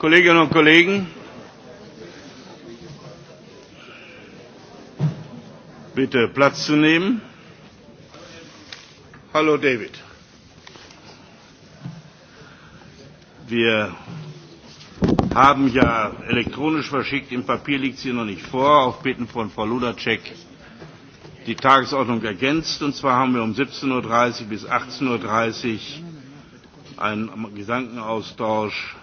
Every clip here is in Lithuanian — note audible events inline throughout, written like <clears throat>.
Kolleginnen und Kollegen, bitte Platz zu nehmen. Hallo David. Wir haben ja elektronisch verschickt, im Papier liegt sie noch nicht vor, auf Bitten von Frau Ludacek die Tagesordnung ergänzt. Und zwar haben wir um 17.30 Uhr bis 18.30 Uhr einen Gedankenaustausch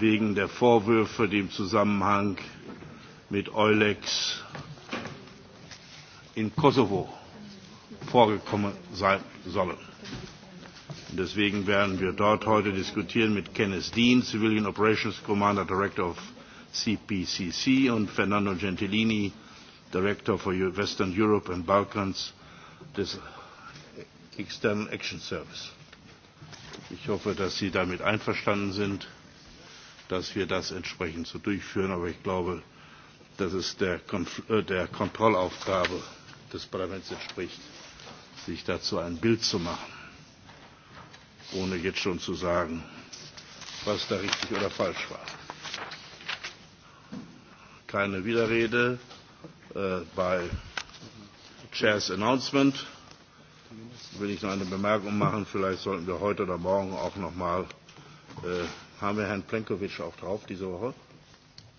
wegen der Vorwürfe, die im Zusammenhang mit Eulex in Kosovo vorgekommen sein sollen. Und deswegen werden wir dort heute diskutieren mit Kenneth Dean, Civilian Operations Commander Director of CPCC und Fernando Gentilini, Director for Western Europe and Balkans des External Action Service. Ich hoffe, dass Sie damit einverstanden sind dass wir das entsprechend so durchführen. Aber ich glaube, dass es der, Konf äh, der Kontrollaufgabe des Parlaments entspricht, sich dazu ein Bild zu machen, ohne jetzt schon zu sagen, was da richtig oder falsch war. Keine Widerrede äh, bei Chairs Announcement. Will ich noch eine Bemerkung machen? Vielleicht sollten wir heute oder morgen auch noch mal äh, Haben wir Herrn Plenkovic auch drauf diese Woche?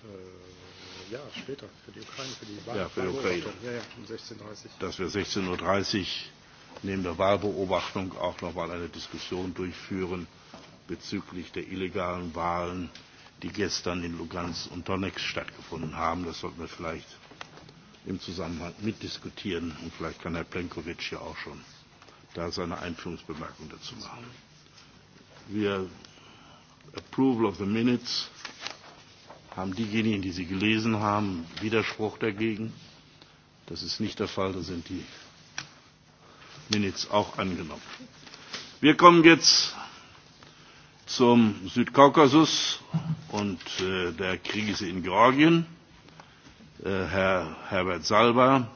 Äh, ja, später, für die Ukraine, für die Wahl. Ja, für die Ukraine. Ja, ja, um 16.30 Uhr. Dass wir 16.30 Uhr neben der Wahlbeobachtung auch nochmal eine Diskussion durchführen bezüglich der illegalen Wahlen, die gestern in Lugansk und Donetsk stattgefunden haben. Das sollten wir vielleicht im Zusammenhang mitdiskutieren. Und vielleicht kann Herr Plenkovic ja auch schon da seine Einführungsbemerkung dazu machen. Wir Approval of the Minutes. Haben diejenigen, die sie gelesen haben, Widerspruch dagegen? Das ist nicht der Fall. Da sind die Minutes auch angenommen. Wir kommen jetzt zum Südkaukasus und äh, der Krise in Georgien. Äh, Herr Herbert Salba,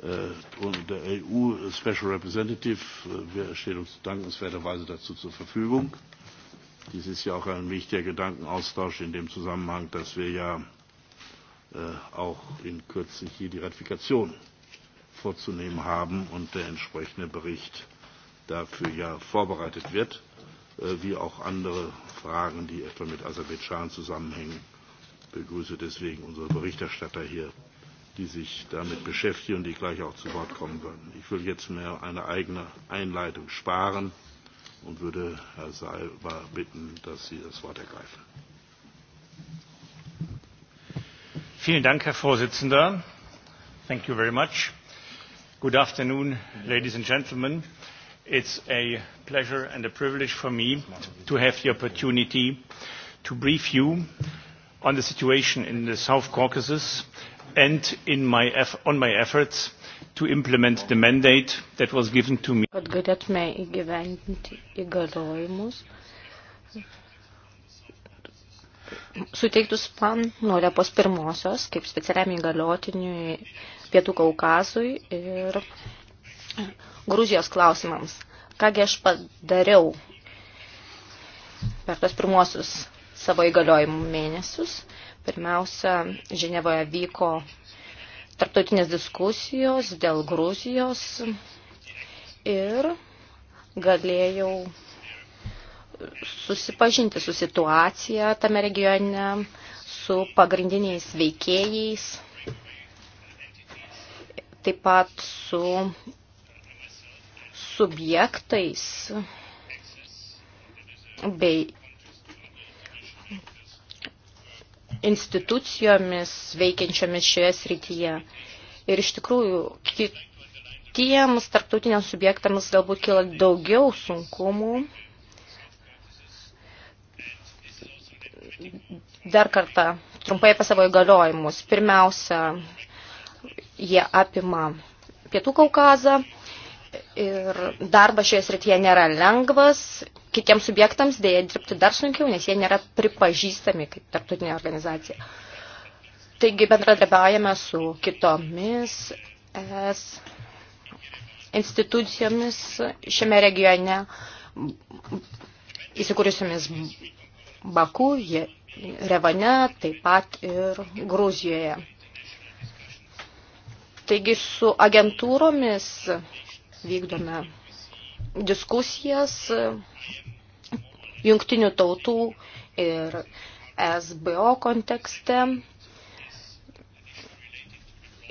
äh, und der EU Special Representative, äh, wir stehen uns dankenswerterweise dazu zur Verfügung. Äh, Dies ist ja auch ein wichtiger Gedankenaustausch in dem Zusammenhang, dass wir ja äh, auch in kürzlich hier die Ratifikation vorzunehmen haben und der entsprechende Bericht dafür ja vorbereitet wird, äh, wie auch andere Fragen, die etwa mit Aserbaidschan zusammenhängen. Ich begrüße deswegen unsere Berichterstatter hier, die sich damit beschäftigen und die gleich auch zu Wort kommen können. Ich will jetzt mehr eine eigene Einleitung sparen. Äh, und würde Herr Salva bitten, dass Sie das Wort ergreifen. Vielen Dank, Herr Vorsitzender. Thank you very much. Good afternoon, ladies and gentlemen. It's a pleasure and a privilege for me to have the opportunity to brief you on the situation in the South Caucasus and in my, on my efforts to implement the mandate that was given to me. Kad galėtume įgyvendinti įgaliojimus suteiktus PAN nuo Liepos pirmosios, kaip specialiam įgaliotiniui Pietų Kaukazui ir Gruzijos klausimams. Kągi aš padariau per tos pirmosius savo įgaliojimų mėnesius. Pirmiausia, Ženevoje vyko tarptautinės diskusijos dėl Gruzijos ir galėjau susipažinti su situacija tame regione, su pagrindiniais veikėjais, taip pat su subjektais bei institucijomis veikiančiomis šioje srityje. Ir iš tikrųjų kitiems tarptautiniams subjektams galbūt kyla daugiau sunkumų. Dar kartą trumpai apie savo įgaliojimus. Pirmiausia, jie apima Pietų Kaukazą ir darbas šioje srityje nėra lengvas kitiems subjektams dėja dirbti dar sunkiau, nes jie nėra pripažįstami kaip tarptautinė organizacija. Taigi bendradarbiaujame su kitomis ES institucijomis šiame regione įsikūrusiomis Baku, Revane, taip pat ir Gruzijoje. Taigi su agentūromis vykdome diskusijas jungtinių tautų ir SBO kontekste.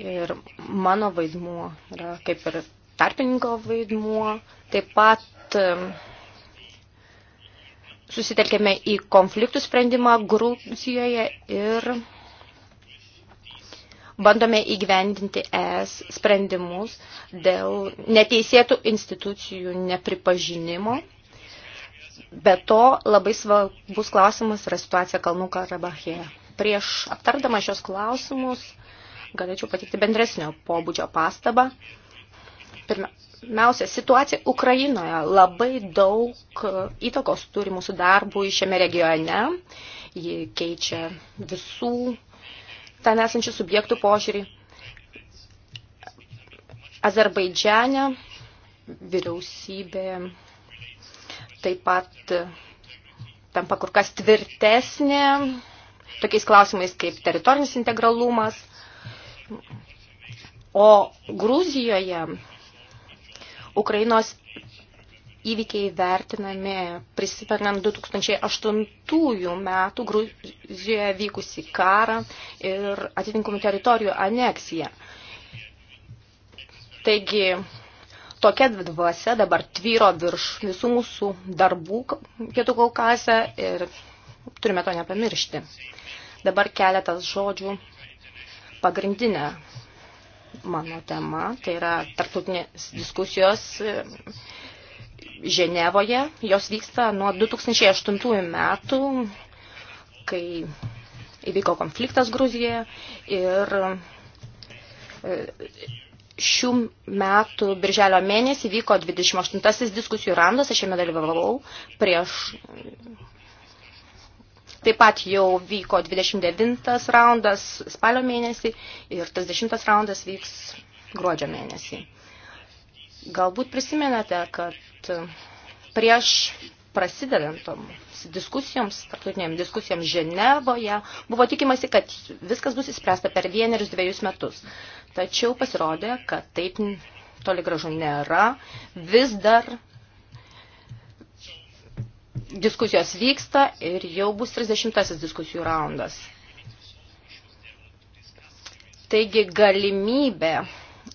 Ir mano vaidmuo yra kaip ir tarpininko vaidmuo. Taip pat susitelkėme į konfliktų sprendimą Gruzijoje ir bandome įgyvendinti ES sprendimus dėl neteisėtų institucijų nepripažinimo. Be to labai svarbus klausimas yra situacija Kalnų Karabache. Prieš aptardama šios klausimus galėčiau pateikti bendresnio pobūdžio pastabą. Pirmiausia, situacija Ukrainoje labai daug įtakos turi mūsų darbui šiame regione. Ji keičia visų ten esančių subjektų požiūrį. Azerbaidžiane vyriausybė taip pat tampa kur kas tvirtesnė tokiais klausimais kaip teritorinis integralumas. O Gruzijoje Ukrainos įvykiai vertinami prisimenant 2008 metų Gruzijoje vykusi karą ir atitinkamų teritorijų aneksiją. Taigi, tokia dvasia dabar tvyro virš visų mūsų darbų Pietų Kaukase ir turime to nepamiršti. Dabar keletas žodžių pagrindinė mano tema, tai yra tarptautinės diskusijos Ženevoje. Jos vyksta nuo 2008 metų, kai įvyko konfliktas Gruzijoje ir e, šių metų birželio mėnesį vyko 28-asis diskusijų randas, aš jame dalyvavau prieš. Taip pat jau vyko 29 raundas spalio mėnesį ir tas 10 raundas vyks gruodžio mėnesį. Galbūt prisimenate, kad kad prieš prasidedantoms diskusijoms, tarptautinėms diskusijoms Ženevoje, buvo tikimasi, kad viskas bus įspręsta per vienerius dviejus metus. Tačiau pasirodė, kad taip toli gražu nėra, vis dar diskusijos vyksta ir jau bus 30 diskusijų raundas. Taigi galimybė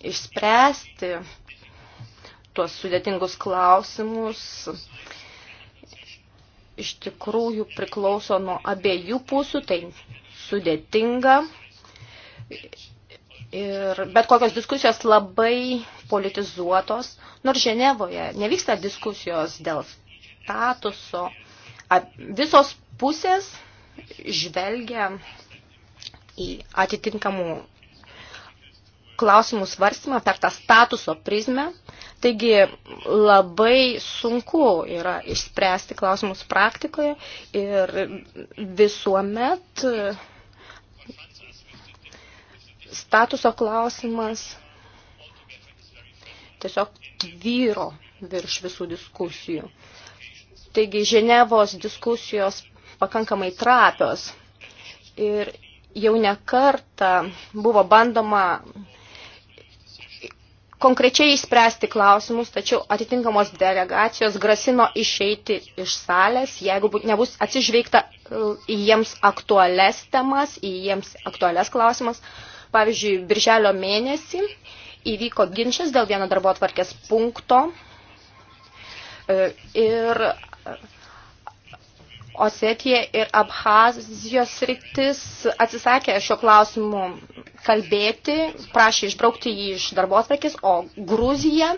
išspręsti tuos sudėtingus klausimus iš tikrųjų priklauso nuo abiejų pusių, tai sudėtinga. Ir bet kokios diskusijos labai politizuotos, nors Ženevoje nevyksta diskusijos dėl statuso. Visos pusės žvelgia į atitinkamų klausimų svarstymą per tą statuso prizmę. Taigi labai sunku yra išspręsti klausimus praktikoje ir visuomet statuso klausimas tiesiog tvyro virš visų diskusijų. Taigi Ženevos diskusijos pakankamai trapios ir jau ne kartą buvo bandoma konkrečiai įspręsti klausimus, tačiau atitinkamos delegacijos grasino išeiti iš salės, jeigu nebus atsižveikta e, į jiems aktualias temas, į jiems aktualias klausimas. Pavyzdžiui, birželio mėnesį įvyko ginčas dėl vieno darbo atvarkės punkto e, ir Osetija ir Abhazijos sritis atsisakė šio klausimu kalbėti, prašė išbraukti jį iš darbotvarkės, o Gruzija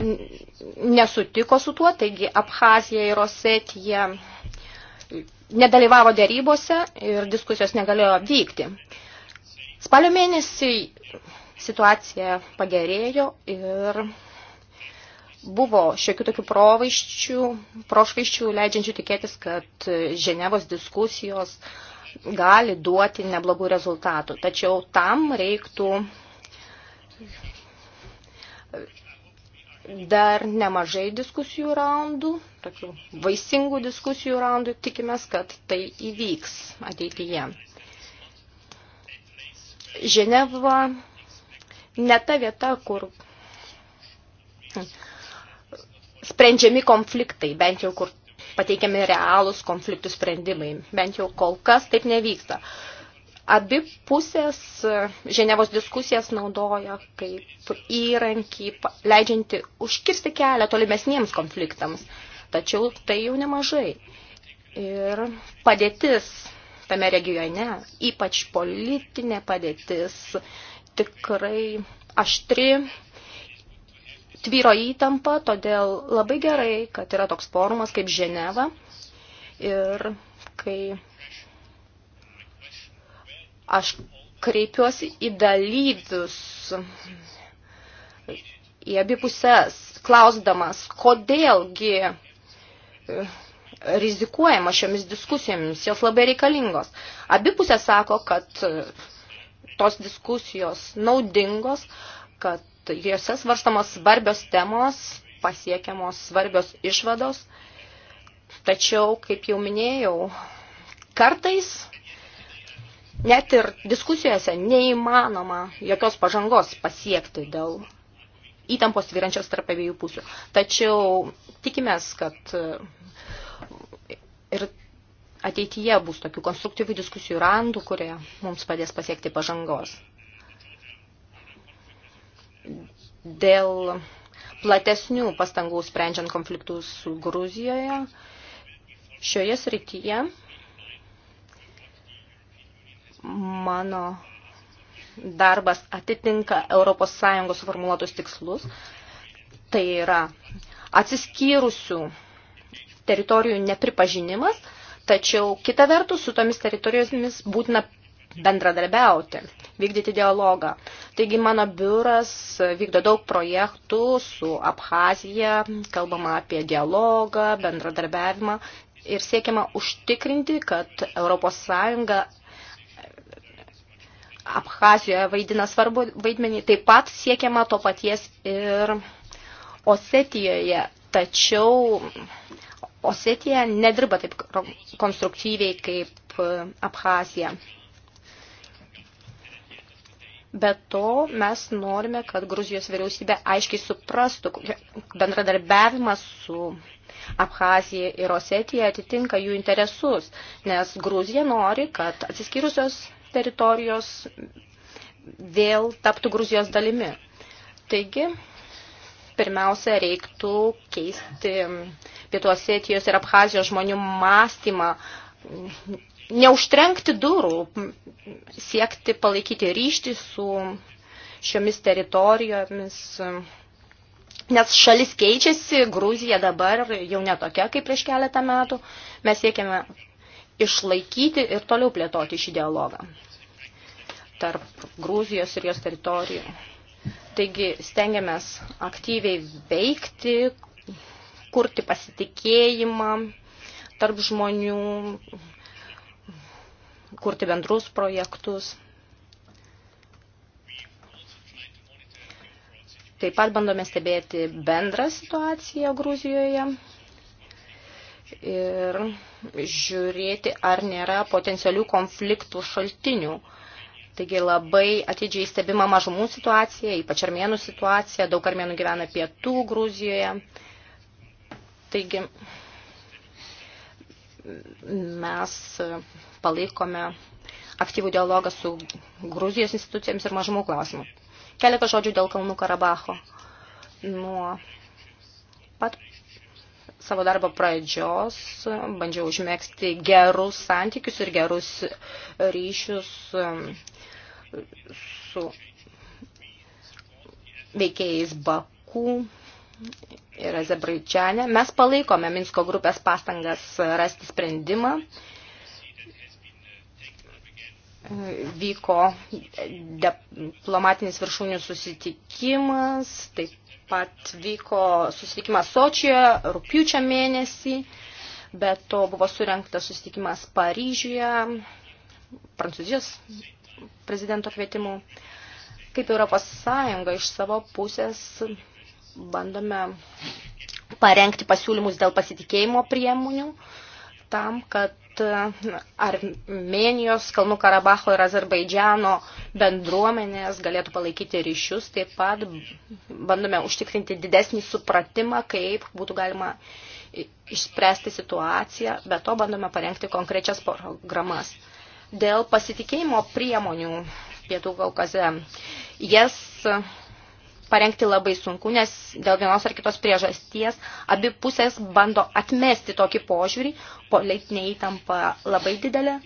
nesutiko su tuo, taigi Abhazija ir Osetija nedalyvavo dėrybose ir diskusijos negalėjo vykti. Spalio mėnesį situacija pagerėjo ir buvo šiokių tokių provaiščių, prošvaiščių, leidžiančių tikėtis, kad Ženevos diskusijos gali duoti neblogų rezultatų. Tačiau tam reiktų dar nemažai diskusijų raundų, tokių vaisingų diskusijų raundų, tikimės, kad tai įvyks ateityje. Ženeva ne ta vieta, kur sprendžiami konfliktai, bent jau kur pateikiami realūs konfliktų sprendimai. Bent jau kol kas taip nevyksta. Abi pusės e, Ženevos diskusijas naudoja kaip įrankį, leidžianti užkirsti kelią tolimesniems konfliktams. Tačiau tai jau nemažai. Ir padėtis tame regione, ypač politinė padėtis, tikrai aštri, tvyro įtampa, todėl labai gerai, kad yra toks forumas kaip Ženeva. Ir kai aš kreipiuosi į dalyvius, į abipuses, klausdamas, kodėlgi e, rizikuojama šiomis diskusijomis, jos labai reikalingos. Abipusės sako, kad e, tos diskusijos naudingos, kad Jose svarstamos svarbios temos, pasiekiamos svarbios išvados. Tačiau, kaip jau minėjau, kartais net ir diskusijose neįmanoma jokios pažangos pasiekti dėl įtampos vyrančios tarp abiejų pusių. Tačiau tikimės, kad e, ir ateityje bus tokių konstruktyvių diskusijų randų, kurie mums padės pasiekti pažangos dėl platesnių pastangų sprendžiant konfliktus Gruzijoje. Šioje srityje mano darbas atitinka ES formuluotus tikslus. Tai yra atsiskyrusių teritorijų nepripažinimas, tačiau kita vertus su tomis teritorijomis būtina bendradarbiauti, vykdyti dialogą. Taigi mano biuras vykdo daug projektų su Abhazija, kalbama apie dialogą, bendradarbiavimą ir siekiama užtikrinti, kad ES Abhazijoje vaidina svarbu vaidmenį. Taip pat siekiama to paties ir Osetijoje, tačiau Osetija nedirba taip konstruktyviai kaip Abhazija. Be to, mes norime, kad Gruzijos vyriausybė aiškiai suprastų bendradarbiavimas su Abhazija ir Osetija atitinka jų interesus, nes Gruzija nori, kad atsiskyrusios teritorijos vėl taptų Gruzijos dalimi. Taigi, pirmiausia, reiktų keisti Pietų Osetijos ir Abhazijos žmonių mąstymą neužtrenkti durų, siekti palaikyti ryštį su šiomis teritorijomis, nes šalis keičiasi, Gruzija dabar jau netokia kaip prieš keletą metų, mes siekiame išlaikyti ir toliau plėtoti šį dialogą tarp Gruzijos ir jos teritorijų. Taigi stengiamės aktyviai veikti, kurti pasitikėjimą tarp žmonių, kurti bendrus projektus. Taip pat bandome stebėti bendrą situaciją Gruzijoje ir žiūrėti, ar nėra potencialių konfliktų šaltinių. Taigi labai atidžiai stebima mažumų situacija, ypač armėnų situacija, daug armėnų gyvena pietų Gruzijoje. Taigi mes palaikome aktyvų dialogą su Gruzijos institucijoms ir mažumų klausimų. Keletą žodžių dėl Kalnų Karabacho. Nuo pat savo darbo pradžios bandžiau užmėgsti gerus santykius ir gerus ryšius um, su veikėjais Baku, ir Azerbaidžiane. Mes palaikome Minsko grupės pastangas rasti sprendimą. Vyko diplomatinis viršūnių susitikimas, taip pat vyko susitikimas Sočijoje rūpiučio mėnesį, bet to buvo surinktas susitikimas Paryžiuje, Prancūzijos prezidento kvietimu. Kaip Europos Sąjunga iš savo pusės bandome parengti pasiūlymus dėl pasitikėjimo priemonių tam, kad Armenijos, Kalnų Karabacho ir Azerbaidžiano bendruomenės galėtų palaikyti ryšius. Taip pat bandome užtikrinti didesnį supratimą, kaip būtų galima išspręsti situaciją, bet to bandome parengti konkrečias programas. Dėl pasitikėjimo priemonių Pietų Kaukaze, jas yes, parengti labai sunku, nes dėl vienos ar kitos priežasties abi pusės bando atmesti tokį požiūrį, politinė įtampa labai didelė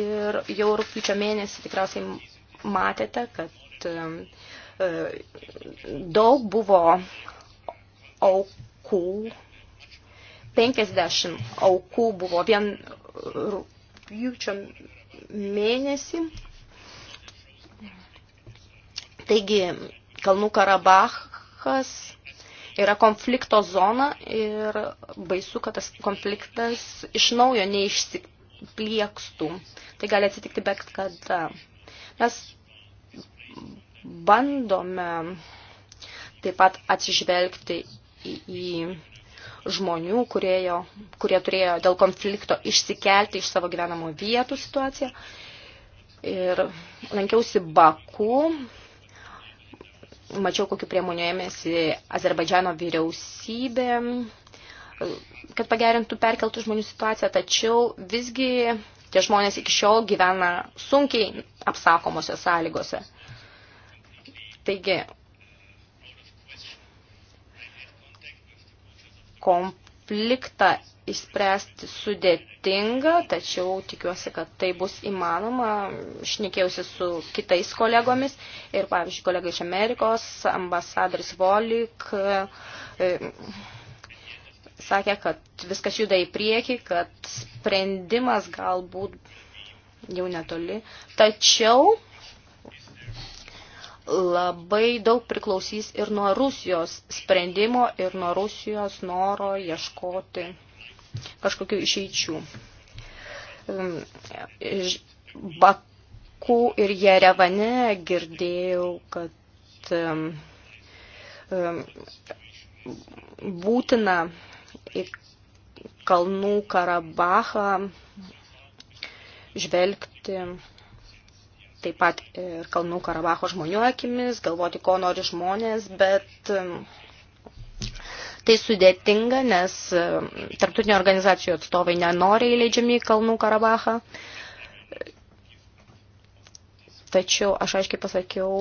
ir jau rūpiučio mėnesį tikriausiai matėte, kad um, uh, daug buvo aukų, 50 aukų buvo vien rūpiučio mėnesį. Taigi Kalnų Karabachas yra konflikto zona ir baisu, kad tas konfliktas iš naujo neišsipliekstų. Tai gali atsitikti bet kada. Mes bandome taip pat atsižvelgti į, į žmonių, kurie, jo, kurie turėjo dėl konflikto išsikelti iš savo gyvenamų vietų situaciją. Ir lankiausi Baku, mačiau, kokiu priemonių ėmėsi Azerbaidžiano vyriausybė, kad pagerintų perkeltų žmonių situaciją, tačiau visgi tie žmonės iki šiol gyvena sunkiai apsakomosios sąlygose. Taigi, konfliktą išspręsti sudėtinga, tačiau tikiuosi, kad tai bus įmanoma. Šnekėjausi su kitais kolegomis ir, pavyzdžiui, kolega iš Amerikos, ambasadoris Volik, e, sakė, kad viskas juda į priekį, kad sprendimas galbūt jau netoli. Tačiau labai daug priklausys ir nuo Rusijos sprendimo, ir nuo Rusijos noro ieškoti kažkokių išeičių. Baku ir Jerevane girdėjau, kad būtina į Kalnų Karabachą žvelgti taip pat ir Kalnų Karabacho žmonių akimis, galvoti, ko nori žmonės, bet Tai sudėtinga, nes e, tarptautinio organizacijų atstovai nenori įleidžiami į Kalnų Karabachą. Tačiau aš aiškiai pasakiau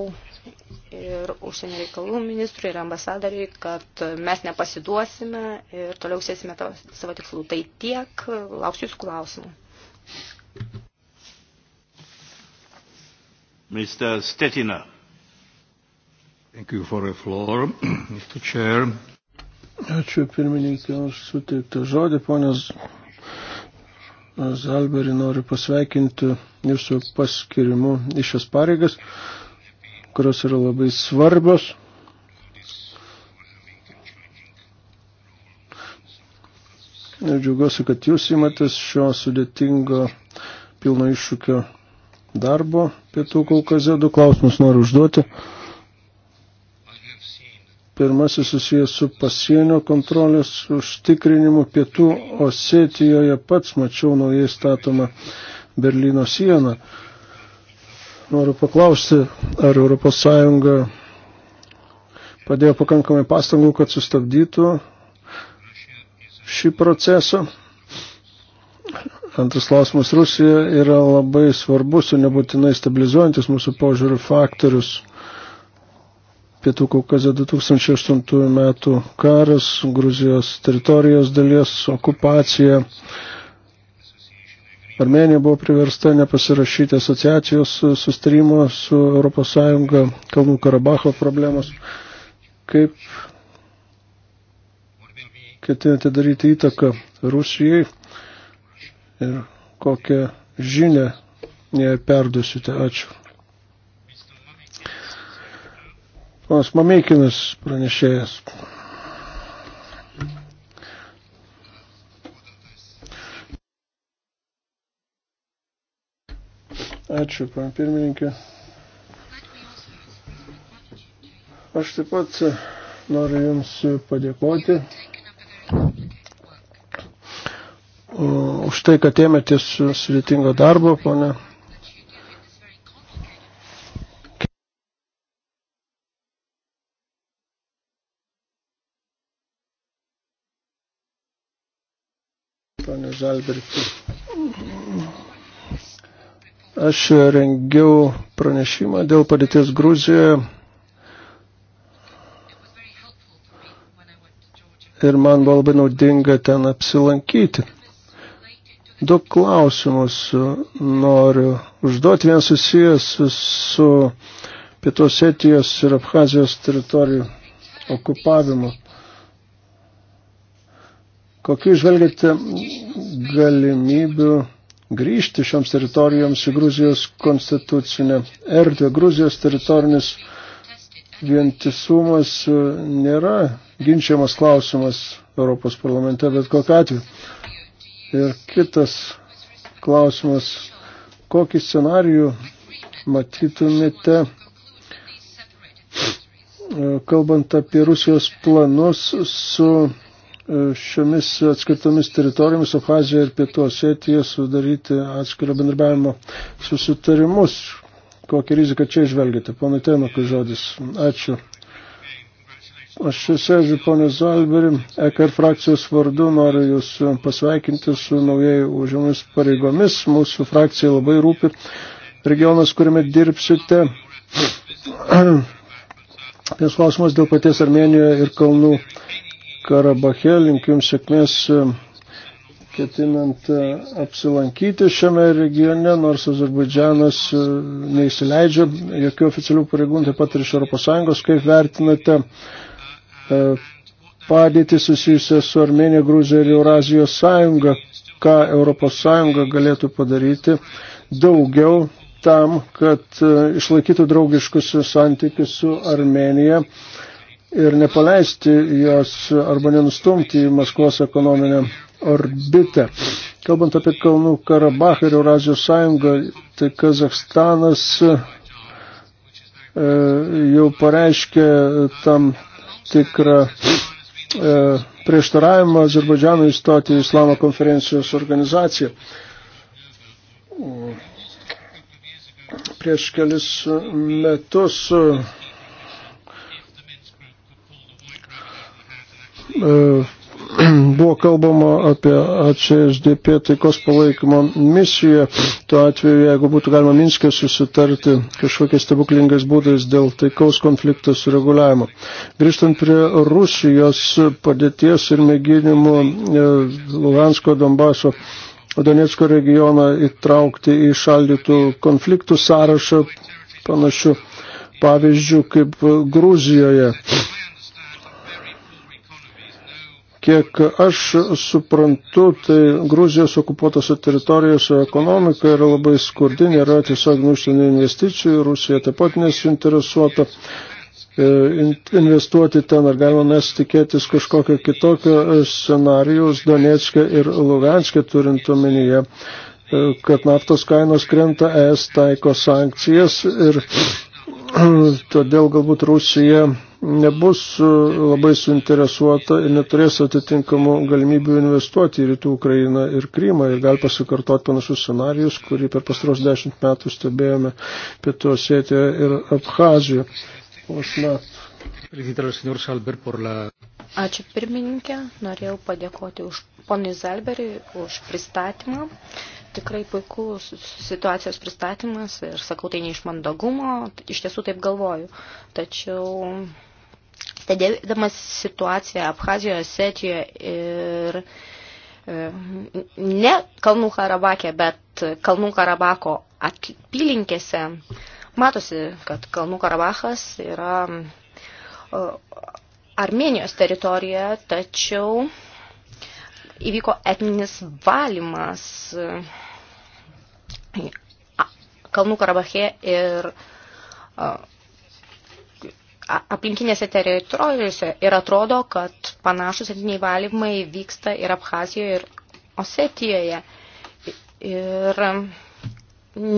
ir užsienio reikalų ministrui ir ambasadoriui, kad mes nepasiduosime ir toliau sėsime savo tikslų. Tai tiek, lauksiu jūsų klausimų. Mr. Stetina. Thank you for the floor, <clears throat> Mr. Chair. Ačiū pirmininkė už suteiktą žodį. Ponas Zalberį noriu pasveikinti jūsų paskirimu iš šias pareigas, kurios yra labai svarbios. Ir džiaugiuosi, kad jūs įmatės šio sudėtingo pilno iššūkio darbo pietų Kaukaze. Du klausimus noriu užduoti. Pirmasis susijęs su pasienio kontrolės užtikrinimu pietų Osetijoje pats mačiau naujai statomą Berlyno sieną. Noriu paklausti, ar ES padėjo pakankamai pastangų, kad sustabdytų šį procesą. Antras klausimas. Rusija yra labai svarbus ir nebūtinai stabilizuojantis mūsų požiūrių faktorius Pietų Kaukazė 2008 metų karas, Gruzijos teritorijos dalies okupacija. Armenija buvo priversta nepasirašyti asociacijos sustarimo su ES Kalnų Karabacho problemos. Kaip ketinate daryti įtaką Rusijai ir kokią žinę jai perdusite? Ačiū. Ponas Mameikinas pranešėjas. Ačiū, pan pirmininkė. Aš taip pat noriu Jums padėkoti už tai, kad ėmėtės sudėtingo darbo, ponė Žalbertui. Aš rengiau pranešimą dėl padėties Gruzijoje ir man buvo labai naudinga ten apsilankyti. Du klausimus noriu užduoti. Vienas susijęs su, su Pietos Etijos ir Abhazijos teritorijų okupavimu. Kokiu žvelgiate galimybių grįžti šioms teritorijoms į Gruzijos konstitucinę erdvę? Gruzijos teritorinis vientisumas nėra ginčiamas klausimas Europos parlamente, bet kokiu atveju. Ir kitas klausimas, kokį scenarijų matytumėte, kalbant apie Rusijos planus su šiomis atskirtomis teritorijomis Abhazijoje ir Pietų Osetijoje sudaryti atskiro bendrabiavimo susitarimus. Kokią riziką čia išvelgite? Pono Tenokai žodis. Ačiū. Aš sėdžiu, ponė Zalberi, EKR frakcijos vardu noriu Jūs pasveikinti su naujai užimus pareigomis. Mūsų frakcija labai rūpi regionas, kuriame dirbsite. Vienas klausimas dėl paties Armenijoje ir Kalnų Karabache, linkiu jums sėkmės e, ketinant e, apsilankyti šiame regione, nors Azerbaidžianas e, neįsileidžia jokių oficialių pareigūnų, taip pat ir iš ES. Kaip vertinate padėtį susijusią su Armenija, Gruzija ir Eurazijos sąjunga, ką ES galėtų padaryti daugiau tam, kad išlaikytų draugiškus santykius su Armenija? ir nepaleisti jos arba nenustumti į Maskvos ekonominę orbitą. Kalbant apie Kalnų Karabachą ir Eurazijos sąjungą, tai Kazakstanas e, jau pareiškė tam tikrą e, prieštaravimą Azerbaidžianui įstoti į Islamo konferencijos organizaciją. Prieš kelis metus e, E, <clears throat> buvo kalbama apie HSDP taikos palaikymo misiją. Tuo atveju, jeigu būtų galima Minskė susitarti kažkokiais stebuklingais būdais dėl taikaus konflikto sureguliavimo. Grįžtant prie Rusijos padėties ir mėginimų e, Lugansko Donbaso. Donetsko regioną įtraukti į šaldytų konfliktų sąrašą panašių pavyzdžių kaip Gruzijoje. Kiek aš suprantu, tai Gruzijos okupuotose teritorijose ekonomika yra labai skurdi, nėra tiesiog užsienio investicijų, Rusija taip pat nesuinteresuota e, investuoti ten, ar galima mes tikėtis kažkokio kitokio scenarijus Donetskė ir Luganskė turint omenyje, e, kad naftos kainos krenta, ES taiko sankcijas ir <clears throat> todėl galbūt Rusija nebus e, labai suinteresuota ir neturės atitinkamų galimybių investuoti į rytų Ukrainą ir Krymą ir gali pasikartoti panašus scenarius, kurį per pastaros dešimt metų stebėjome pietų Osetijoje ir Abhazijoje. Ačiū pirmininkė, norėjau padėkoti už ponui Zalberiui už pristatymą. Tikrai puikus situacijos pristatymas ir sakau tai ne iš mandagumo, iš tiesų taip galvoju. Tačiau stebėdamas situaciją Abhazijoje, Setijoje ir e, ne Kalnų Karabakė, bet Kalnų Karabako apylinkėse, matosi, kad Kalnų Karabachas yra Armenijos teritorija, tačiau įvyko etninis valymas e, Kalnų Karabache ir uh, aplinkinėse teritorijose ir atrodo, kad panašus etiniai valymai vyksta ir Abhazijoje, ir Osetijoje. Ir um,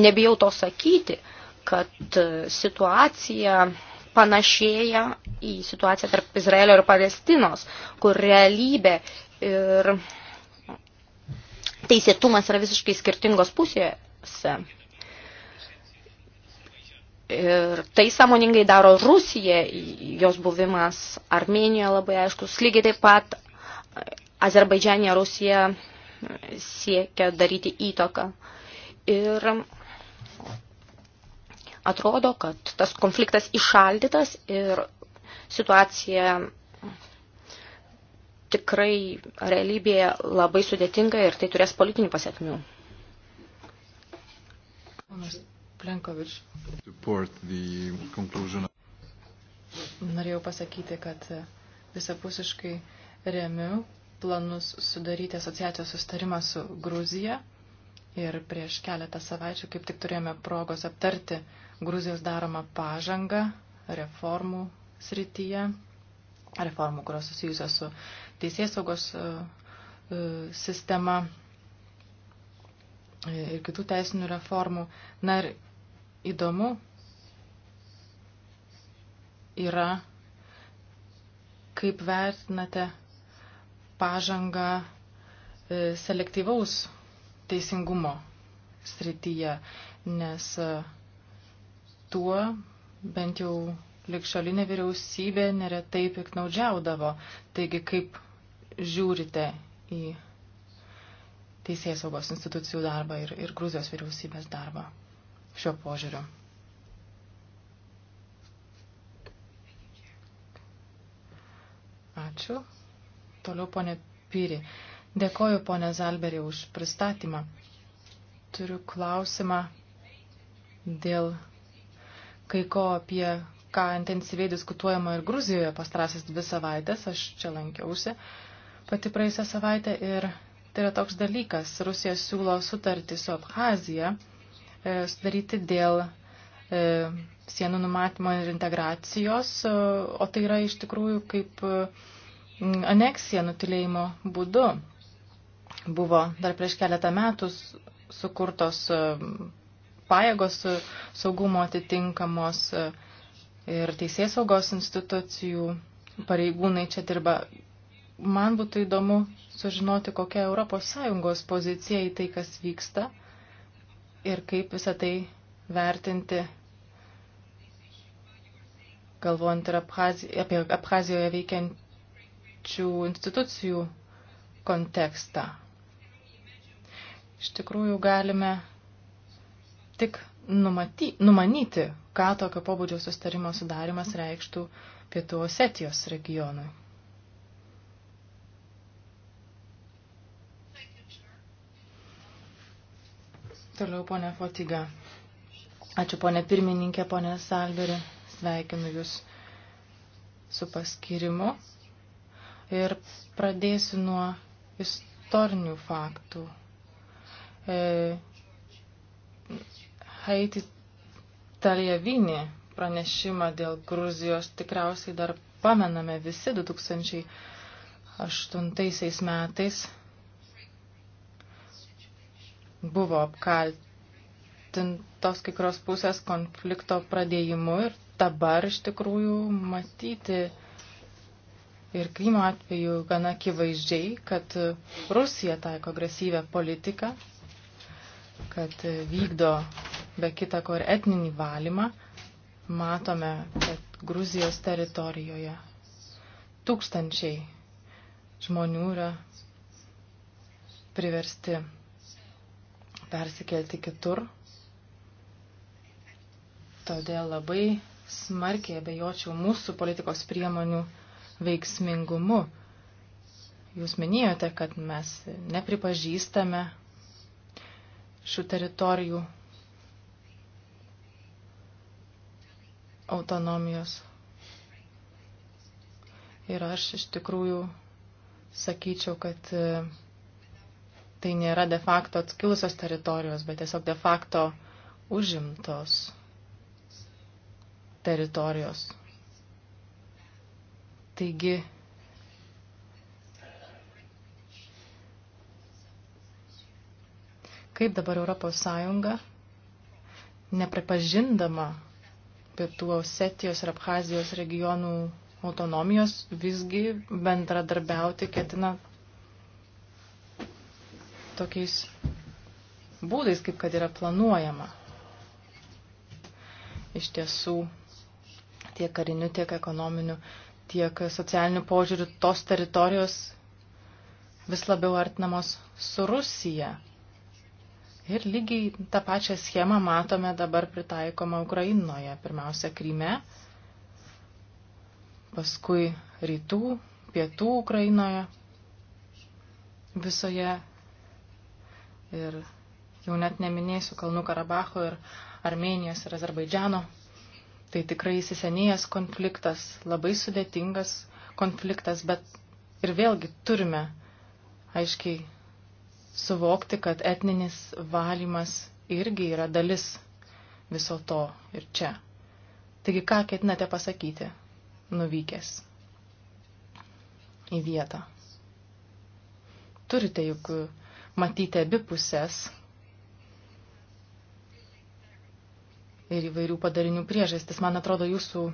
nebijau to sakyti, kad uh, situacija panašėja į situaciją tarp Izraelio ir Palestinos, kur realybė ir teisėtumas yra visiškai skirtingos pusėse. Ir tai sąmoningai daro Rusija, jos buvimas Armenijoje labai aiškus. Lygiai taip pat e, Azerbaidžianė Rusija siekia daryti įtoką. Ir atrodo, kad tas konfliktas išaldytas ir situacija tikrai realybėje labai sudėtinga ir tai turės politinių pasiekmių. Ponas Plenkovič. Norėjau pasakyti, kad visapusiškai remiu planus sudaryti asociacijos sustarimą su Gruzija. Ir prieš keletą savaičių kaip tik turėjome progos aptarti Gruzijos daromą pažangą reformų srityje, reformų, kurios susijusios su teisės saugos e, e, sistema e, ir kitų teisinių reformų. Na ir įdomu yra, kaip vertinate pažangą e, selektyvaus teisingumo srityje, nes e, tuo bent jau likšalinė vyriausybė neretai piknaudžiaudavo. Taigi, kaip žiūrite į teisės saugos institucijų darbą ir, ir Gruzijos vyriausybės darbą? šio požiūrio. Ačiū. Toliau ponė Pyri. Dėkoju ponė Zalberį už pristatymą. Turiu klausimą dėl kai ko apie ką intensyviai diskutuojama ir Gruzijoje pastrasis dvi savaitės. Aš čia lankiausi pati praėjusią savaitę ir tai yra toks dalykas. Rusija siūlo sutartį su Abhazija E, sudaryti dėl e, sienų numatymo ir integracijos, e, o tai yra iš tikrųjų kaip aneksija nutilėjimo būdu. Buvo dar prieš keletą metų sukurtos pajėgos saugumo atitinkamos ir teisės saugos institucijų pareigūnai čia dirba. Man būtų įdomu sužinoti, kokia Europos Sąjungos pozicija į tai, kas vyksta ir kaip visą tai vertinti, galvojant ir apie Abhazijoje veikiančių institucijų kontekstą. Iš tikrųjų galime tik numaty, numanyti, ką tokio pobūdžio sustarimo sudarimas reikštų Pietų Osetijos regionui. Toliau ponė Fotiga. Ačiū ponė pirmininkė, ponė Salveri. Sveikinu Jūs su paskirimu. Ir pradėsiu nuo istorinių faktų. E, Haiti Talievinį pranešimą dėl Gruzijos tikriausiai dar pamename visi 2008 metais buvo apkaltintos kai kurios pusės konflikto pradėjimu ir dabar iš tikrųjų matyti ir Krymo atveju gana akivaizdžiai, kad Rusija taiko agresyvę politiką, kad vykdo be kita ko ir etninį valymą. Matome, kad Gruzijos teritorijoje tūkstančiai žmonių yra priversti persikelti kitur. Todėl labai smarkiai abejočiau mūsų politikos priemonių veiksmingumu. Jūs minėjote, kad mes nepripažįstame šių teritorijų autonomijos. Ir aš iš tikrųjų sakyčiau, kad tai nėra de facto atskilusios teritorijos, bet tiesiog de facto užimtos teritorijos. Taigi, kaip dabar Europos Sąjunga, nepripažindama pietų Osetijos ir Abhazijos regionų autonomijos, visgi bendradarbiauti ketina tokiais būdais, kaip kad yra planuojama. Iš tiesų, tiek kariniu, tiek ekonominiu, tiek socialiniu požiūriu tos teritorijos vis labiau artinamos su Rusija. Ir lygiai tą pačią schemą matome dabar pritaikomą Ukrainoje. Pirmiausia, Kryme, paskui rytų, pietų Ukrainoje, visoje Ir jau net neminėsiu Kalnų Karabacho ir Armenijos ir Azerbaidžiano. Tai tikrai įsisenėjęs konfliktas, labai sudėtingas konfliktas, bet ir vėlgi turime aiškiai suvokti, kad etninis valymas irgi yra dalis viso to ir čia. Taigi, ką ketinate pasakyti, nuvykęs į vietą? Turite juk matyti abipusės ir įvairių padarinių priežastis. Man atrodo, jūsų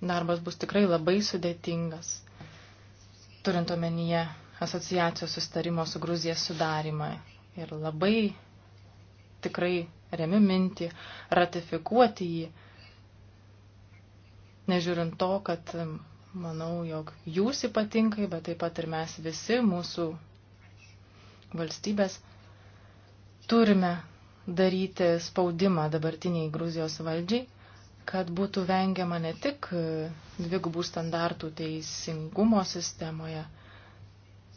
darbas bus tikrai labai sudėtingas, turint omenyje asociacijos sustarimo su Gruzija sudarimą. Ir labai tikrai remi mintį ratifikuoti jį, nežiūrint to, kad manau, jog jūs ypatingai, bet taip pat ir mes visi, mūsų valstybės turime daryti spaudimą dabartiniai Gruzijos valdžiai, kad būtų vengiama ne tik e, dvigubų standartų teisingumo sistemoje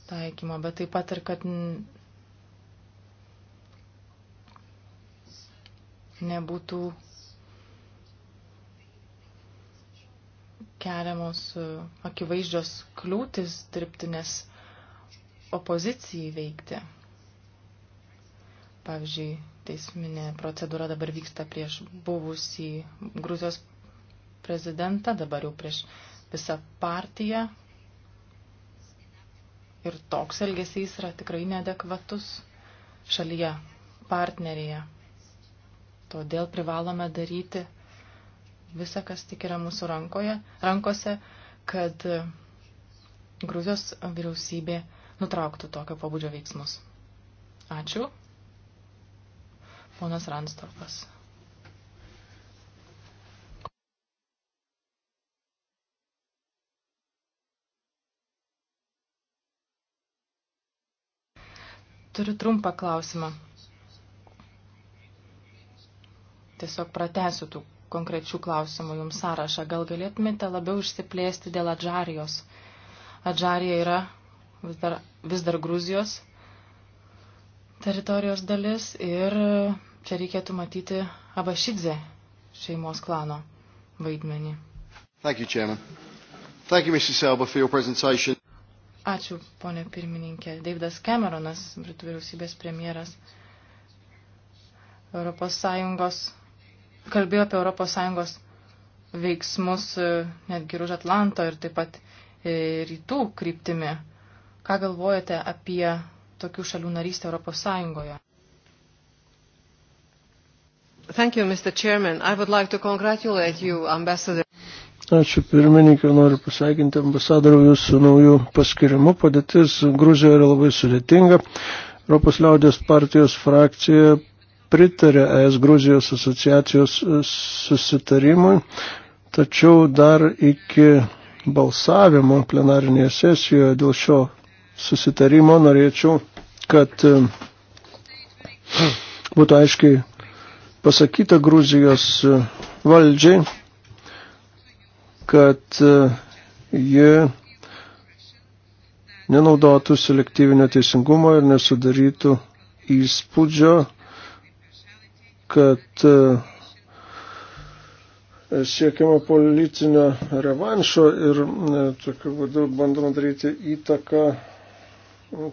taikymo, bet taip pat ir kad nebūtų keliamos e, akivaizdžios kliūtis dirbtinės opozicijai veikti. Pavyzdžiui, teisminė procedūra dabar vyksta prieš buvusį Gruzijos prezidentą, dabar jau prieš visą partiją. Ir toks elgesys yra tikrai neadekvatus šalyje, partnerėje. Todėl privalome daryti visą, kas tik yra mūsų rankoje, rankose, kad Gruzijos vyriausybė nutrauktų tokio pabudžio veiksmus. Ačiū. Ponas Ranstorpas. Turiu trumpą klausimą. Tiesiog pratesiu tų konkrečių klausimų jums sąrašą. Gal galėtumėte labiau išsiplėsti dėl Adžarijos? Adžarija yra vis dar, vis dar Gruzijos teritorijos dalis ir čia reikėtų matyti Abašidze šeimos klano vaidmenį. Thank you, Chairman. Thank you, Mrs. Selba, for your presentation. Ačiū, ponė pirmininkė. Davidas Cameronas, Britų vyriausybės premjeras, Europos Sąjungos, kalbėjo apie Europos Sąjungos veiksmus e, netgi ir už Atlanto ir taip pat e, rytų kryptimi. Ką galvojate apie tokių šalių narystę Europos Sąjungoje? Thank you, Mr. Chairman. I would like to congratulate you, Ambassador. Ačiū pirmininkė, noriu pasveikinti ambasadorių jūsų naujų paskirimu. Padėtis Gruzijoje yra labai sudėtinga. Europos liaudės partijos frakcija pritarė ES Gruzijos asociacijos susitarimui, tačiau dar iki balsavimo plenarinėje sesijoje dėl šio susitarimo norėčiau, kad e, būtų aiškiai pasakyta Gruzijos e, valdžiai, kad e, ji nenaudotų selektyvinio teisingumo ir nesudarytų įspūdžio, kad siekiama politinio revanšo ir tokiu būdu bandoma daryti įtaką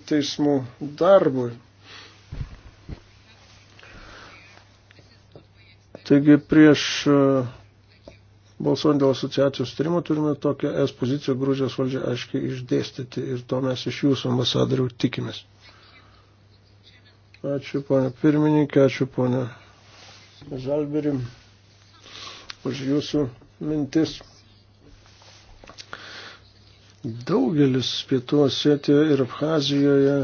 teismų darbui. Taigi prieš e, balsuojant dėl asociacijos tyrimo turime tokią es poziciją Grūžijos valdžią aiškiai išdėstyti ir to mes iš jūsų ambasadorių tikimės. Ačiū ponė pirmininkė, ačiū ponė Žalberim už jūsų mintis. Daugelis pietų Osetijoje ir Abhazijoje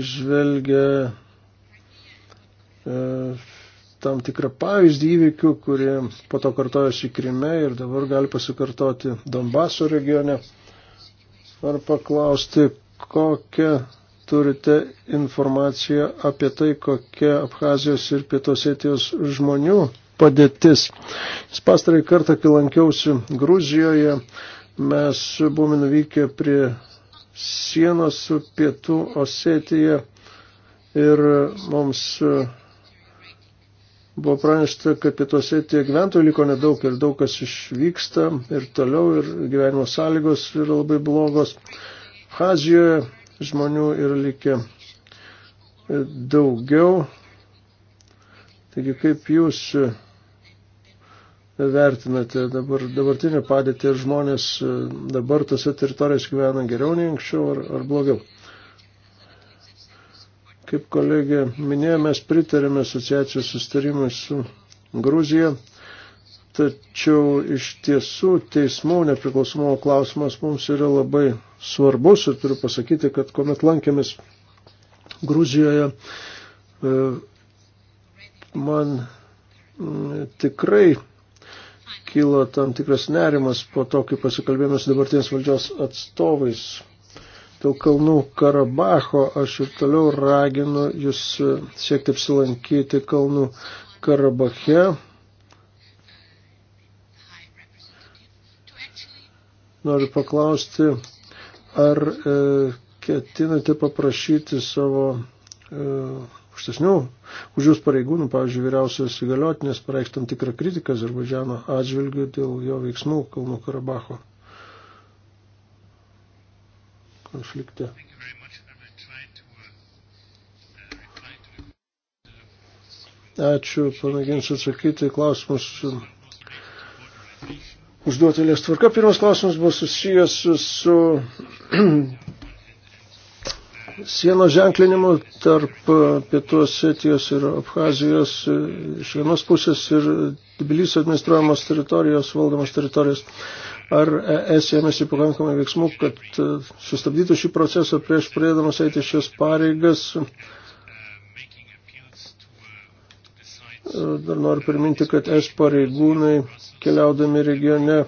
išvelgia e, tam tikrą pavyzdį įvykių, kurie po to kartojosi Krime ir dabar gali pasikartoti Donbaso regione. Ar paklausti, kokią turite informaciją apie tai, kokia Abhazijos ir Pietos Etijos žmonių padėtis. Pastarąjį kartą, kai lankiausi Gruzijoje, mes buvome nuvykę prie sienos su pietų Osetija ir mums e, buvo pranešta, kad pietų Osetija gyventojų liko nedaug ir daug kas išvyksta ir toliau ir gyvenimo sąlygos yra labai blogos. Azijoje žmonių yra likę e, daugiau. Taigi kaip jūs e, vertinate dabar, dabartinę padėtį ir žmonės e, dabar tose teritorijose gyvena geriau nei anksčiau ar, ar blogiau? Kaip kolegė minėjo, mes pritarėme asociacijos sustarimui su Gruzija, tačiau iš tiesų teismų nepriklausomumo klausimas mums yra labai svarbus ir turiu pasakyti, kad kuomet lankėmės Gruzijoje, e, man tikrai kilo tam tikras nerimas po to, kai pasikalbėjome su dabartinės valdžios atstovais. Dėl kalnų Karabacho aš ir toliau raginu jūs siekti apsilankyti kalnų Karabache. Noriu paklausti, ar e, ketinate paprašyti savo e, aukštesnių už jūs pareigūnų, pavyzdžiui, vyriausios įgaliotinės pareikš tam tikrą kritiką Azerbaidžiano atžvilgių dėl jo veiksmų Kalnų Karabacho konflikte. Ačiū, pamėginsiu atsakyti klausimus užduoti lės tvarka. Pirmas klausimas buvo susijęs su sienos ženklinimu tarp e, Pietų Osetijos ir Abhazijos e, iš vienos pusės ir Tbilisio administruojamos teritorijos, valdomos teritorijos. Ar ES ėmėsi pakankamai veiksmų, kad e, sustabdytų šį procesą prieš pradėdamas eiti šias pareigas? Dar noriu priminti, kad es pareigūnai keliaudami regione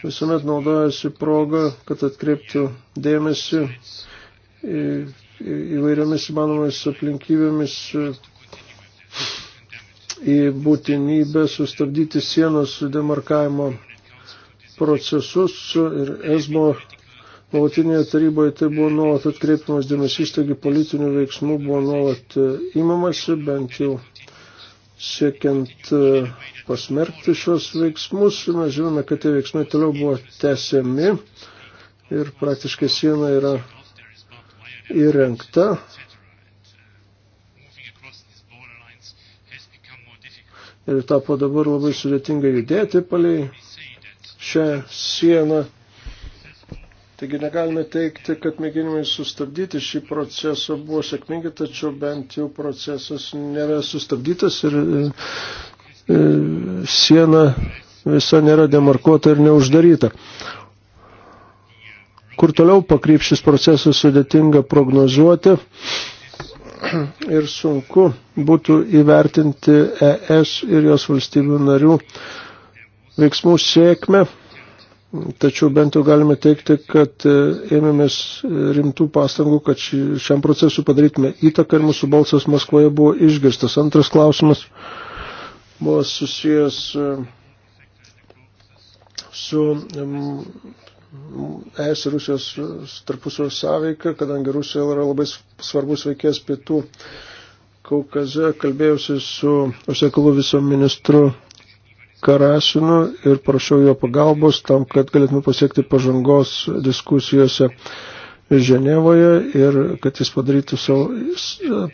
visuomet naudojasi progą, kad atkreiptų dėmesį įvairiomis įmanomomis aplinkybėmis į būtinybę sustabdyti sienos demarkavimo procesus ir ESMO nuolatinėje taryboje tai buvo nuolat atkreipiamas dėmesys, taigi politinių veiksmų buvo nuolat įmamasi, e, bent jau siekiant e, pasmerkti šios veiksmus. Mes žinome, kad tie veiksmai toliau buvo tęsiami ir praktiškai siena yra įrengta. Ir tapo dabar labai sudėtinga judėti palei šią sieną. Taigi negalime teikti, kad mėginimai sustabdyti šį procesą buvo sėkmingi, tačiau bent jau procesas nėra sustabdytas ir e, e, siena visa nėra demarkuota ir neuždaryta. E, Kur toliau pakryp šis procesas sudėtinga prognozuoti ir sunku būtų įvertinti ES ir jos valstybių narių veiksmų sėkmę, tačiau bent jau galime teikti, kad e, ėmėmės rimtų pastangų, kad šiam procesui padarytume įtaką ir mūsų balsas Maskvoje buvo išgirstas. Antras klausimas buvo susijęs e, su ES ir Rusijos tarpusavio sąveiką, kadangi Rusija yra labai svarbus veikėjas pietų Kaukaze, kalbėjausi su užsiekalų viso ministru Karasinu ir prašiau jo pagalbos tam, kad galėtume pasiekti pažangos diskusijose Ženevoje ir kad jis padarytų, savo,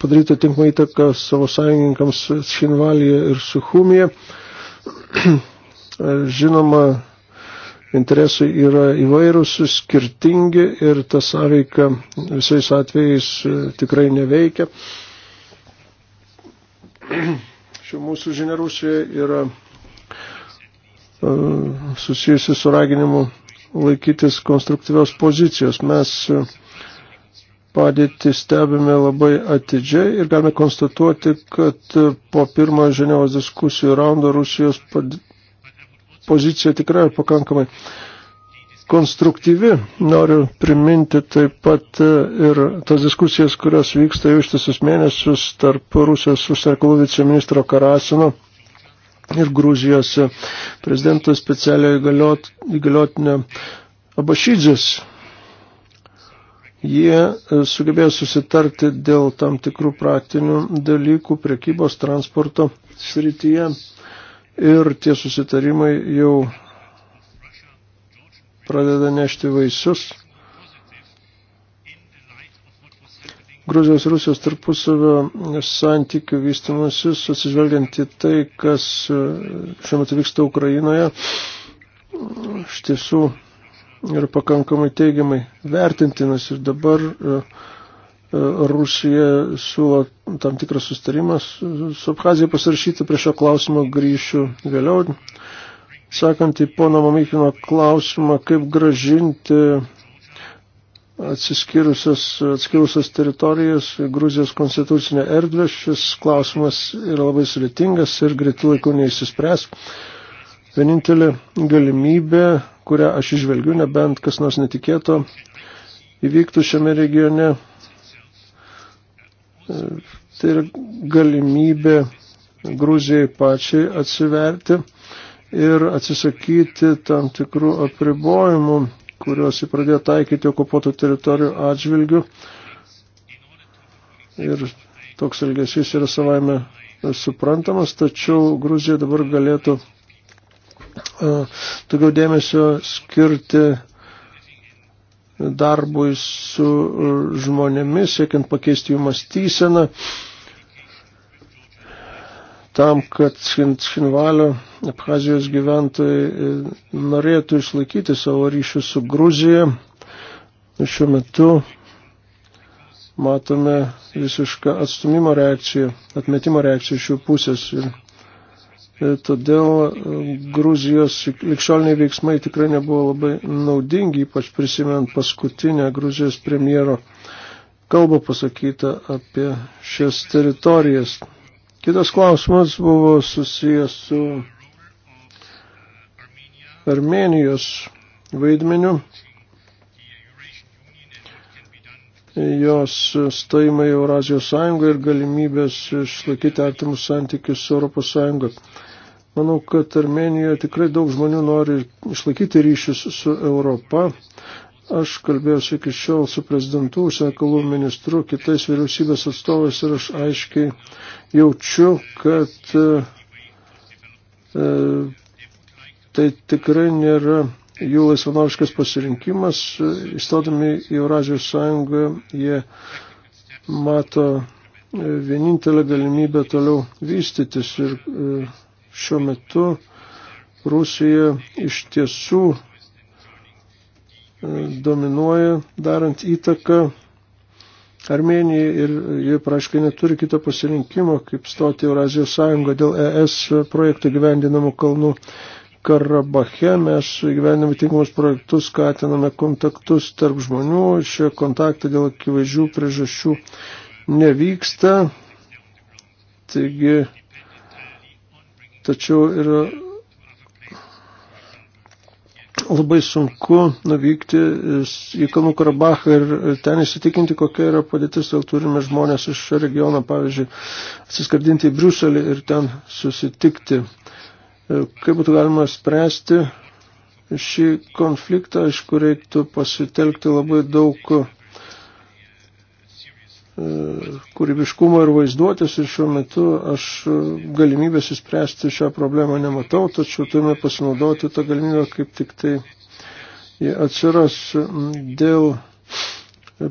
padarytų tinkamą įtaką savo sąjungininkams Šinvalyje ir Suhumyje. <clears throat> Žinoma, interesai yra įvairūs, skirtingi ir ta sąveika visais atvejais e, tikrai neveikia. <clears throat> Šiuo mūsų žinia Rusija yra e, susijusi su raginimu laikytis konstruktyvios pozicijos. Mes e, padėtį stebime labai atidžiai ir galime konstatuoti, kad po pirmojo Ženevos diskusijų raundo Rusijos pozicija tikrai pakankamai konstruktyvi. Noriu priminti taip pat e, ir tas diskusijas, kurios vyksta jau ištisus mėnesius tarp Rusijos užsienio viceministro Karasino ir Grūžijos prezidento specialio įgaliot, įgaliotinio Abašydžės. Jie e, sugebėjo susitarti dėl tam tikrų praktinių dalykų prekybos transporto srityje ir tie susitarimai jau pradeda nešti vaisius. Gruzijos Rusijos tarpusavio santykių vystimasis, atsižvelgiant į tai, kas šiuo metu vyksta Ukrainoje, iš tiesų yra pakankamai teigiamai vertintinas ir dabar uh, Rusija siūlo tam tikrą sustarimą su Abhazija pasirašyti, prie šio klausimo grįšiu vėliau. Sakant į pono Mamykino klausimą, kaip gražinti atsiskyrusias, atskirusias teritorijas Gruzijos konstitucinę erdvę, šis klausimas yra labai sudėtingas ir greitų laikų neįsispręs. Vienintelė galimybė, kurią aš išvelgiu, nebent kas nors netikėto įvyktų šiame regione, Tai yra galimybė Gruzijai pačiai atsiverti ir atsisakyti tam tikrų apribojimų, kuriuos jį pradėjo taikyti okupuotų teritorijų atžvilgių. Ir toks elgesys yra savaime suprantamas, tačiau Gruzija dabar galėtų daugiau dėmesio skirti darbui su žmonėmis, siekiant pakeisti jų mąstyseną, tam, kad Šinvalio Abhazijos gyventojai e, norėtų išlaikyti savo ryšių su Gruzija. Šiuo metu matome visišką atstumimo reakciją, atmetimo reakciją iš jų pusės. Ir E, todėl e, Gruzijos likščioliniai veiksmai tikrai nebuvo labai naudingi, ypač prisimint paskutinę Gruzijos premjero kalbą pasakytą apie šias teritorijas. Kitas klausimas buvo susijęs su Armenijos vaidmeniu. Jos stojimai Eurazijos sąjungoje ir galimybės išlaikyti artimus santykius su Europos sąjungoje. Manau, kad Armenijoje tikrai daug žmonių nori išlaikyti ryšius su Europa. Aš kalbėjausi iki šiol su prezidentu, užsienio ministru, kitais vyriausybės atstovais ir aš aiškiai jaučiu, kad e, tai tikrai nėra jų laisvanoriškas pasirinkimas. Įstodami į Eurazijos sąjungą, jie mato e, vienintelę galimybę toliau vystytis ir e, Šiuo metu Rusija iš tiesų e, dominuoja, darant įtaką Armenijai ir jie praškai neturi kito pasirinkimo, kaip stoti Eurazijos sąjungą dėl ES projektų gyvendinamų kalnų Karabache. Mes gyvenime tinkamus projektus skatiname kontaktus tarp žmonių, šie kontaktai dėl akivaizdžių priežasčių nevyksta. Taigi Tačiau yra labai sunku nuvykti į Kalnų Karabachą ir ten įsitikinti, kokia yra padėtis, dėl turime žmonės iš šio regiono, pavyzdžiui, atsiskardinti į Briuselį ir ten susitikti. Kaip būtų galima spręsti šį konfliktą, aišku, reiktų pasitelkti labai daug E, kūrybiškumo ir vaizduotės ir šiuo metu aš e, galimybės įspręsti šią problemą nematau, tačiau turime pasinaudoti tą galimybę kaip tik tai atsiras dėl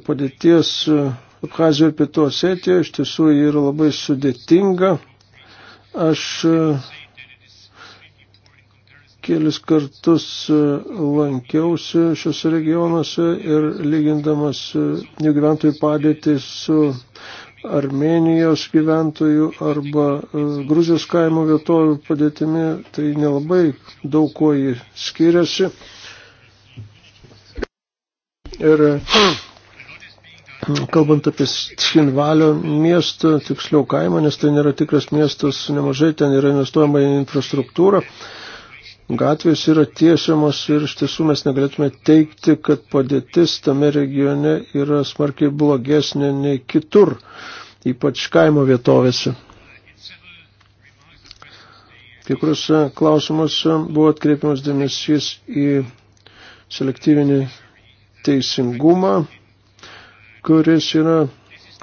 padėties e, Abkazijos ir Pietų Osetijoje, iš tiesų ji yra labai sudėtinga. Aš kelis kartus e, lankiausi šiuose regionuose ir lygindamas e, jų gyventojų padėtį su Armenijos gyventojų arba e, Gruzijos kaimo vietovių padėtimi, tai nelabai daug kuo jį skiriasi. Ir kalbant apie Skinvalio miestą, tiksliau kaimą, nes tai nėra tikras miestas, nemažai ten yra investuojama į infrastruktūrą gatvės yra tiesiamos ir iš tiesų mes negalėtume teikti, kad padėtis tame regione yra smarkiai blogesnė nei kitur, ypač kaimo vietovėse. Kai kuriuose klausimuose buvo atkreipiamas dėmesys į selektyvinį teisingumą, kuris yra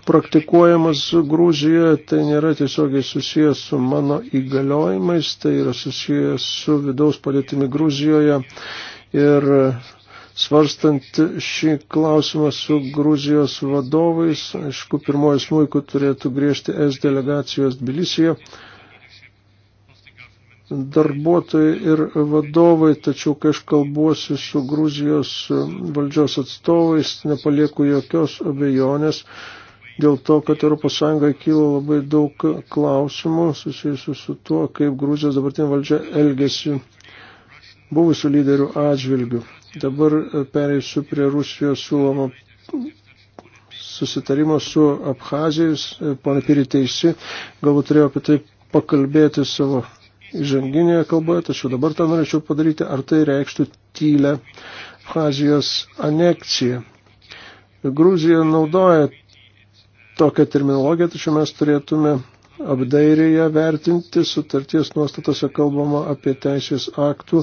praktikuojamas Grūzijoje, tai nėra tiesiogiai susijęs su mano įgaliojimais, tai yra susijęs su vidaus padėtimi Grūzijoje ir svarstant šį klausimą su Grūzijos vadovais, aišku, pirmoji smūjų turėtų griežti S delegacijos Tbilisijoje darbuotojai ir vadovai, tačiau kai aš kalbuosi su Grūzijos valdžios atstovais, nepalieku jokios abejonės, dėl to, kad ES kyla labai daug klausimų susijusių su tuo, kaip Grūzijos dabartinė valdžia elgesi buvusių lyderių atžvilgių. Dabar pereisiu prie Rusijos siūlomo susitarimo su Abhazijais. Pone Piri teisi, galbūt turėjau apie tai pakalbėti savo įžanginėje kalboje, tačiau dabar tą norėčiau padaryti, ar tai reikštų tylę Abhazijos anekciją. Gruzija naudoja tokią terminologiją, tačiau mes turėtume apdairėje vertinti sutarties nuostatose kalbama apie teisės aktų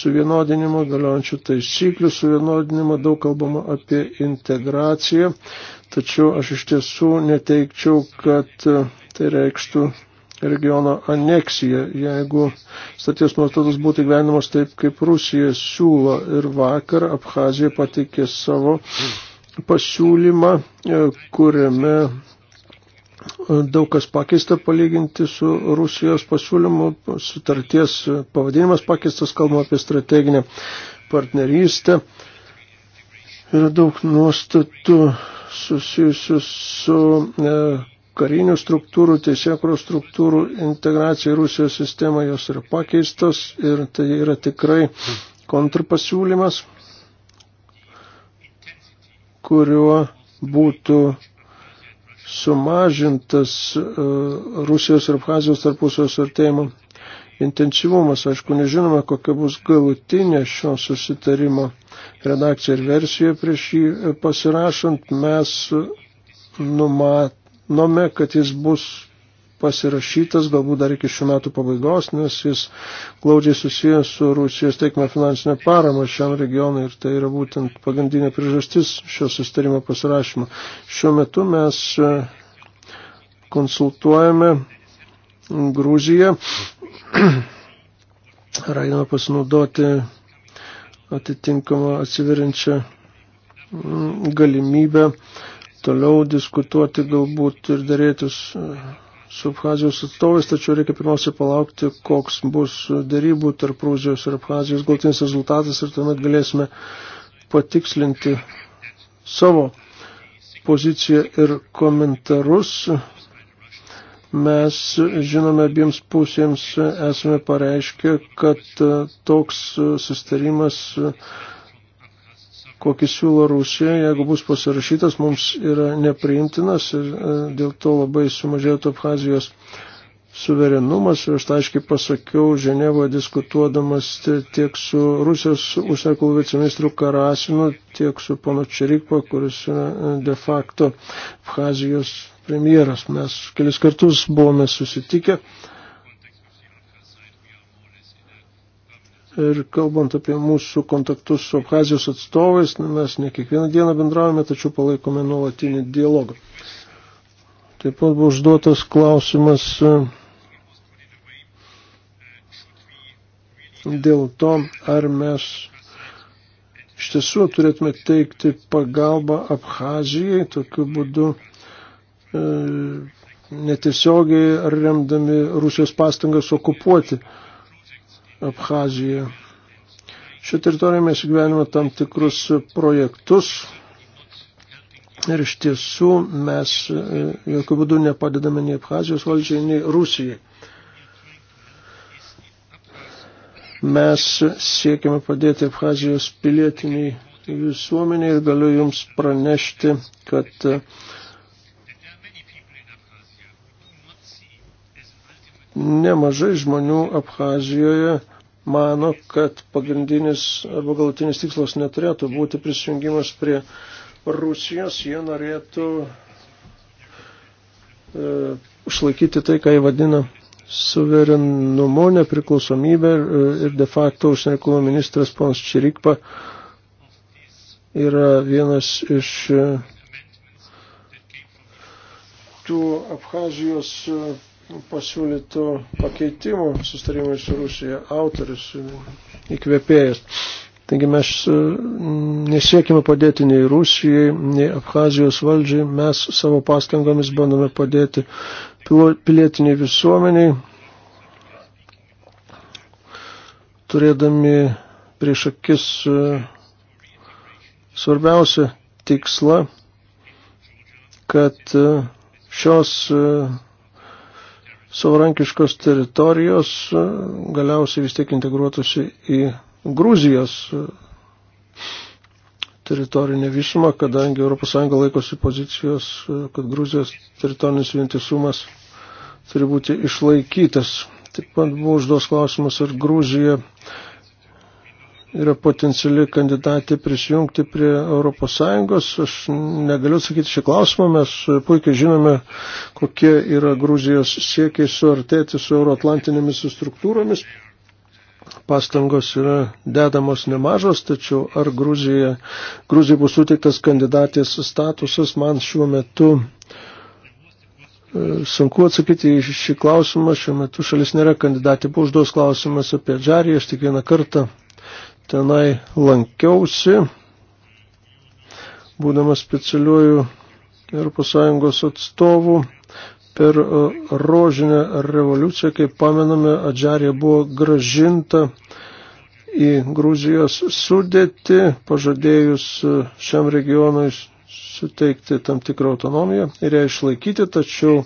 suvienodinimą, galiojančių taisyklių suvienodinimą, daug kalbama apie integraciją, tačiau aš iš tiesų neteikčiau, kad tai reikštų regiono aneksiją, jeigu staties nuostatos būtų gyvenimas taip, kaip Rusija siūlo ir vakar Abhazija pateikė savo mm pasiūlymą, e, kuriame e, daug kas pakeista palyginti su Rusijos pasiūlymu. Sutarties pavadinimas pakeistas, kalbama apie strateginę partnerystę. Yra daug nuostatų susijusių su e, karinių struktūrų, teisėkros struktūrų integracija į Rusijos sistemą, jos yra pakeistos ir tai yra tikrai kontrpasiūlymas kuriuo būtų sumažintas e, Rusijos ir Abhazijos tarpusio sartėjimo intensyvumas. Aišku, nežinome, kokia bus galutinė šio susitarimo redakcija ir versija prieš jį e, pasirašant. Mes numatome, kad jis bus pasirašytas, galbūt dar iki šių metų pabaigos, nes jis glaudžiai susijęs su Rusijos teikma finansinė parama šiam regionui ir tai yra būtent pagrindinė priežastis šio sustarimo pasirašymo. Šiuo metu mes e, konsultuojame Gruziją, <clears throat> raginame pasinaudoti atitinkamą atsiverinčią galimybę toliau diskutuoti galbūt ir dėrėtis e, su Abhazijos atstovais, tačiau reikia pirmiausia palaukti, koks bus darybų tarp Prūzijos ir Abhazijos galtinis rezultatas ir tuomet galėsime patikslinti savo poziciją ir komentarus. Mes žinome abiems pusėms esame pareiškę, kad toks sustarimas kokį siūlo Rusija, jeigu bus pasirašytas, mums yra nepriimtinas ir e, dėl to labai sumažėtų Abhazijos suverenumas. Ir aš tai aiškiai pasakiau Ženevoje diskutuodamas tiek su Rusijos užsienio viceministru Karasinu, tiek su ponu Čerikpo, kuris yra e, de facto Abhazijos premjeras. Mes kelis kartus buvome susitikę. Ir kalbant apie mūsų kontaktus su Abhazijos atstovais, mes ne kiekvieną dieną bendraujame, tačiau palaikome nuolatinį dialogą. Taip pat buvo užduotas klausimas e, dėl to, ar mes iš tiesų turėtume teikti pagalbą Abhazijai tokiu būdu e, netiesiogiai ar remdami Rusijos pastangas okupuoti Abhaziją. Šią teritoriją mes gyvenime tam tikrus projektus ir iš tiesų mes e, jokių būdų nepadedame nei Abhazijos valdžiai, nei Rusijai. Mes siekiame padėti Abhazijos pilietiniai visuomeniai ir galiu Jums pranešti, kad uh, Nemažai žmonių Abhazijoje mano, kad pagrindinis arba galutinis tikslas neturėtų būti prisijungimas prie Rusijos. Jie norėtų e, išlaikyti tai, ką jie vadina suverenumu, nepriklausomybę e, ir de facto užsienio reikalų ministras ponas Čirikpa yra vienas iš e, tų Abhazijos e, pasiūlytų pakeitimų sustarimai su Rusija autorius įkvėpėjas. Taigi mes e, nesiekime padėti nei Rusijai, nei Abhazijos valdžiai, mes savo pastangomis bandome padėti pilietiniai visuomeniai, turėdami prieš akis e, svarbiausią tikslą, kad e, šios savarankiškos teritorijos galiausiai vis tiek integruotųsi į Gruzijos teritorinę visumą, kadangi ES laikosi pozicijos, kad Gruzijos teritorinis vientisumas turi būti išlaikytas. Taip pat buvo užduos klausimas, ar Gruzija yra potenciali kandidatė prisijungti prie ES. Aš negaliu atsakyti šį klausimą, mes puikiai žinome, kokie yra Gruzijos siekiai suartėti su euroatlantinėmis struktūromis. Pastangos yra dedamos nemažos, tačiau ar Gruzija, Gruzija bus suteiktas kandidatės statusas, man šiuo metu e, Sunku atsakyti į šį klausimą, šiuo metu šalis nėra kandidatė, buvo užduos klausimas apie džarį, aš tik vieną kartą tenai lankiausi, būdamas specialiuoju ES atstovų per e, rožinę revoliuciją, kaip pamename, Adžarija buvo gražinta į Gruzijos sudėti, pažadėjus e, šiam regionui suteikti tam tikrą autonomiją ir ją išlaikyti, tačiau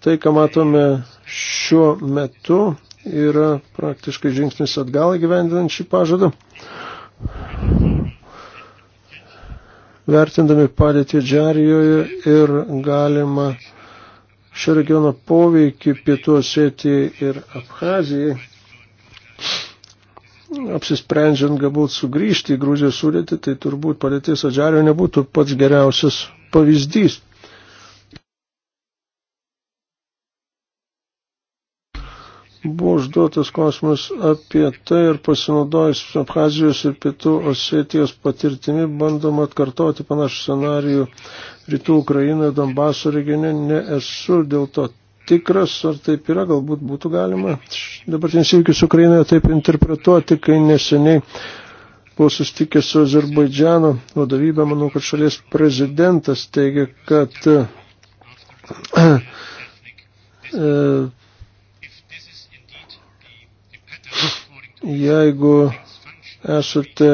tai, ką matome šiuo metu, yra praktiškai žingsnis atgal gyvendinant šį pažadą. Vertindami padėtį Džarijoje ir galima šio regiono poveikį pietų Osetijai ir Abhazijai, apsisprendžiant galbūt sugrįžti į Grūzijos sudėtį, tai turbūt padėtis Adžario nebūtų pats geriausias pavyzdys. Buvo užduotas klausimas apie tai ir pasinaudojus Abhazijos ir Pietų Osetijos patirtimi bandoma atkartoti panašų scenarijų Rytų Ukrainoje, Donbaso regione. Neesu dėl to tikras, ar taip yra, galbūt būtų galima dabartinis įvykis Ukrainoje taip interpretuoti, kai neseniai buvau sustikęs su Azerbaidžiano vadovybė, manau, kad šalies prezidentas teigia, kad <clears throat> e, Jeigu esate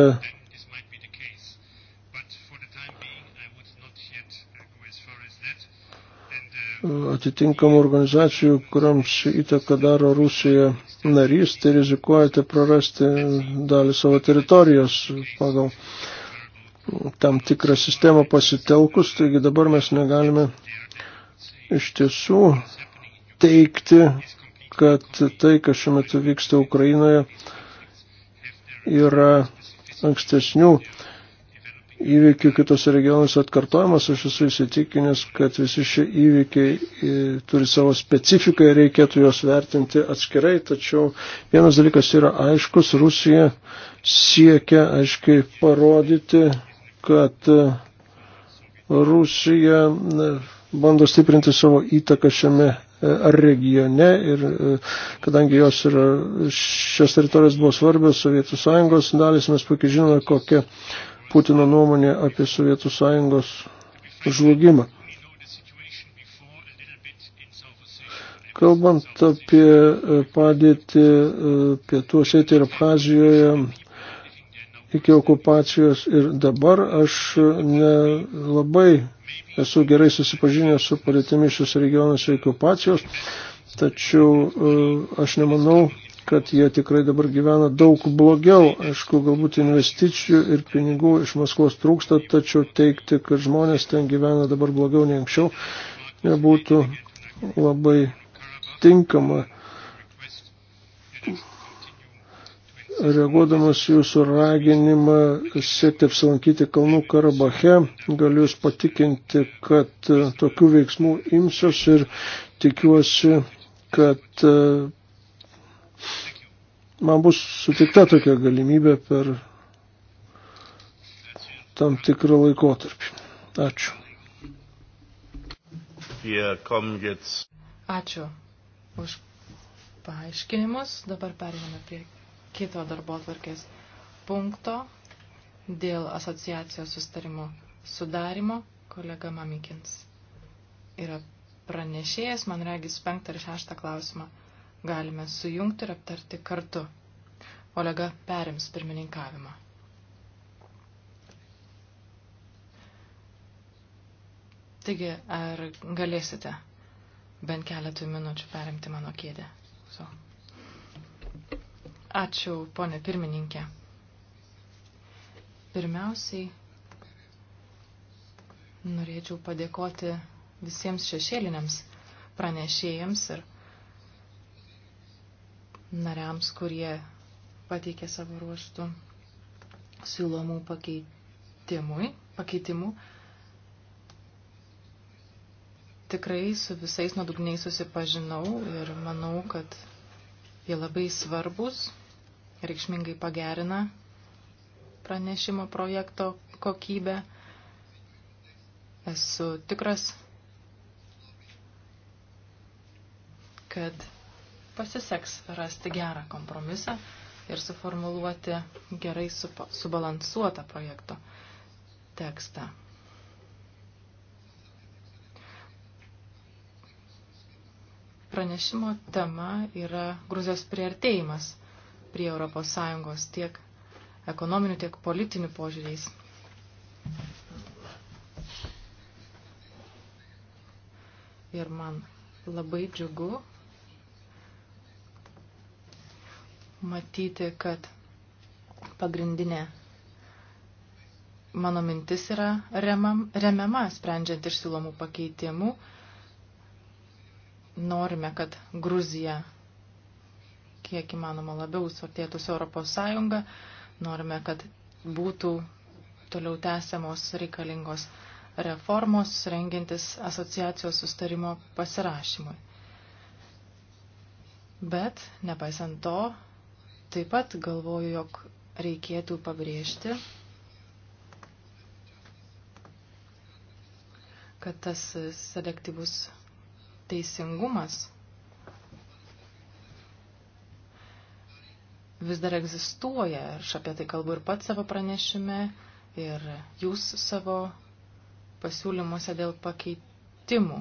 atitinkamų organizacijų, kuriams įtaką daro Rusija narys, tai rizikuojate prarasti dalį savo teritorijos pagal tam tikrą sistemą pasitelkus, taigi dabar mes negalime iš tiesų teikti, kad tai, kas šiuo metu vyksta Ukrainoje, yra ankstesnių įvykių kitose regionuose atkartojimas. Aš esu įsitikinęs, kad visi šie įvykiai e, turi savo specifiką ir reikėtų juos vertinti atskirai. Tačiau vienas dalykas yra aiškus. Rusija siekia aiškiai parodyti, kad e, Rusija bando stiprinti savo įtaką šiame ar regione ir e, kadangi jos yra, šios teritorijos buvo svarbios Sovietų sąjungos dalis, mes puikiai žinome, kokia Putino nuomonė apie Sovietų sąjungos žlugimą. Kalbant apie e, padėtį e, pietų Osetijoje ir Abhazijoje iki okupacijos ir dabar, aš nelabai esu gerai susipažinęs su padėtimi šios regionuose iki okupacijos, tačiau e, aš nemanau, kad jie tikrai dabar gyvena daug blogiau. Aišku, galbūt investicijų ir pinigų iš Maskvos trūksta, tačiau teikti, kad žmonės ten gyvena dabar blogiau nei anksčiau, nebūtų labai tinkama. Reaguodamas jūsų raginimą siekti apsilankyti Kalnų Karabache, galiu jūs patikinti, kad e, tokių veiksmų imsiuos ir tikiuosi, kad e, man bus sutikta tokia galimybė per tam tikrą laikotarpį. Ačiū. Ačiū už paaiškinimus. Dabar perėmame prie kito darbo atvarkės punkto dėl asociacijos sustarimo sudarimo kolega Mamikins. Yra pranešėjas, man regis, penktą ir šeštą klausimą galime sujungti ir aptarti kartu. Olega perims pirmininkavimą. Taigi, ar galėsite bent keletų minučių perimti mano kėdę? So. Ačiū, ponė pirmininkė. Pirmiausiai norėčiau padėkoti visiems šešėliniams pranešėjams ir nariams, kurie pateikė savo ruoštų siūlomų pakeitimui, pakeitimų. Tikrai su visais nuodugniai susipažinau ir manau, kad jie labai svarbus reikšmingai pagerina pranešimo projekto kokybę. Esu tikras, kad pasiseks rasti gerą kompromisą ir suformuluoti gerai subalansuotą projekto tekstą. Pranešimo tema yra Gruzijos priartėjimas – prie ES tiek ekonominių, tiek politinių požiūriais. Ir man labai džiugu matyti, kad pagrindinė mano mintis yra remam, remiama, sprendžiant iš siūlomų pakeitimų. Norime, kad Gruzija kiek įmanoma labiau suartėtųsi Europos Sąjunga. Norime, kad būtų toliau tęsiamos reikalingos reformos, rengintis asociacijos sustarimo pasirašymui. Bet, nepaisant to, taip pat galvoju, jog reikėtų pabrėžti, kad tas selektyvus teisingumas vis dar egzistuoja. Aš apie tai kalbu ir pat savo pranešime, ir jūs savo pasiūlymuose dėl pakeitimų.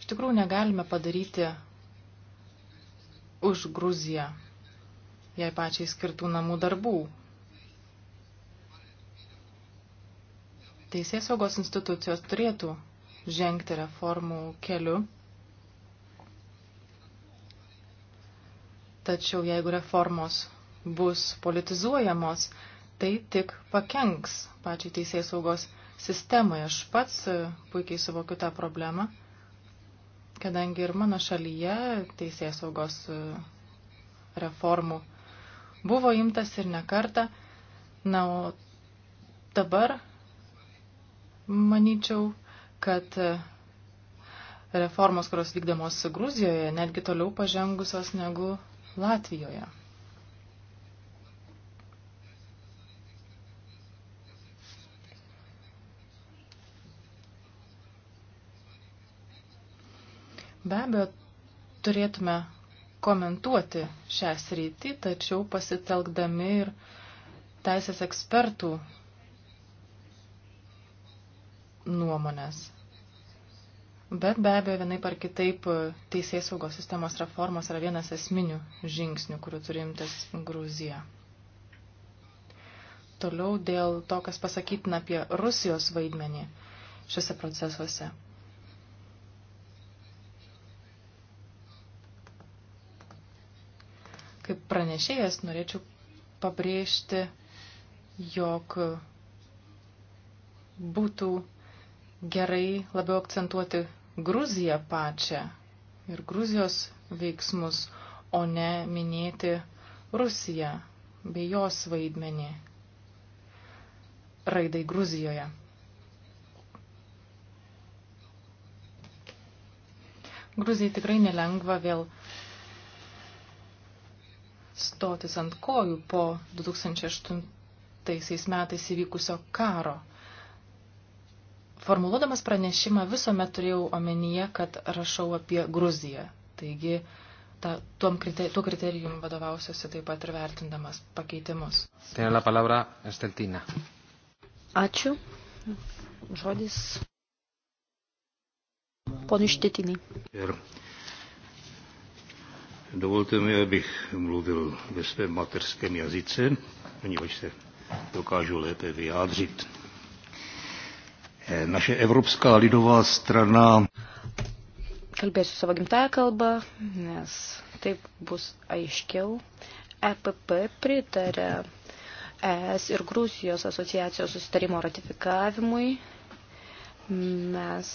Iš tikrųjų negalime padaryti už Gruziją jai pačiai skirtų namų darbų. Teisės saugos institucijos turėtų žengti reformų keliu Tačiau jeigu reformos bus politizuojamos, tai tik pakenks pačiai teisėjai saugos sistemai. Aš pats e, puikiai suvokiu tą problemą, kadangi ir mano šalyje teisėjai saugos e, reformų buvo imtas ir nekarta. Na, o dabar manyčiau, kad e, reformos, kurios vykdamos Gruzijoje, netgi toliau pažengusios negu Latvijoje. Be abejo, turėtume komentuoti šią sritį, tačiau pasitelkdami ir teisės ekspertų nuomonės. Bet be abejo, vienai par kitaip teisės saugos sistemos reformos yra vienas esminių žingsnių, kurių turi imtis Gruzija. Toliau dėl to, kas pasakytina apie Rusijos vaidmenį šiuose procesuose. Kaip pranešėjas norėčiau pabrėžti, jog būtų gerai labiau akcentuoti Gruziją pačią ir Gruzijos veiksmus, o ne minėti Rusiją bei jos vaidmenį raidai Gruzijoje. Gruzijai tikrai nelengva vėl stotis ant kojų po 2008 metais įvykusio karo. Formuluodamas pranešimą visuomet turėjau omenyje, kad rašau apie Gruziją. Taigi, ta, tuom kriter, tuo kriterijum vadovausiuosi taip pat ir vertindamas pakeitimus. Tai yra palavra Esteltina. Ačiū. Žodis. Ponu Štetinai. Ir dovolte mi, abych mluvil ve svém materském jazyce, poněvadž se dokážu lépe vyjádřit. Eh, naše Evropská lidová strana. Kalbėsiu savo gimtają kalbą, nes taip bus aiškiau. EPP pritarė ES ir Grūsijos asociacijos susitarimo ratifikavimui. Mes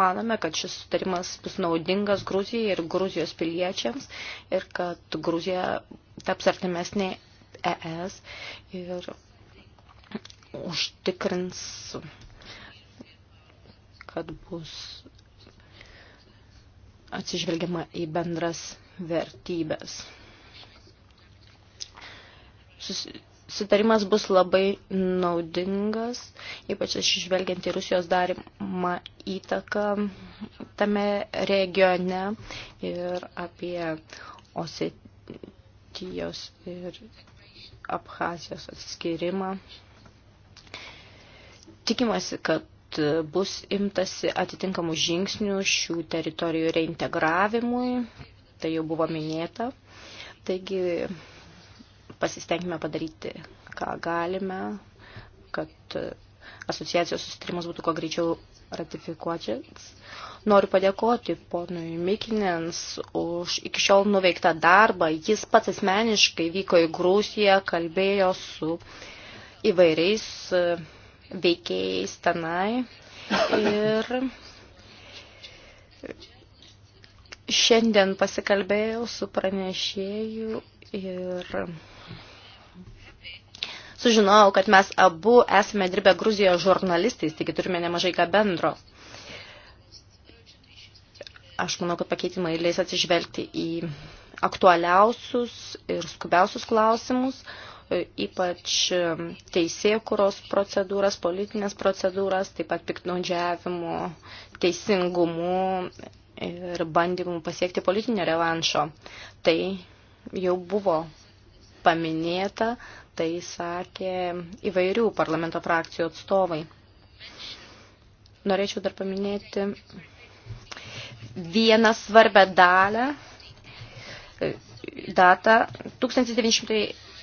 manome, kad šis sutarimas bus naudingas Gruzijai ir Gruzijos piliečiams ir kad Gruzija taps artimesnė ES ir užtikrins, kad bus atsižvelgiama į bendras vertybės. Susitarimas bus labai naudingas, ypač išžvelgiant į Rusijos darimą įtaką tame regione ir apie Osetijos ir Abhazijos atsiskirimą. Tikimasi, kad e, bus imtasi atitinkamų žingsnių šių teritorijų reintegravimui, tai jau buvo minėta. Taigi pasistengime padaryti, ką galime, kad e, asociacijos sustarimas būtų kuo greičiau ratifikuotis. Noriu padėkoti ponui Mikinens už iki šiol nuveiktą darbą. Jis pats asmeniškai vyko į Grūsiją, kalbėjo su įvairiais e, veikėjais tenai. Ir šiandien pasikalbėjau su pranešėju ir sužinojau, kad mes abu esame dirbę Gruzijoje žurnalistais, taigi turime nemažai ką bendro. Aš manau, kad pakeitimai leis atsižvelgti į aktualiausius ir skubiausius klausimus, ypač teisėkuros procedūras, politinės procedūras, taip pat piknaudžiavimų, teisingumų ir bandymų pasiekti politinio revanšo. Tai jau buvo paminėta, tai sakė įvairių parlamento frakcijų atstovai. Norėčiau dar paminėti vieną svarbę dalę, datą 1900 68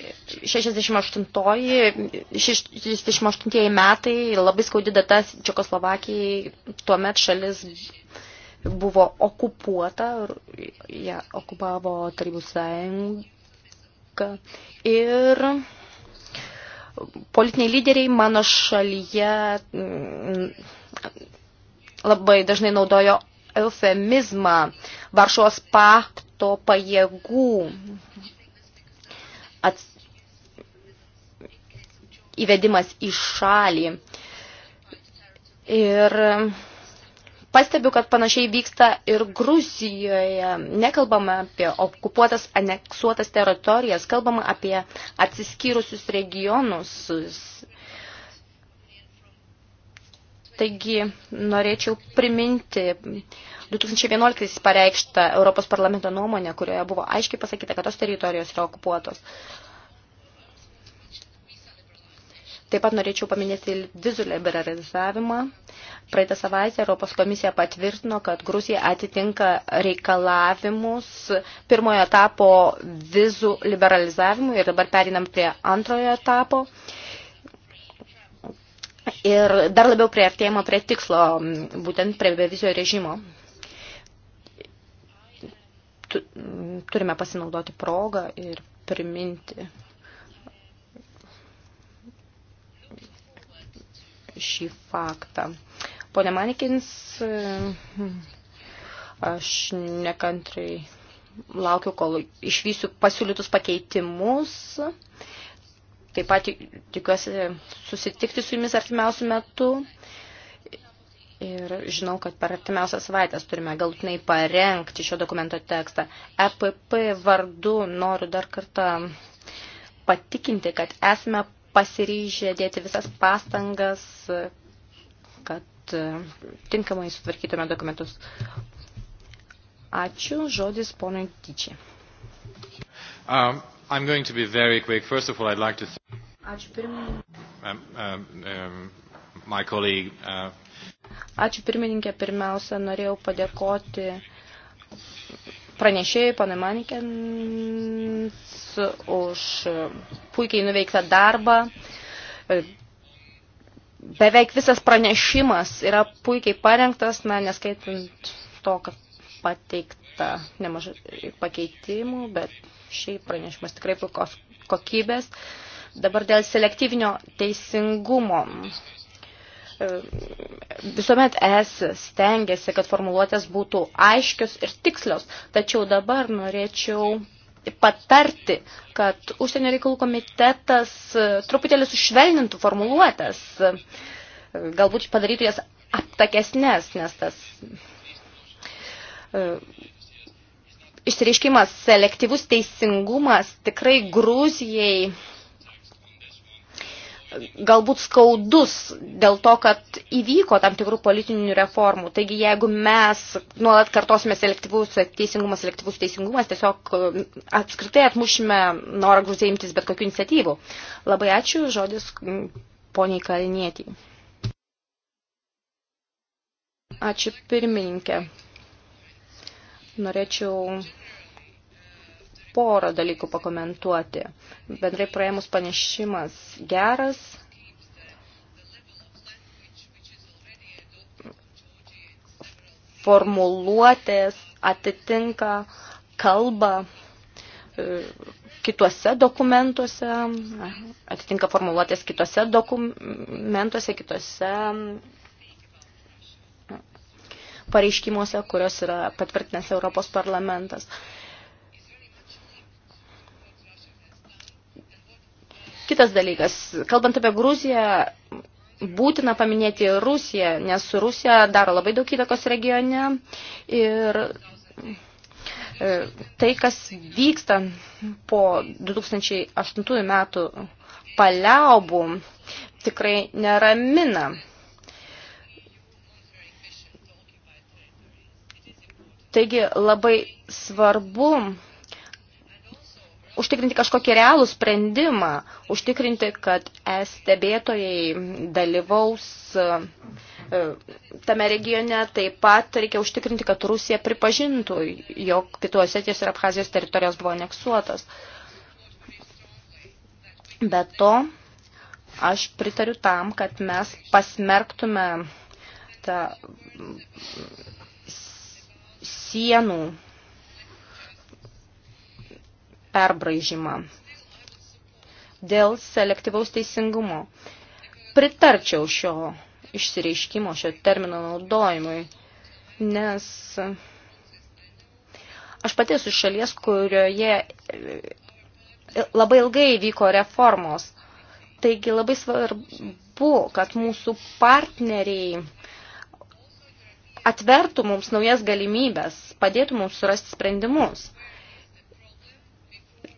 metai labai skaudi data Čekoslovakijai, tuomet šalis buvo okupuota, ją okupavo Tarybų sąjunga ir politiniai lyderiai mano šalyje mm, labai dažnai naudojo eufemizmą Varšuos pakto pajėgų ats... įvedimas į šalį. Ir pastebiu, kad panašiai vyksta ir Gruzijoje. Nekalbame apie okupuotas, aneksuotas teritorijas, kalbame apie atsiskyrusius regionus, Taigi norėčiau priminti 2011 pareikštą Europos parlamento nuomonę, kurioje buvo aiškiai pasakyta, kad tos teritorijos yra okupuotos. Taip pat norėčiau paminėti vizų liberalizavimą. Praeitą savaitę Europos komisija patvirtino, kad Gruzija atitinka reikalavimus pirmojo etapo vizų liberalizavimui ir dabar perinam prie antrojo etapo. Uh, ir dar labiau prieartėjimo prie tikslo, būtent prie bevizio režimo. Turime pasinaudoti progą ir priminti šį faktą. Pone Manikins, aš nekantrai laukiu, kol išvysiu pasiūlytus pakeitimus Taip pat tikiuosi susitikti su jumis artimiausių metų. Ir žinau, kad per artimiausias savaitės turime galutinai parengti šio dokumento tekstą. EPP vardu noriu dar kartą patikinti, kad esame pasiryžę dėti visas pastangas, kad e, tinkamai sutvarkytume dokumentus. Ačiū, žodis ponui Tyčiai. Um, I'm going to be very quick. First of all, I'd like to Ačiū pirmininkė. Um, um, my colleague. Uh... Ačiū pirmininkė. Pirmiausia, norėjau padėkoti pranešėjai, panai Manikens, už puikiai nuveiktą darbą. Beveik visas pranešimas yra puikiai parengtas, na, neskaitant to, kad pateikta nemažai pakeitimų, bet šiaip pranešimas tikrai puikos kokybės. Uh, Dabar dėl selektyvinio teisingumo. E, visuomet es stengiasi, kad formuluotės būtų aiškios ir tikslios, tačiau dabar norėčiau patarti, kad užsienio reikalų komitetas e, truputėlį sušvelnintų formuluotės, e, galbūt padarytų jas aptakesnės, nes tas išsireiškimas selektyvus teisingumas tikrai Gruzijai galbūt skaudus dėl to, kad įvyko tam tikrų politinių reformų. Taigi, jeigu mes nuolat kartosime selektyvus teisingumas, selektyvus teisingumas, tiesiog e, apskritai atmušime norą Gruzijai imtis bet kokių iniciatyvų. Labai ačiū, žodis poniai Kalinėtį. Ačiū pirmininkė. Norėčiau porą dalykų pakomentuoti. Bendrai praėmus panešimas geras. Formuluotės atitinka kalbą e, kituose dokumentuose, atitinka formuluotės kituose dokumentuose, kituose pareiškimuose, kurios yra patvirtinęs Europos parlamentas. Kitas dalykas, kalbant apie Gruziją, būtina paminėti Rusiją, nes Rusija daro labai daug įtakos regione ir e, tai, kas vyksta po 2008 metų paliaubų, tikrai neramina. Taigi labai svarbu užtikrinti kažkokį realų sprendimą, užtikrinti, kad es stebėtojai dalyvaus e, e, tame regione, taip pat reikia užtikrinti, kad Rusija pripažintų, jog pietų Osetijos ir Abhazijos teritorijos buvo aneksuotas. Be to, aš pritariu tam, kad mes pasmerktume tą sienų perbraižymą. Dėl selektyvaus teisingumo. Pritarčiau šio išsireiškimo, šio termino naudojimui, nes aš pati esu šalies, kurioje e, labai ilgai vyko reformos. Taigi labai svarbu, kad mūsų partneriai atvertų mums naujas galimybės, padėtų mums surasti sprendimus.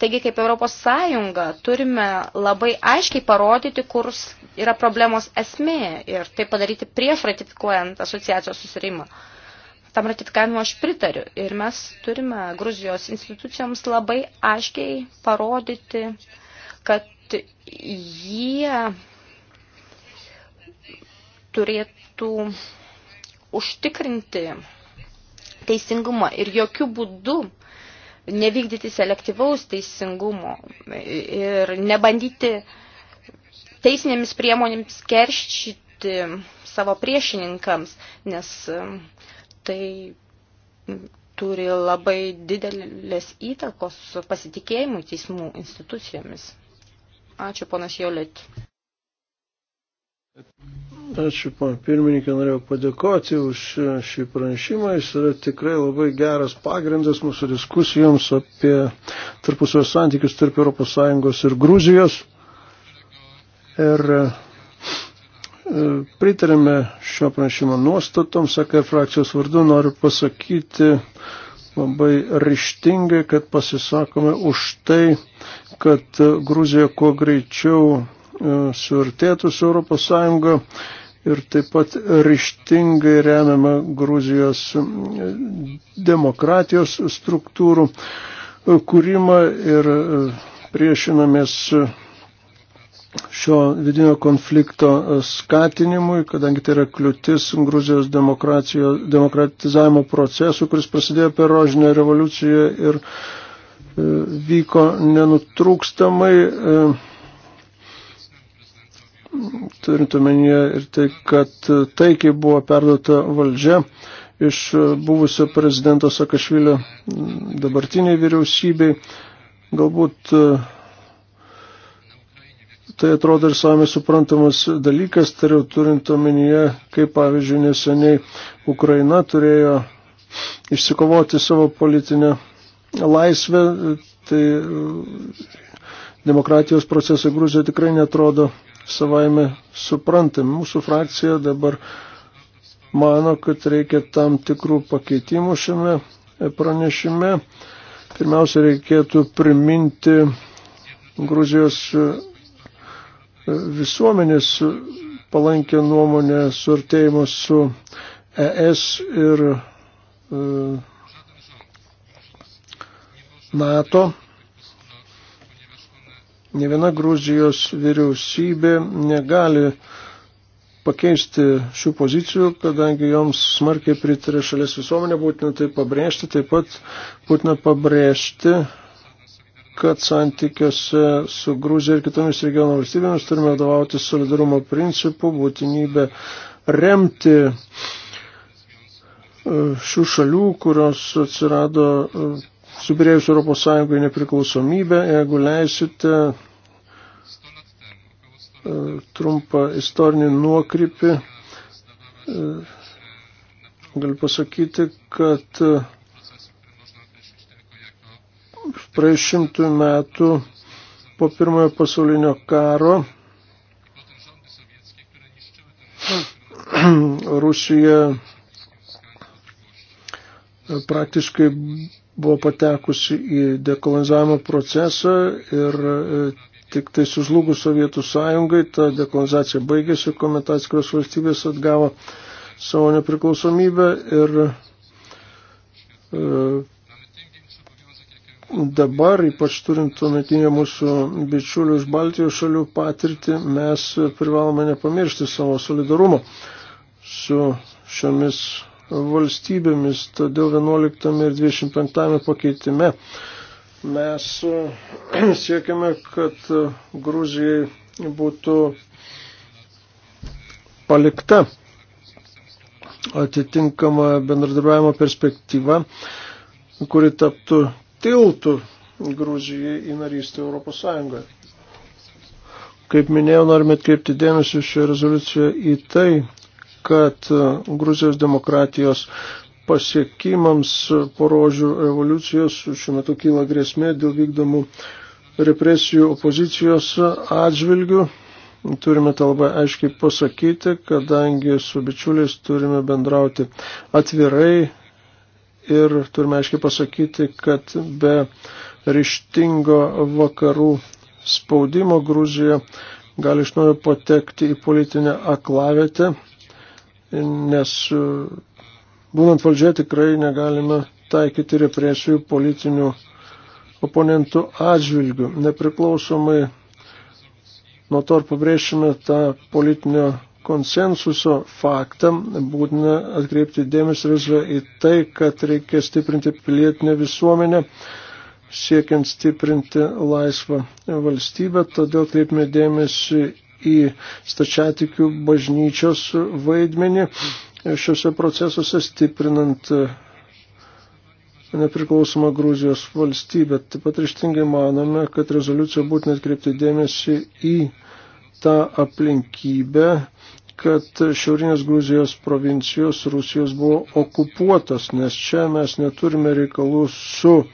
Taigi, kaip Europos Sąjunga, turime labai aiškiai parodyti, kur yra problemos esmė ir tai padaryti prieš ratifikuojant asociacijos susirimą. Tam ratifikavimu aš pritariu ir mes turime Gruzijos institucijoms labai aiškiai parodyti, kad jie turėtų užtikrinti teisingumą ir jokių būdų nevykdyti selektyvaus teisingumo ir nebandyti teisinėmis priemonėmis keršyti savo priešininkams, nes um, tai turi labai didelės įtakos pasitikėjimui teismų institucijomis. Ačiū, ponas Jolit. Ačiū, pan pirmininkė, norėjau padėkoti už šį pranešimą. Jis yra tikrai labai geras pagrindas mūsų diskusijoms apie tarpusio santykius tarp ES ir Gruzijos. Ir e, pritarėme šio pranešimo nuostatoms, sakė frakcijos vardu, noriu pasakyti labai ryštingai, kad pasisakome už tai, kad Gruzija kuo greičiau E, suartėtų su ES ir taip pat ryštingai remiama Gruzijos e, demokratijos struktūrų e, kūrimą ir priešinamės šio vidinio konflikto skatinimui, kadangi tai yra kliūtis Gruzijos demokratizavimo procesų, kuris prasidėjo per rožinę revoliuciją ir vyko nenutrūkstamai turint omenyje ir tai, kad taikiai buvo perduota valdžia iš buvusio prezidento Sakašvilio dabartiniai vyriausybei. Galbūt e, tai atrodo ir savame suprantamas dalykas, tariau turint omenyje, kaip pavyzdžiui neseniai Ukraina turėjo išsikovoti savo politinę laisvę, tai e, demokratijos procesai Gruzijoje tikrai netrodo savaime suprantami. Mūsų frakcija dabar mano, kad reikia tam tikrų pakeitimų šiame pranešime. Pirmiausia, reikėtų priminti Gruzijos e, visuomenės palankę nuomonę suartėjimo su ES ir e, NATO Ne viena Gruzijos vyriausybė negali pakeisti šių pozicijų, kadangi joms smarkiai pritarė šalies visuomenė, būtina tai pabrėžti, taip pat būtina pabrėžti, kad santykiuose su Gruzija ir kitomis regiono valstybėmis turime vadovauti solidarumo principu, būtinybę remti e, šių šalių, kurios atsirado e, subirėjus Europos Sąjungai nepriklausomybę, jeigu leisite e, trumpą istorinį nuokrypį, e, galiu pasakyti, kad e, praeis šimtų metų po pirmojo pasaulinio karo <clears throat> Rusija praktiškai buvo patekusi į dekolonizavimo procesą ir e, tik tai sužlugus Sovietų sąjungai ta dekolonizacija baigėsi, kuomet atskiros valstybės atgavo savo nepriklausomybę ir e, dabar, ypač turint tuometinę mūsų bičiulių iš Baltijos šalių patirtį, mes privalome nepamiršti savo solidarumo su šiomis valstybėmis. Todėl 11 ir 25 pakeitime mes <clears throat> siekiame, kad Gruzijai būtų palikta atitinkama bendradarbiavimo perspektyva, kuri taptų tiltų Gruzijai į narystę Europos Sąjungoje. Kaip minėjau, norime atkreipti dėmesį šioje rezoliucijoje į tai, kad e, Gruzijos demokratijos pasiekimams porožių evoliucijos šiuo metu kyla grėsmė dėl vykdomų represijų opozicijos atžvilgių. Turime tą labai aiškiai pasakyti, kadangi su bičiuliais turime bendrauti atvirai ir turime aiškiai pasakyti, kad be ryštingo vakarų spaudimo Gruzija gali iš naujo patekti į politinę aklavietę nes e, būnant valdžioje tikrai negalime taikyti represijų politinių oponentų atžvilgių. Nepriklausomai nuo to ar pabrėšime tą politinio konsensuso faktą, būtina atkreipti dėmesį į tai, kad reikia stiprinti pilietinę visuomenę, siekiant stiprinti laisvą valstybę, todėl kreipime dėmesį į stačiatikių bažnyčios vaidmenį šiuose procesuose stiprinant nepriklausomą Gruzijos valstybę. Taip pat ryštingai manome, kad rezoliucija būtina atkreipti dėmesį į tą aplinkybę, kad šiaurinės Gruzijos provincijos Rusijos buvo okupuotos, nes čia mes neturime reikalų su e,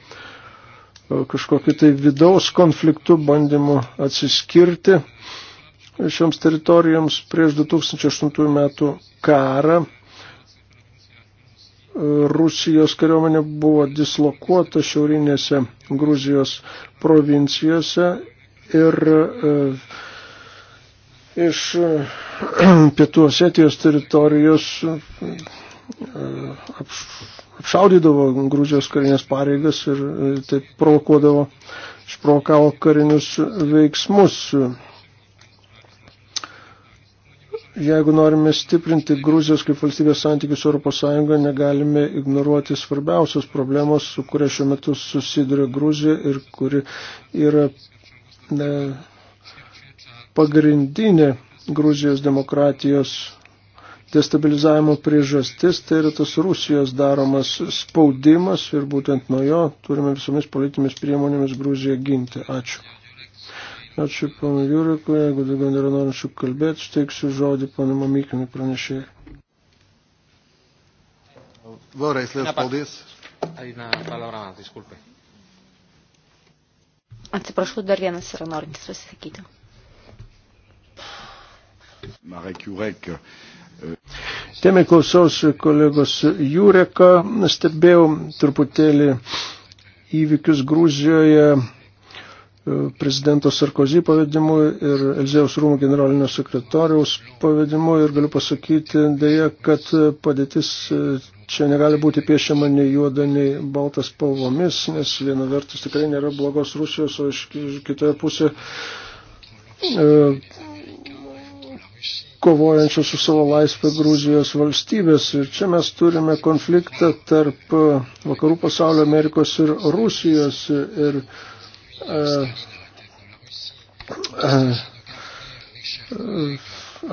kažkokiu tai vidaus konfliktu bandymu atsiskirti šioms teritorijoms prieš 2008 metų karą. Rusijos kariuomenė buvo dislokuota šiaurinėse Gruzijos provincijose ir e, iš <clears throat> pietų Osetijos teritorijos e, apšaudydavo Grūžijos karinės pareigas ir e, taip provokuodavo, išprovokavo karinius veiksmus. Jeigu norime stiprinti Gruzijos kaip valstybės santykius Europos Sąjungoje, negalime ignoruoti svarbiausios problemos, su kuria šiuo metu susiduria Gruzija ir kuri yra ne, pagrindinė Gruzijos demokratijos destabilizavimo priežastis, tai yra tas Rusijos daromas spaudimas ir būtent nuo jo turime visomis politinėmis priemonėmis Gruziją ginti. Ačiū. Ačiū ponui Jūrikui, jeigu daugiau nėra norinčių kalbėti, steiksiu žodį ponui Mamykinui pranešėjai. Vēlreiz liels paldies. Atsiprašau, dar vienas yra norintis pasisakyti. Marek Jurek. E, Tėmė klausiausi kolegos Jureka, stebėjau truputėlį įvykius Gruzijoje prezidento Sarkozy pavadimu ir Elzėjaus rūmų generalinio sekretoriaus pavadimu ir galiu pasakyti dėja, kad padėtis e, čia negali būti piešiama nei juoda, nei baltas spalvomis, nes viena vertus tikrai nėra blogos Rusijos, o iš, iš kitoje pusėje e, kovojančios su savo laisvę Gruzijos valstybės. Ir čia mes turime konfliktą tarp e, vakarų pasaulio Amerikos ir Rusijos. Ir, ir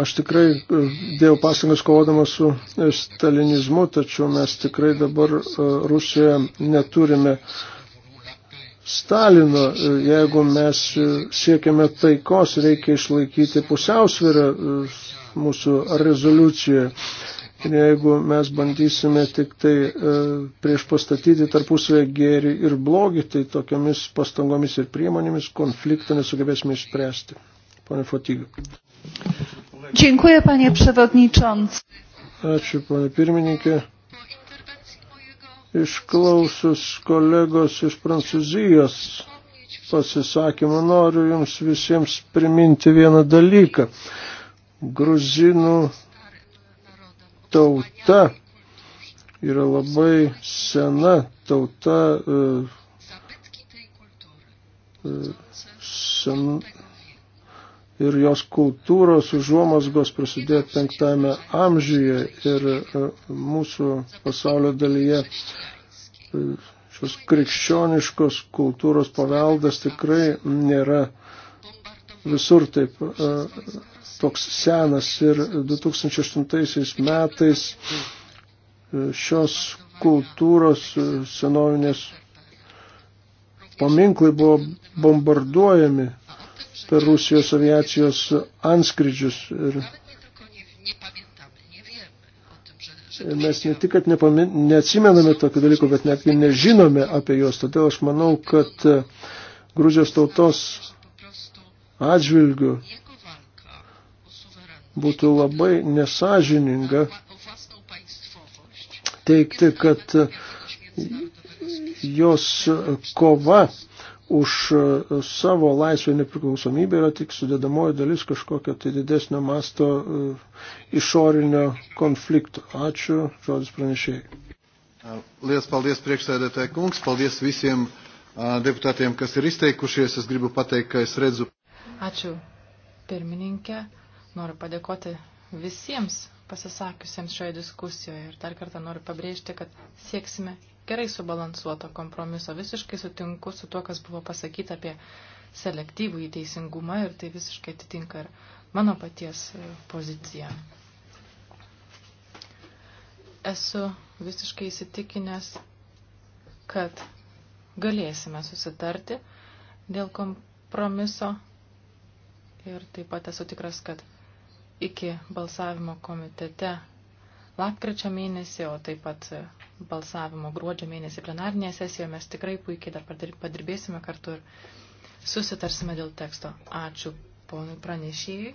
Aš tikrai dėjau pastangas kovodamas su stalinizmu, tačiau mes tikrai dabar e, Rusijoje neturime Stalino. E, jeigu mes siekiame taikos, reikia išlaikyti pusiausvyrą e, mūsų rezoliucijoje sostinė, jeigu mes bandysime tik tai e, prieš pastatyti tarpusavę gėrį ir blogį, tai tokiamis pastangomis ir priemonėmis konfliktą nesugebėsime išspręsti. Pane Fotyga. Dziękuję, panie przewodniczący. Ačiū, pane pirmininkė. Išklausus kolegos iš Prancūzijos pasisakymą noriu jums visiems priminti vieną dalyką. Gruzinų tauta yra labai sena tauta, e, e, sen, ir jos kultūros užuomasgos prasidėjo penktame amžiuje ir e, mūsų pasaulio dalyje šios krikščioniškos kultūros paveldas tikrai nėra visur taip toks senas ir 2008 metais e, šios kultūros e, senovinės paminklai buvo bombarduojami per Rusijos aviacijos anskridžius. Ir mes ne tik, kad nepamin, neatsimename tokių dalykų, bet netgi nežinome apie juos. Todėl aš manau, kad e, Gruzijos tautos atžvilgių būtų labai nesažininga teikti, kad jos kova už savo laisvę nepriklausomybę yra tik sudėdamoji dalis kažkokio tai didesnio masto e, išorinio konflikto. Ačiū, žodis pranešėjai. Lielas paldies priekšsēdētāji kungs, paldies visiem deputātiem, kas ir izteikušies. Es gribu pateikt, ka es redzu. Ačiū, pirmininkė. Noriu padėkoti visiems pasisakiusiems šioje diskusijoje ir dar kartą noriu pabrėžti, kad sieksime gerai subalansuoto kompromiso. Visiškai sutinku su tuo, kas buvo pasakyta apie selektyvų į teisingumą ir tai visiškai atitinka ir mano paties e, poziciją. Esu visiškai įsitikinęs, kad galėsime susitarti dėl kompromiso ir taip pat esu tikras, kad iki balsavimo komitete lapkričio mėnesį, o taip pat balsavimo gruodžio mėnesį plenarnėje sesijoje mes tikrai puikiai dar padirbėsime kartu ir susitarsime dėl teksto. Ačiū ponui pranešėjai.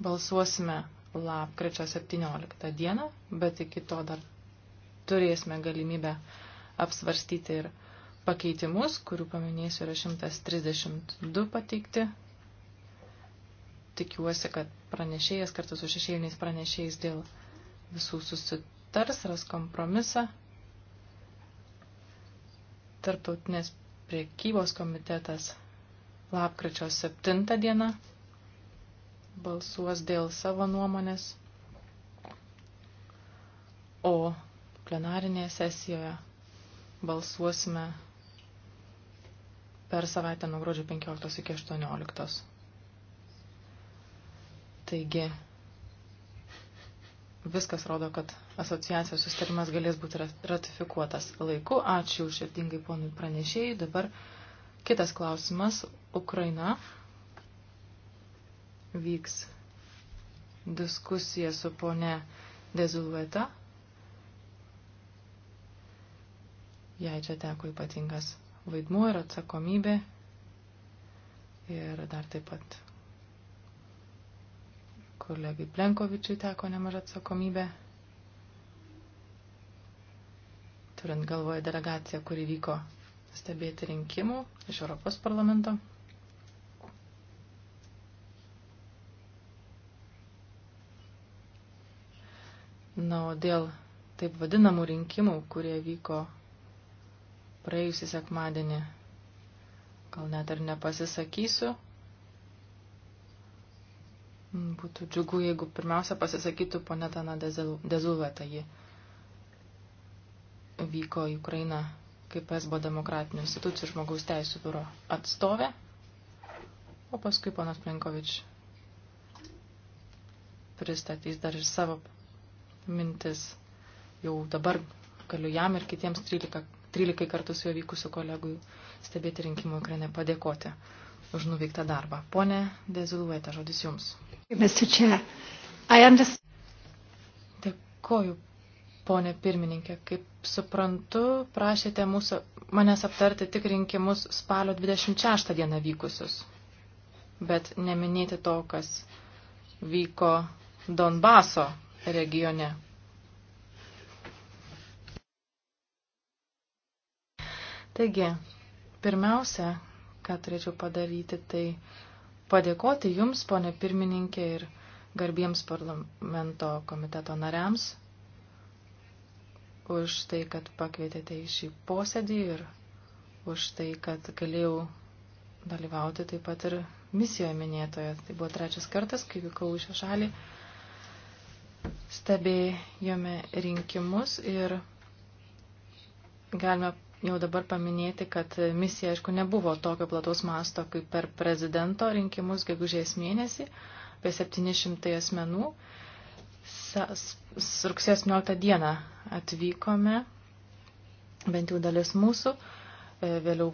Balsuosime lapkričio 17 dieną, bet iki to dar turėsime galimybę apsvarstyti ir pakeitimus, kurių paminėsiu yra 132 pateikti. Tikiuosi, kad pranešėjas kartu su šešėliniais pranešėjais dėl visų susitars, ras kompromisą. Tartautinės priekybos komitetas lapkričio 7 dieną balsuos dėl savo nuomonės, o plenarinėje sesijoje balsuosime per savaitę nuo gruodžio 15 iki 18. Taigi, viskas rodo, kad asociacijos sustarimas galės būti ratifikuotas laiku. Ačiū širdingai ponui pranešėjai. Dabar kitas klausimas. Ukraina vyks diskusija su ponė Dezulueta. Jai čia teko ypatingas vaidmuo ir atsakomybė ir dar taip pat kolegai Plenkovičiui teko nemaža atsakomybė, turint galvoje delegaciją, kuri vyko stebėti rinkimų iš Europos parlamento. Na, o dėl taip vadinamų rinkimų, kurie vyko praėjusį sekmadienį. Gal net ar nepasisakysiu. Būtų džiugu, jeigu pirmiausia pasisakytų ponė Tana Dezuveta. Ji vyko į Ukrainą kaip esbo demokratinių institucijų žmogaus teisų biuro atstovė, o paskui ponas Plenkovič pristatys dar ir savo mintis. Jau dabar galiu jam ir kitiems 13 13 kartų su jo vykusių kolegų stebėti rinkimų ekrane padėkoti už nuveiktą darbą. Pone Dezulueta, žodis jums. Dėkoju, ponė pirmininkė. Kaip suprantu, prašėte mūsų, manęs aptarti tik rinkimus spalio 26 dieną vykusius, bet neminėti to, kas vyko Donbaso regione Taigi, pirmiausia, ką turėčiau padaryti, tai padėkoti Jums, ponė pirmininkė, ir garbiems parlamento komiteto nariams už tai, kad pakvietėte į šį posėdį ir už tai, kad galėjau dalyvauti taip pat ir misijoje minėtoje. Tai buvo trečias kartas, kai vykau į šią šalį, stebėjome rinkimus ir galime jau dabar paminėti, kad misija, aišku, nebuvo tokio plataus masto kaip per prezidento rinkimus gegužės mėnesį, apie 700 asmenų. Rugsėjo 18 dieną atvykome, bent jau dalis mūsų, e, vėliau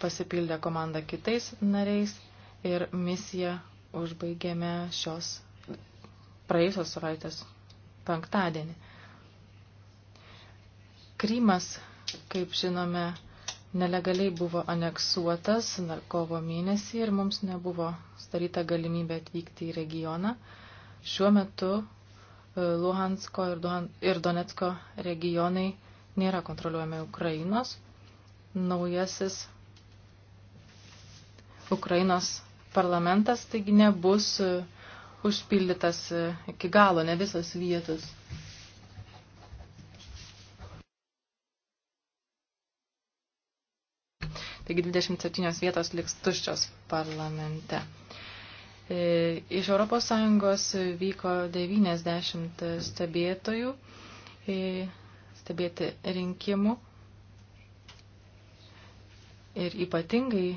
pasipildė komanda kitais nariais ir misiją užbaigėme šios praėjusios savaitės penktadienį. Krymas kaip žinome, nelegaliai buvo aneksuotas kovo mėnesį ir mums nebuvo staryta galimybė atvykti į regioną. Šiuo metu e, Luhansko ir Donetsko regionai nėra kontroliuojami Ukrainos. Naujasis Ukrainos parlamentas taigi nebus e, užpildytas e, iki galo, ne visos vietos. Taigi 27 vietos liks tuščios parlamente. E, iš ES vyko 90 stebėtojų e, stebėti rinkimų ir ypatingai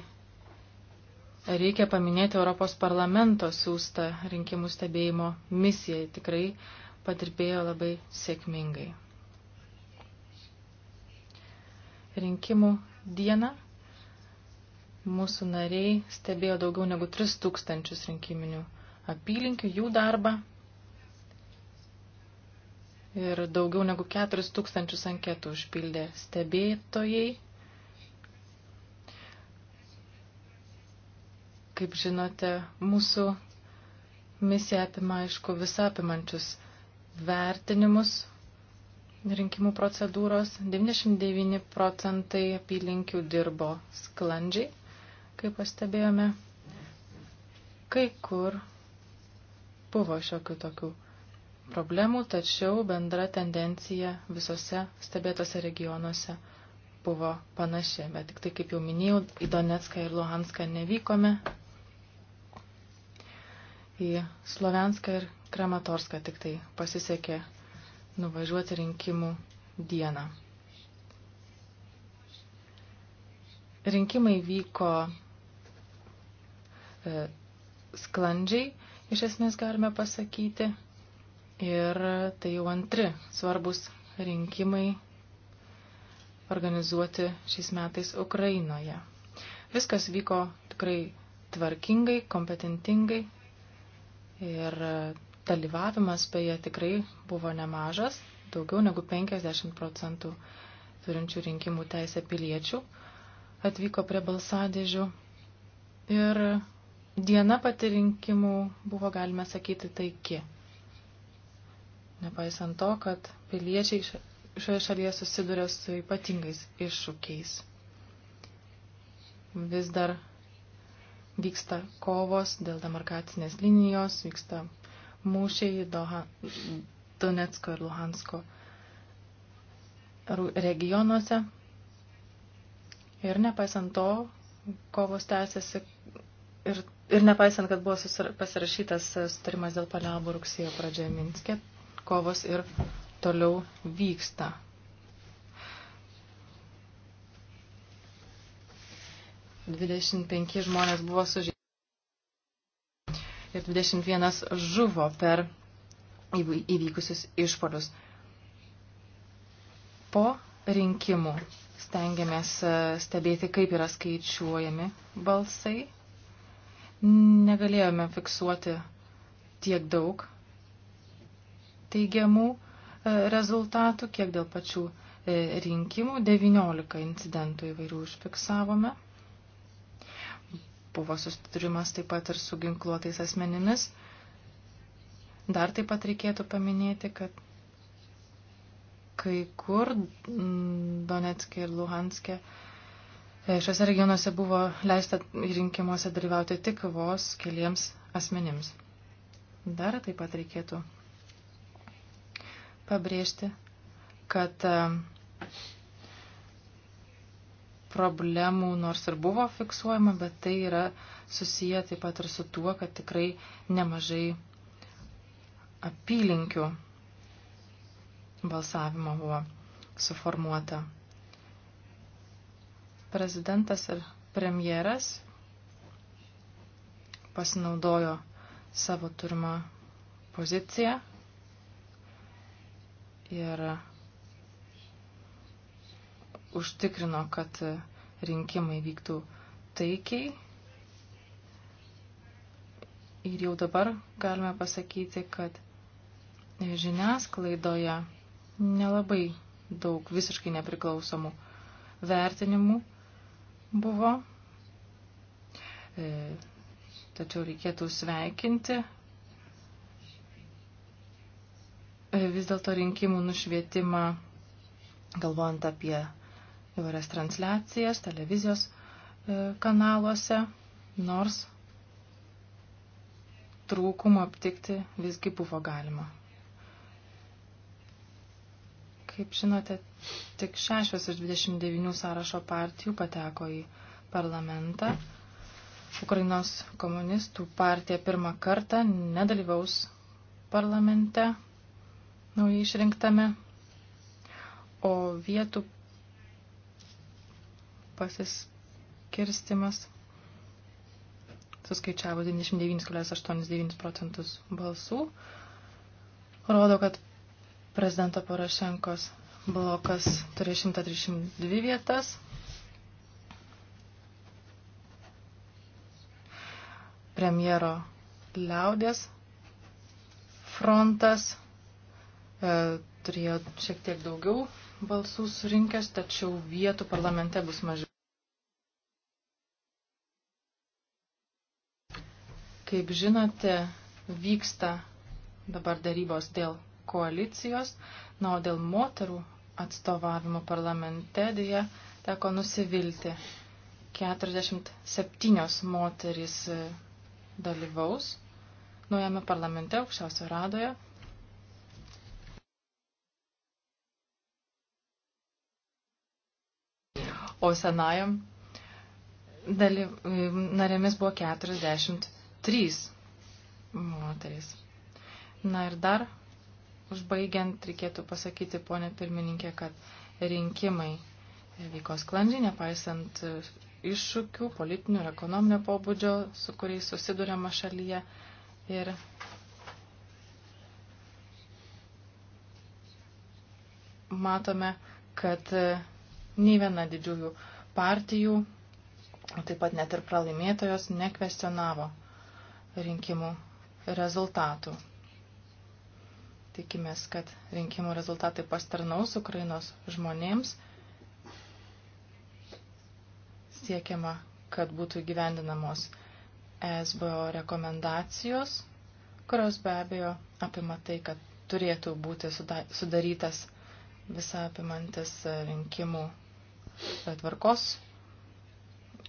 reikia paminėti Europos parlamento siūstą rinkimų stebėjimo misiją. Tikrai padirbėjo labai sėkmingai. Rinkimų dieną mūsų nariai stebėjo daugiau negu 3000 rinkiminių apylinkių, jų darbą ir daugiau negu 4000 anketų užpildė stebėtojai. Kaip žinote, mūsų misija apima, aišku, visą apimančius vertinimus rinkimų procedūros. 99 procentai apylinkių dirbo sklandžiai kaip pastebėjome, kai kur buvo šiokių tokių problemų, tačiau bendra tendencija visose stebėtose regionuose buvo panaši. Bet tik tai, kaip jau minėjau, į Donetską ir Luhanską nevykome, į Slovenską ir Kramatorską tik tai pasisekė nuvažiuoti rinkimų dieną. Rinkimai vyko E, sklandžiai, iš esmės galime pasakyti. Ir tai jau antri svarbus rinkimai organizuoti šiais metais Ukrainoje. Viskas vyko tikrai tvarkingai, kompetentingai ir dalyvavimas beje tikrai buvo nemažas, daugiau negu 50 procentų turinčių rinkimų teisę piliečių atvyko prie balsadėžių ir Diena pati rinkimų buvo, galime sakyti, taiki. Nepaisant to, kad piliečiai šioje šalyje susiduria su ypatingais iššūkiais. Vis dar vyksta kovos dėl demarkacinės linijos, vyksta mūšiai Doha, Donetsko ir Luhansko regionuose. Ir nepaisant to, kovos tęsiasi ir Ir nepaisant, kad buvo pasirašytas e, sutarimas dėl paliaubų rugsėjo pradžioje Minske, kovos ir toliau vyksta. Dvidešimt penki žmonės buvo sužeisti ir 21 žuvo per įvykusius išpolius. Po rinkimų stengiamės e, stebėti, kaip yra skaičiuojami balsai negalėjome fiksuoti tiek daug teigiamų e, rezultatų, kiek dėl pačių e, rinkimų. 19 incidentų įvairių užfiksavome. Buvo susiturimas taip pat ir su ginkluotais asmenimis. Dar taip pat reikėtų paminėti, kad kai kur Donetskė ir Luhanskė E, šiuose regionuose buvo leista rinkimuose dalyvauti tik vos keliems asmenims. Dar taip pat reikėtų pabrėžti, kad e, problemų nors ir buvo fiksuojama, bet tai yra susiję taip pat ir su tuo, kad tikrai nemažai apylinkių balsavimo buvo suformuota prezidentas ir premjeras pasinaudojo savo turimą poziciją ir užtikrino, kad rinkimai vyktų taikiai. Ir jau dabar galime pasakyti, kad žiniasklaidoje nelabai daug visiškai nepriklausomų vertinimų buvo. E, tačiau reikėtų sveikinti e, vis dėlto rinkimų nušvietimą, galvojant apie įvairias transliacijas televizijos e, kanaluose, nors trūkumą aptikti visgi buvo galima. Kaip žinote, tik 6 iš 29 sąrašo partijų pateko į parlamentą. Ukrainos komunistų partija pirmą kartą nedalyvaus parlamente naujai išrinktame, o vietų pasiskirstimas suskaičiavo 99,89 procentus balsų, rodo, kad Prezidento Porošenkos blokas turi 132 vietas. Premjero liaudės frontas e, turėjo šiek tiek daugiau balsų surinkęs, tačiau vietų parlamente bus mažiau. Kaip žinote, vyksta dabar darybos dėl koalicijos, na, o dėl moterų atstovavimo parlamente dėja teko nusivilti. 47 moterys e, dalyvaus naujame parlamente aukščiausio radoje. O senajam dalyv... narėmis buvo 43 moterys. Na ir dar Užbaigiant, reikėtų pasakyti, ponė pirmininkė, kad rinkimai vyko sklandžiai, nepaisant iššūkių, politinių ir ekonominio pobūdžio, su kuriais susidurėma šalyje. Ir matome, kad nei viena didžiųjų partijų, taip pat net ir pralaimėtojos, nekvestionavo rinkimų rezultatų. Tikimės, kad rinkimų rezultatai pastarnaus Ukrainos žmonėms. Siekiama, kad būtų gyvendinamos ESBO rekomendacijos, kurios be abejo apima tai, kad turėtų būti sudarytas visą apimantis e, rinkimų tvarkos,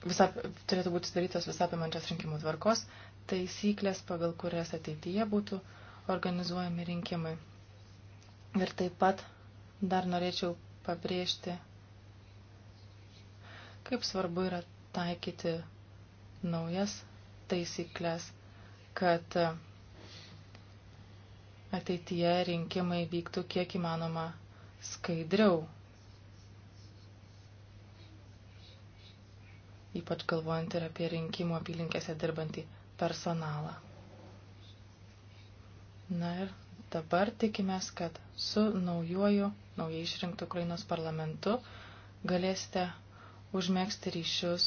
visa, turėtų būti sudarytos visą apimančios rinkimų tvarkos taisyklės, pagal kurias ateityje būtų uh, organizuojami rinkimai. Ir taip pat dar norėčiau pabrėžti, kaip svarbu yra taikyti naujas taisyklės, kad ateityje rinkimai vyktų kiek įmanoma skaidriau. Ypač galvojant ir apie rinkimų apylinkėse dirbantį personalą. Na ir dabar tikimės, kad su naujuoju, naujai išrinktų Ukrainos parlamentu galėsite užmėgsti ryšius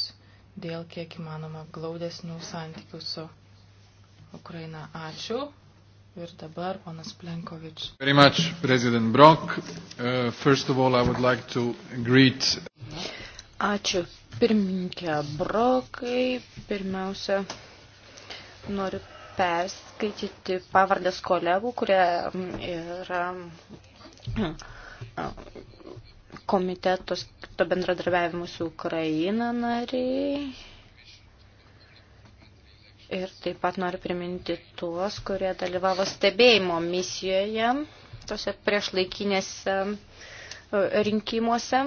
dėl kiek įmanoma glaudesnių santykių su Ukraina. Ačiū. Ir dabar ponas Plenkovič. Very much, President Brock. Uh, first of all, I would like to greet. Ačiū, pirmininkė Brokai. Pirmiausia, noriu perskaityti pavardės kolegų, kurie mm, yra mm, komitetos to bendradarbiavimo su Ukraina nariai. Ir taip pat noriu priminti tuos, kurie dalyvavo stebėjimo misijoje, tose priešlaikinėse uh, rinkimuose.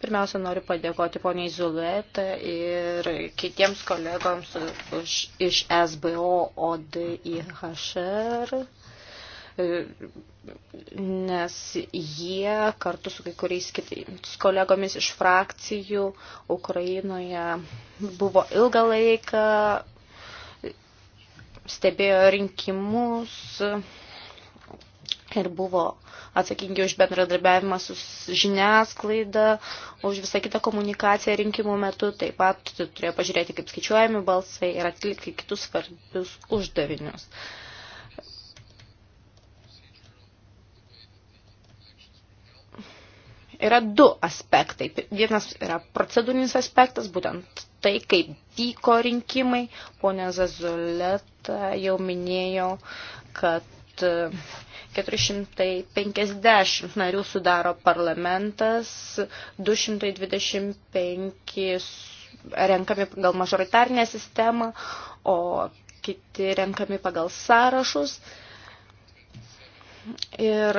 Pirmiausia, noriu padėkoti poniai Zulet ir kitiems kolegoms už, iš SBO ODIHR, nes jie kartu su kai kuriais kitais kolegomis iš frakcijų Ukrainoje buvo ilgą laiką, stebėjo rinkimus ir buvo atsakingi už bendradarbiavimą su žiniasklaida, už visą kitą komunikaciją rinkimų metu, taip pat turėjo pažiūrėti, kaip skaičiuojami balsai ir atlikti kitus svarbius uždavinius. Yra du aspektai. Vienas yra procedūrinis aspektas, būtent tai, kaip vyko rinkimai. Pone Zazuleta jau minėjo, kad 450 narių sudaro parlamentas, 225 renkami pagal mažoritarnę sistemą, o kiti renkami pagal sąrašus. Ir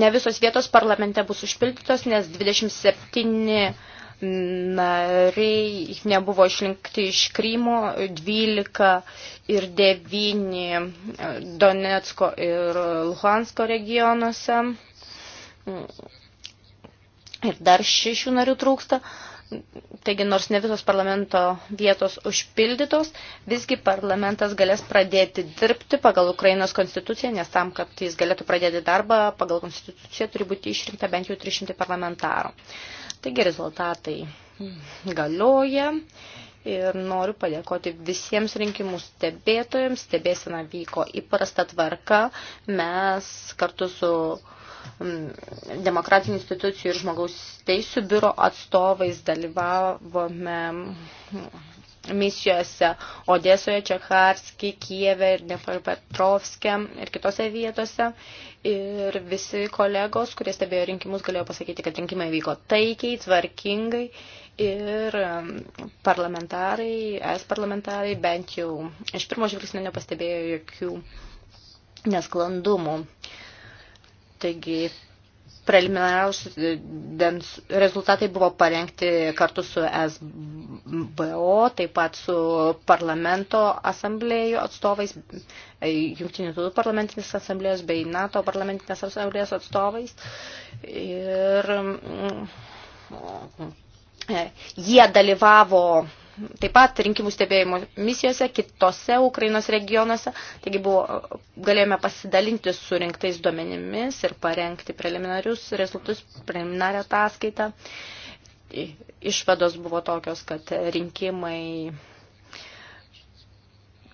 ne visos vietos parlamente bus užpildytos, nes 27 nariai nebuvo išrinkti iš Krymo, 12 ir 9 e, Donetsko ir Luhansko regionuose. Ir dar šešių narių trūksta. Uh, Taigi, nors ne visos parlamento vietos užpildytos, visgi parlamentas galės pradėti dirbti pagal Ukrainos konstituciją, nes tam, kad jis galėtų pradėti darbą, pagal konstituciją turi būti išrinkta bent jau 300 parlamentarų. Taigi, rezultatai galioja ir noriu padėkoti visiems rinkimų stebėtojams. Stebėsena vyko įprasta tvarka. Mes kartu su uh, Mm, demokratinių institucijų ir žmogaus teisų biuro atstovais dalyvavome misijose Odesoje, Čekarski, Kijeve ir Dnepropetrovske ir kitose vietose. Ir visi kolegos, kurie stebėjo rinkimus, galėjo pasakyti, kad rinkimai vyko taikiai, tvarkingai ir mm, parlamentarai, es parlamentarai bent jau iš pirmo žvilgsnio nepastebėjo jokių nesklandumų. Uh, Taigi preliminariaus e, rezultatai buvo parengti kartu su SBO, taip pat su parlamento asamblėjų atstovais, e, jungtinių tautų parlamentinės asamblėjos bei NATO parlamentinės asamblėjos atstovais. Ir mm, e, jie dalyvavo taip pat rinkimų stebėjimo misijose kitose Ukrainos regionuose. Taigi buvo, galėjome pasidalinti su rinktais duomenimis ir parengti preliminarius rezultus, preliminarią ataskaitą. Išvados buvo tokios, kad rinkimai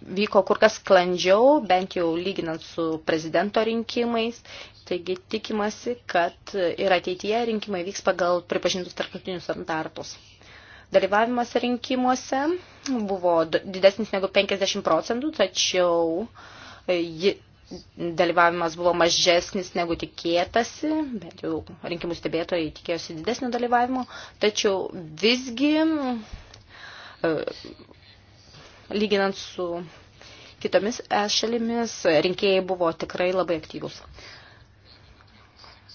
vyko kur kas sklandžiau, bent jau lyginant su prezidento rinkimais. Taigi tikimasi, kad ir ateityje rinkimai vyks pagal pripažintus tarptautinius standartus dalyvavimas rinkimuose buvo didesnis negu 50 procentų, tačiau e, ji, dalyvavimas buvo mažesnis negu tikėtasi, bet jau rinkimų stebėtojai tikėjosi didesnio dalyvavimo, tačiau visgi, e, lyginant su kitomis e šalimis, rinkėjai buvo tikrai labai aktyvus.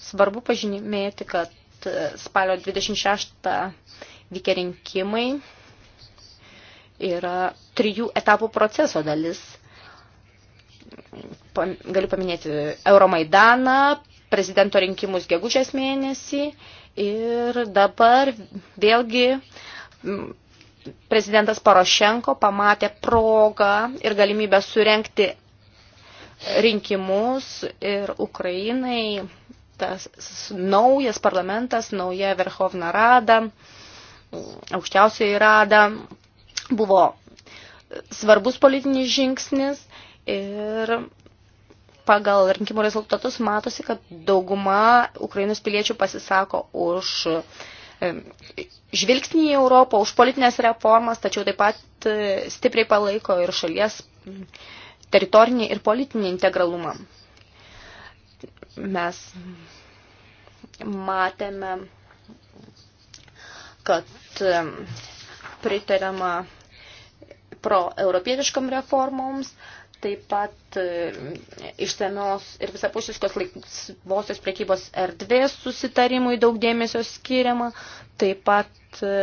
Svarbu pažymėti, kad spalio 26 vykę rinkimai yra trijų etapų proceso dalis. Galiu paminėti Euromaidaną, prezidento rinkimus gegužės mėnesį ir dabar vėlgi prezidentas Porošenko pamatė progą ir galimybę surenkti rinkimus ir Ukrainai tas naujas parlamentas, nauja Verhovna Rada aukščiausioji rada buvo svarbus politinis žingsnis ir pagal rinkimų rezultatus matosi, kad dauguma Ukrainos piliečių pasisako už žvilgsnį į Europą, už politinės reformas, tačiau taip pat e, stipriai palaiko ir šalies teritorinį ir politinį integralumą. Mes matėme, kad pritariama proeuropietiškam reformoms, taip pat išsamios ir visapusiškos laisvosios prekybos erdvės susitarimui daug dėmesio skiriama, taip pat e,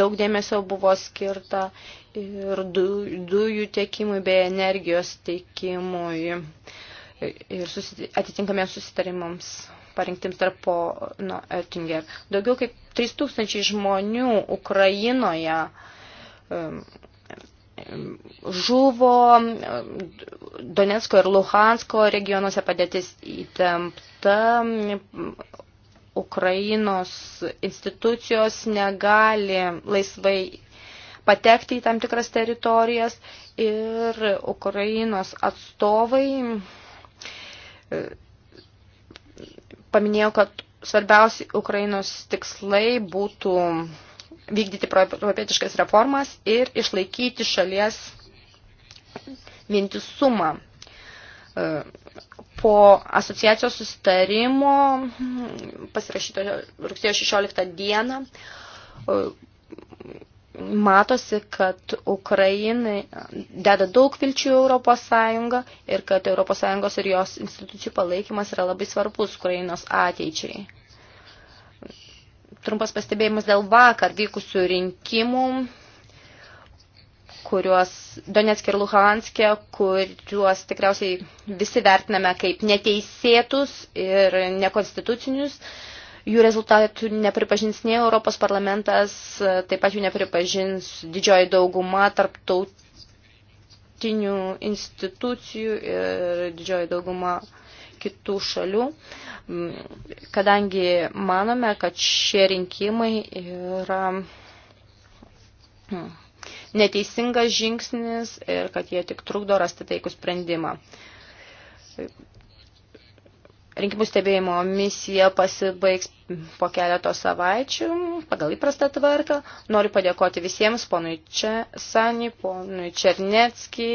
daug dėmesio buvo skirta ir dujų tiekimui bei energijos tiekimui e, ir susiti atitinkamiems susitarimams parinktiems tarp pono Oettinger. Daugiau kaip 3000 žmonių Ukrainoje um, um, žuvo um, Donetsko ir Luhansko regionuose padėtis įtempta. Ukrainos institucijos negali laisvai patekti į tam tikras teritorijas ir Ukrainos atstovai paminėjo, kad svarbiausi Ukrainos tikslai būtų vykdyti proeuropietiškas reformas ir išlaikyti šalies vientisumą. E, po asociacijos sustarimo pasirašyto rugsėjo 16 dieną e, matosi, kad Ukrainai deda daug vilčių Europos Sąjungą ir kad Europos Sąjungos ir jos institucijų palaikymas yra labai svarbus Ukrainos ateičiai. Trumpas pastebėjimas dėl vakar vykusių rinkimų, kuriuos Donetskė ir Luhanskė, kuriuos tikriausiai visi vertiname kaip neteisėtus ir nekonstitucinius. Uh, Jų rezultatų nepripažins nei Europos parlamentas, taip pat jų nepripažins didžioji dauguma tarptautinių institucijų ir didžioji dauguma kitų šalių, kadangi manome, kad šie rinkimai yra hmm, neteisingas žingsnis ir kad jie tik trukdo rasti taikų sprendimą rinkimų stebėjimo misija pasibaigs po keleto savaičių pagal įprastą tvarką. Noriu padėkoti visiems, ponui Česani, ponui Černecki,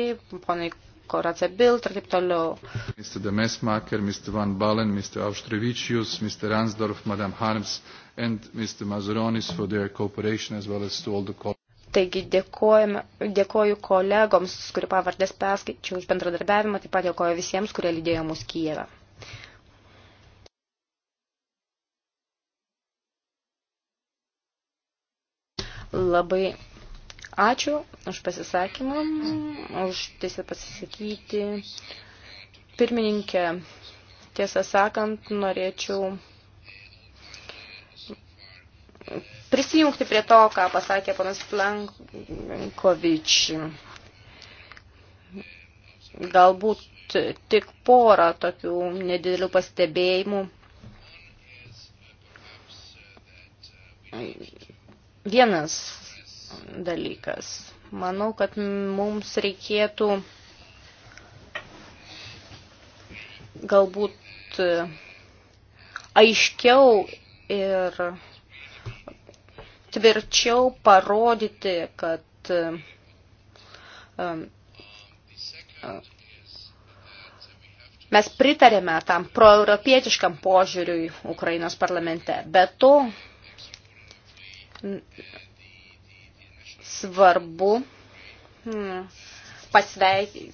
ponui Koraca Bild ir taip toliau. Mr. Demesmaker, Mr. Van Balen, Mr. Auštrevičius, Mr. Ransdorf, Madam Harms and Mr. Mazuronis for their cooperation as well as to all the colleagues. Taigi dėkoju kolegoms, kurių pavardės perskaičiau už bendradarbiavimą, taip pat dėkoju visiems, kurie lydėjo mus Kijevą. Labai ačiū už pasisakymą, už tiesiog pasisakyti. Pirmininkė, tiesą sakant, norėčiau prisijungti prie to, ką pasakė panas Plankovič. Galbūt tik porą tokių nedidelių pastebėjimų. Vienas dalykas. Manau, kad mums reikėtų galbūt aiškiau ir tvirčiau parodyti, kad um, mes pritarėme tam proeuropietiškam požiūriui Ukrainos parlamente. Be to, svarbu hmm, pasveikinti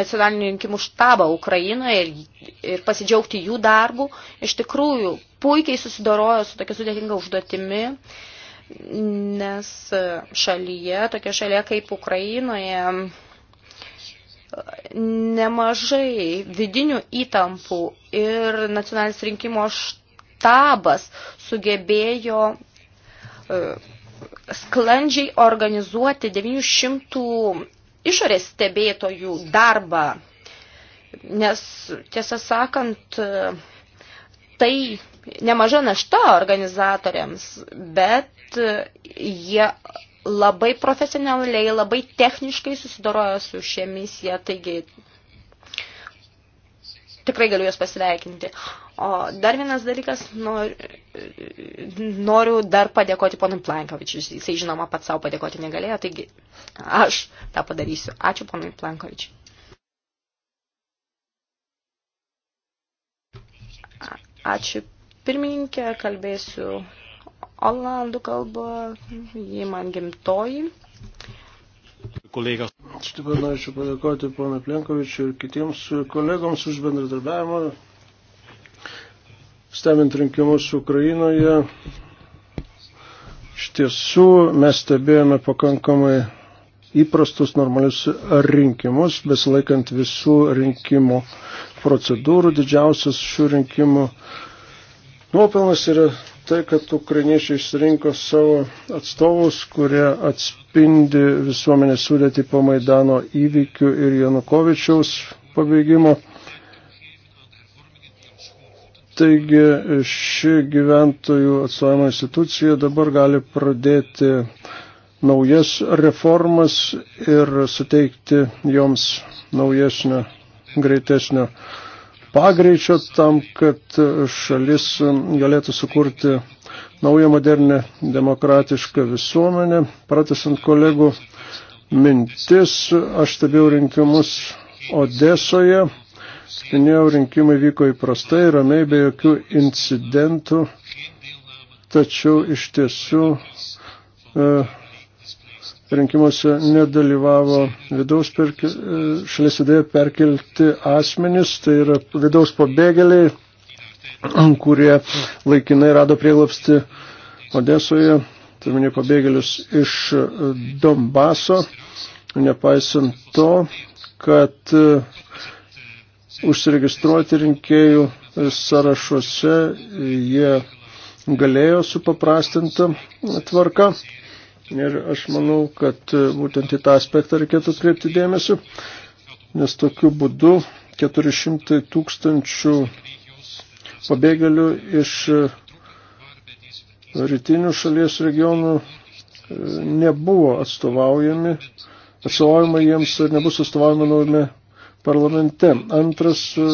nacionalinių rinkimų štabą Ukrainoje ir, ir pasidžiaugti jų darbų. Iš tikrųjų, puikiai susidorojo su tokia sudėtinga užduotimi, nes šalyje, tokia šalyje kaip Ukrainoje, nemažai vidinių įtampų ir nacionalinis rinkimo štabas štabas sugebėjo e, sklandžiai organizuoti 900 išorės stebėtojų darbą, nes tiesą sakant, e, tai nemaža našta organizatoriams, bet e, jie labai profesionaliai, labai techniškai susidorojo su šia misija, taigi tikrai galiu juos pasveikinti. O dar vienas dalykas, nor, noriu dar padėkoti ponui Plankovičius. Jisai, žinoma, pats savo padėkoti negalėjo, taigi aš tą padarysiu. Ačiū ponui Plankovičius. Ačiū pirmininkė, kalbėsiu olandų kalbą, ji man gimtoji. Kolegas. Aš taip pat norėčiau padėkoti ponui Plenkovičiu ir kitiems kolegoms už bendradarbiavimą. Stebint rinkimus Ukrainoje, iš tiesų mes stebėjome pakankamai įprastus normalius rinkimus, besilaikant visų rinkimų procedūrų. Didžiausias šių rinkimų nuopelnas yra tai, kad ukrainiečiai išsirinko savo atstovus, kurie atspėjo atspindi visuomenės sudėti po Maidano įvykių ir Janukovičiaus pabėgimo. Taigi ši gyventojų atstovimo institucija dabar gali pradėti naujas reformas ir suteikti joms naujesnio, greitesnio pagreičio tam, kad šalis galėtų sukurti naują modernę demokratišką visuomenę. Pratesant kolegų mintis, aš stebėjau rinkimus Odesoje. Minėjau, rinkimai vyko įprastai, ramiai, be jokių incidentų, tačiau iš tiesų e, rinkimuose nedalyvavo vidaus perke, e, šalies vidėje perkelti asmenys, tai yra vidaus pabėgėliai, <clears throat> kurie laikinai rado prieglapsti Odesoje, turminė pabėgėlius iš e, Donbaso, nepaisant to, kad e, užsiregistruoti rinkėjų sąrašuose jie galėjo supaprastinta tvarka. Ir aš manau, kad e, būtent į tą aspektą reikėtų atkreipti dėmesį, nes tokiu būdu 400 tūkstančių pabėgėlių iš e, rytinių šalies regionų e, nebuvo atstovaujami, atstovaujama jiems ir nebus atstovaujama naujame parlamente. Antras e,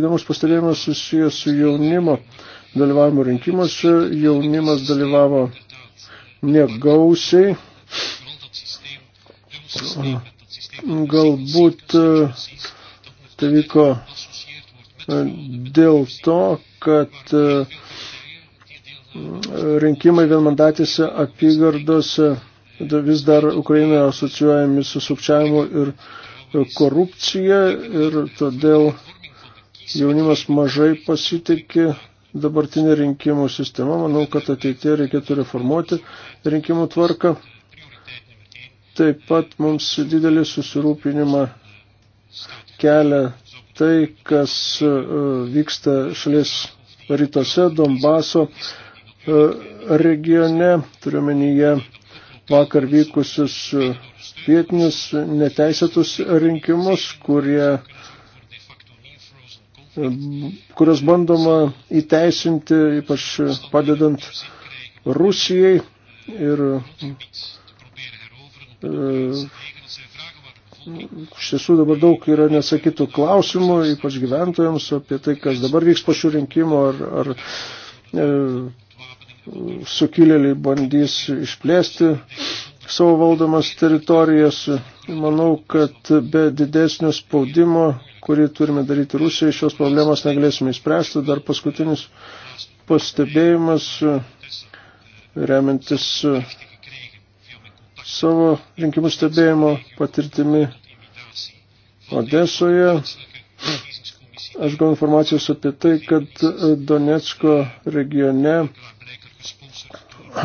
įdomus pastebėjimas susijęs su jaunimo dalyvavimu rinkimuose. Jaunimas dalyvavo negausiai. Galbūt tai vyko dėl to, kad e, rinkimai vienmandatėse apygardose vis dar Ukrainoje asocijuojami su sukčiavimu ir korupcija ir todėl jaunimas mažai pasitikė dabartinė rinkimų sistema. Manau, kad ateitie reikėtų reformuoti rinkimų tvarką. Taip pat mums didelį susirūpinimą kelia tai, kas e, vyksta šalies rytuose, Donbaso e, regione, turiuomenyje vakar vykusius e, vietinius neteisėtus rinkimus, kurie, kurios bandoma įteisinti, ypač padedant Rusijai ir iš tiesų dabar daug yra nesakytų klausimų, ypač gyventojams apie tai, kas dabar vyks po šių rinkimų, ar, ar e, sukilėliai bandys išplėsti savo valdomas teritorijas. Manau, kad be didesnio spaudimo, kurį turime daryti Rusijai, šios problemos negalėsime įspręsti. Dar paskutinis pastebėjimas, remiantis savo rinkimų stebėjimo patirtimi Odesoje. Aš gavau informacijos apie tai, kad Donetsko regione <clears throat> e,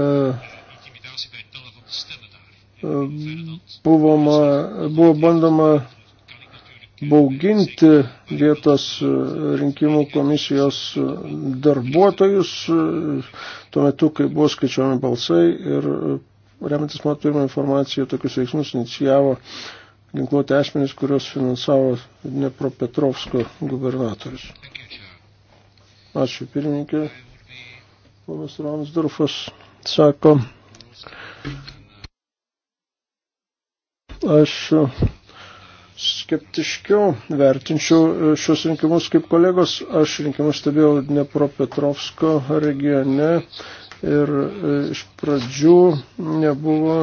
e, buvo, buvo bandoma bauginti vietos e, rinkimų komisijos e, darbuotojus e, tuo metu, kai buvo skaičiuojami balsai ir remiantis mano turimą informaciją, tokius veiksmus inicijavo ginkluoti asmenys, kurios finansavo Dnepropetrovsko gubernatorius. Ačiū pirmininkė. Ponas Ramsdorfas sako, aš skeptiškiau vertinčiau e, šios rinkimus kaip kolegos. Aš rinkimus stebėjau Dnepropetrovsko regione ir e, iš pradžių nebuvo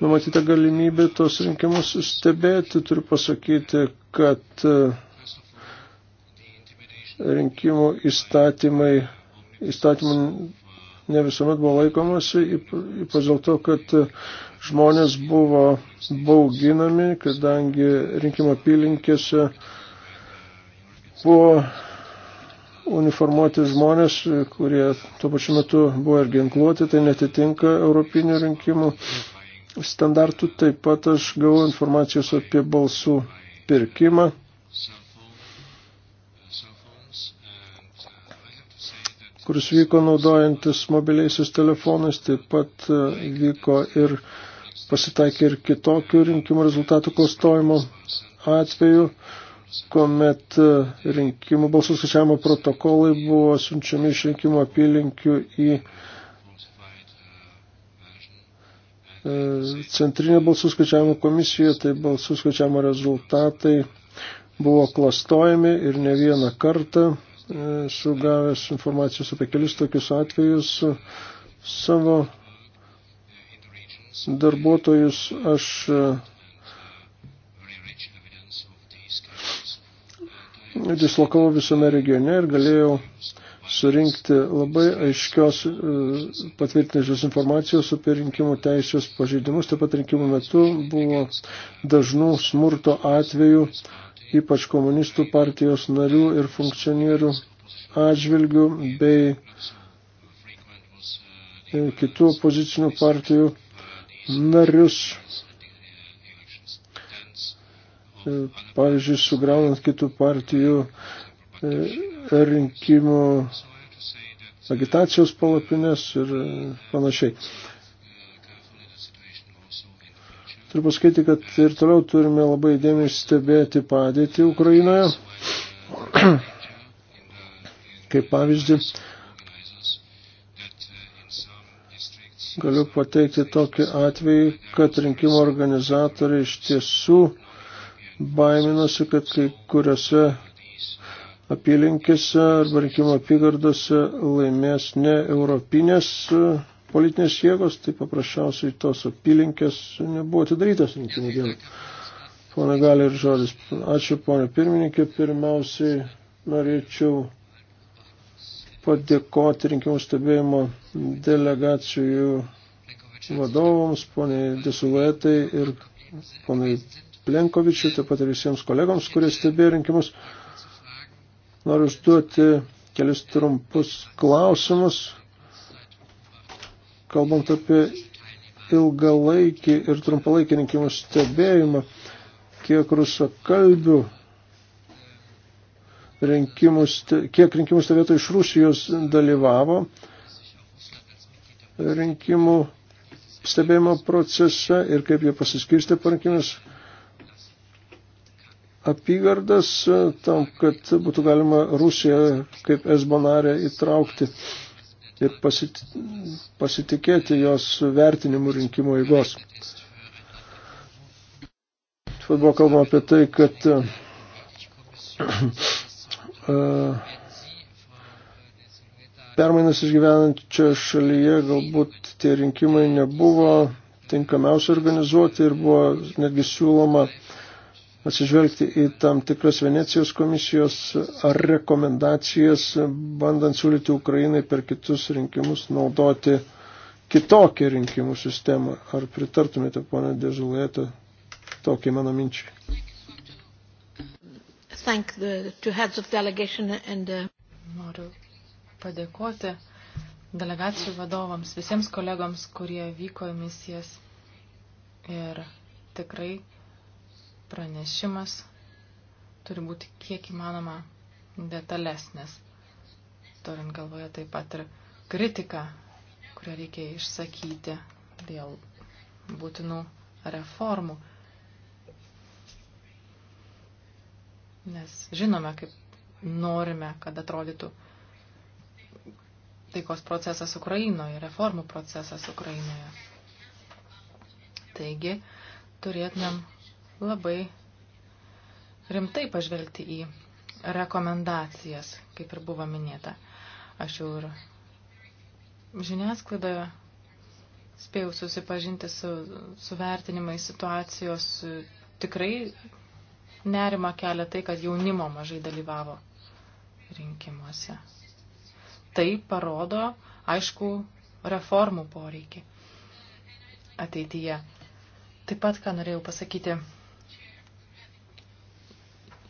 numatyta galimybė tos rinkimus stebėti. Turiu pasakyti, kad e, rinkimų įstatymai, įstatymų ne visuomet buvo laikomasi, ypač dėl to, kad žmonės buvo bauginami, kadangi rinkimo apylinkėse buvo uniformuoti žmonės, kurie tuo pačiu metu buvo ir ginkluoti, tai netitinka europinių rinkimų standartų. Taip pat aš gavau informacijos apie balsų pirkimą kuris vyko naudojantis mobiliaisiais telefonais, taip pat e, vyko ir pasitaikė ir kitokių rinkimų rezultatų klastojimo atveju, kuomet e, rinkimų balsų skaičiavimo protokolai buvo siunčiami iš rinkimų apylinkių į e, centrinė balsų skaičiavimo komisija, tai balsų skaičiavimo rezultatai buvo klastojami ir ne vieną kartą esu gavęs informacijos apie kelis tokius atvejus. Savo darbuotojus aš e, dislokavau visame regione ir galėjau surinkti labai aiškios e, patvirtinančios informacijos apie rinkimų teisės pažeidimus. Taip pat rinkimų metu buvo dažnų smurto atvejų ypač komunistų partijos narių ir funkcionierių atžvilgių bei kitų opozicinių partijų narius. Pavyzdžiui, sugraunant kitų partijų e, rinkimų agitacijos palapinės ir panašiai. Turiu pasakyti, kad ir toliau turime labai dėmesį stebėti padėtį Ukrainoje. <clears throat> Kaip pavyzdį, galiu pateikti tokį atvejį, kad rinkimo organizatoriai iš tiesų baiminosi, kad kai kuriuose apylinkėse arba rinkimo apygardose laimės ne europinės politinės jėgos, tai paprasčiausiai tos apylinkės nebuvo atidarytos rinkimų dieną. Pone Gali ir žodis. Ačiū, ponė pirmininkė. Pirmiausiai norėčiau padėkoti rinkimų stebėjimo delegacijų vadovams, poniai Desuletai ir ponai Plenkovičiui, taip pat ir visiems kolegoms, kurie stebėjo rinkimus. Noriu užduoti kelis trumpus klausimus kalbant apie ilgalaikį ir trumpalaikį rinkimų stebėjimą, kiek rusakalbių rinkimų, kiek rinkimų stebėtojų iš Rusijos dalyvavo rinkimų stebėjimo procese ir kaip jie pasiskirstė parinkimus apygardas tam, kad būtų galima Rusiją kaip esbonarę įtraukti ir pasitikėti jos vertinimų rinkimo eigos. Taip pat buvo kalbama apie tai, kad uh, <clears throat> permainas išgyvenančio šalyje galbūt tie rinkimai nebuvo tinkamiausiai organizuoti ir buvo netgi siūloma uh, atsižvelgti į tam tikras Venecijos komisijos ar rekomendacijas, bandant siūlyti Ukrainai per kitus rinkimus naudoti kitokią rinkimų sistemą. Ar pritartumėte, ponė Dėžulėta, tokiai mano minčiai? Uh, Noriu padėkoti delegacijų vadovams, visiems kolegoms, kurie vyko į misijas ir tikrai pranešimas turi būti kiek įmanoma detalesnis, turint galvoje taip pat ir kritiką, kurią reikia išsakyti dėl būtinų reformų. Nes žinome, kaip norime, kad atrodytų taikos procesas Ukrainoje, reformų procesas Ukrainoje. Taigi, turėtumėm labai rimtai pažvelgti į rekomendacijas, kaip ir buvo minėta. Aš jau ir žiniasklaidoje spėjau susipažinti su, su vertinimai situacijos. Tikrai nerima kelia tai, kad jaunimo mažai dalyvavo rinkimuose. Tai parodo, aišku, reformų poreikį ateityje. Taip pat, ką norėjau pasakyti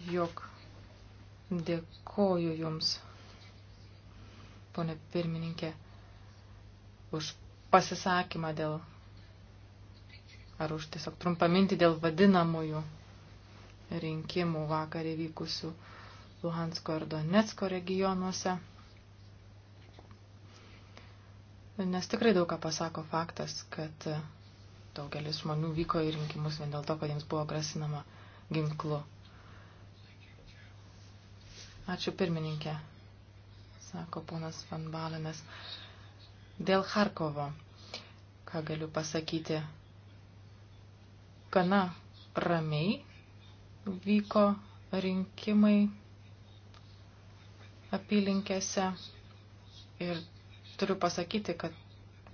jog dėkoju Jums, ponė pirmininkė, už pasisakymą dėl, ar už tiesiog trumpą mintį dėl vadinamųjų rinkimų vakar įvykusių Luhansko ir Donetsko regionuose. Nes tikrai daug ką pasako faktas, kad daugelis žmonių vyko į rinkimus vien dėl to, kad jiems buvo grasinama ginklu. Ačiū pirmininkė, sako ponas Van Balenas. Dėl Harkovo, ką galiu pasakyti, gana ramiai vyko rinkimai apylinkėse ir turiu pasakyti, kad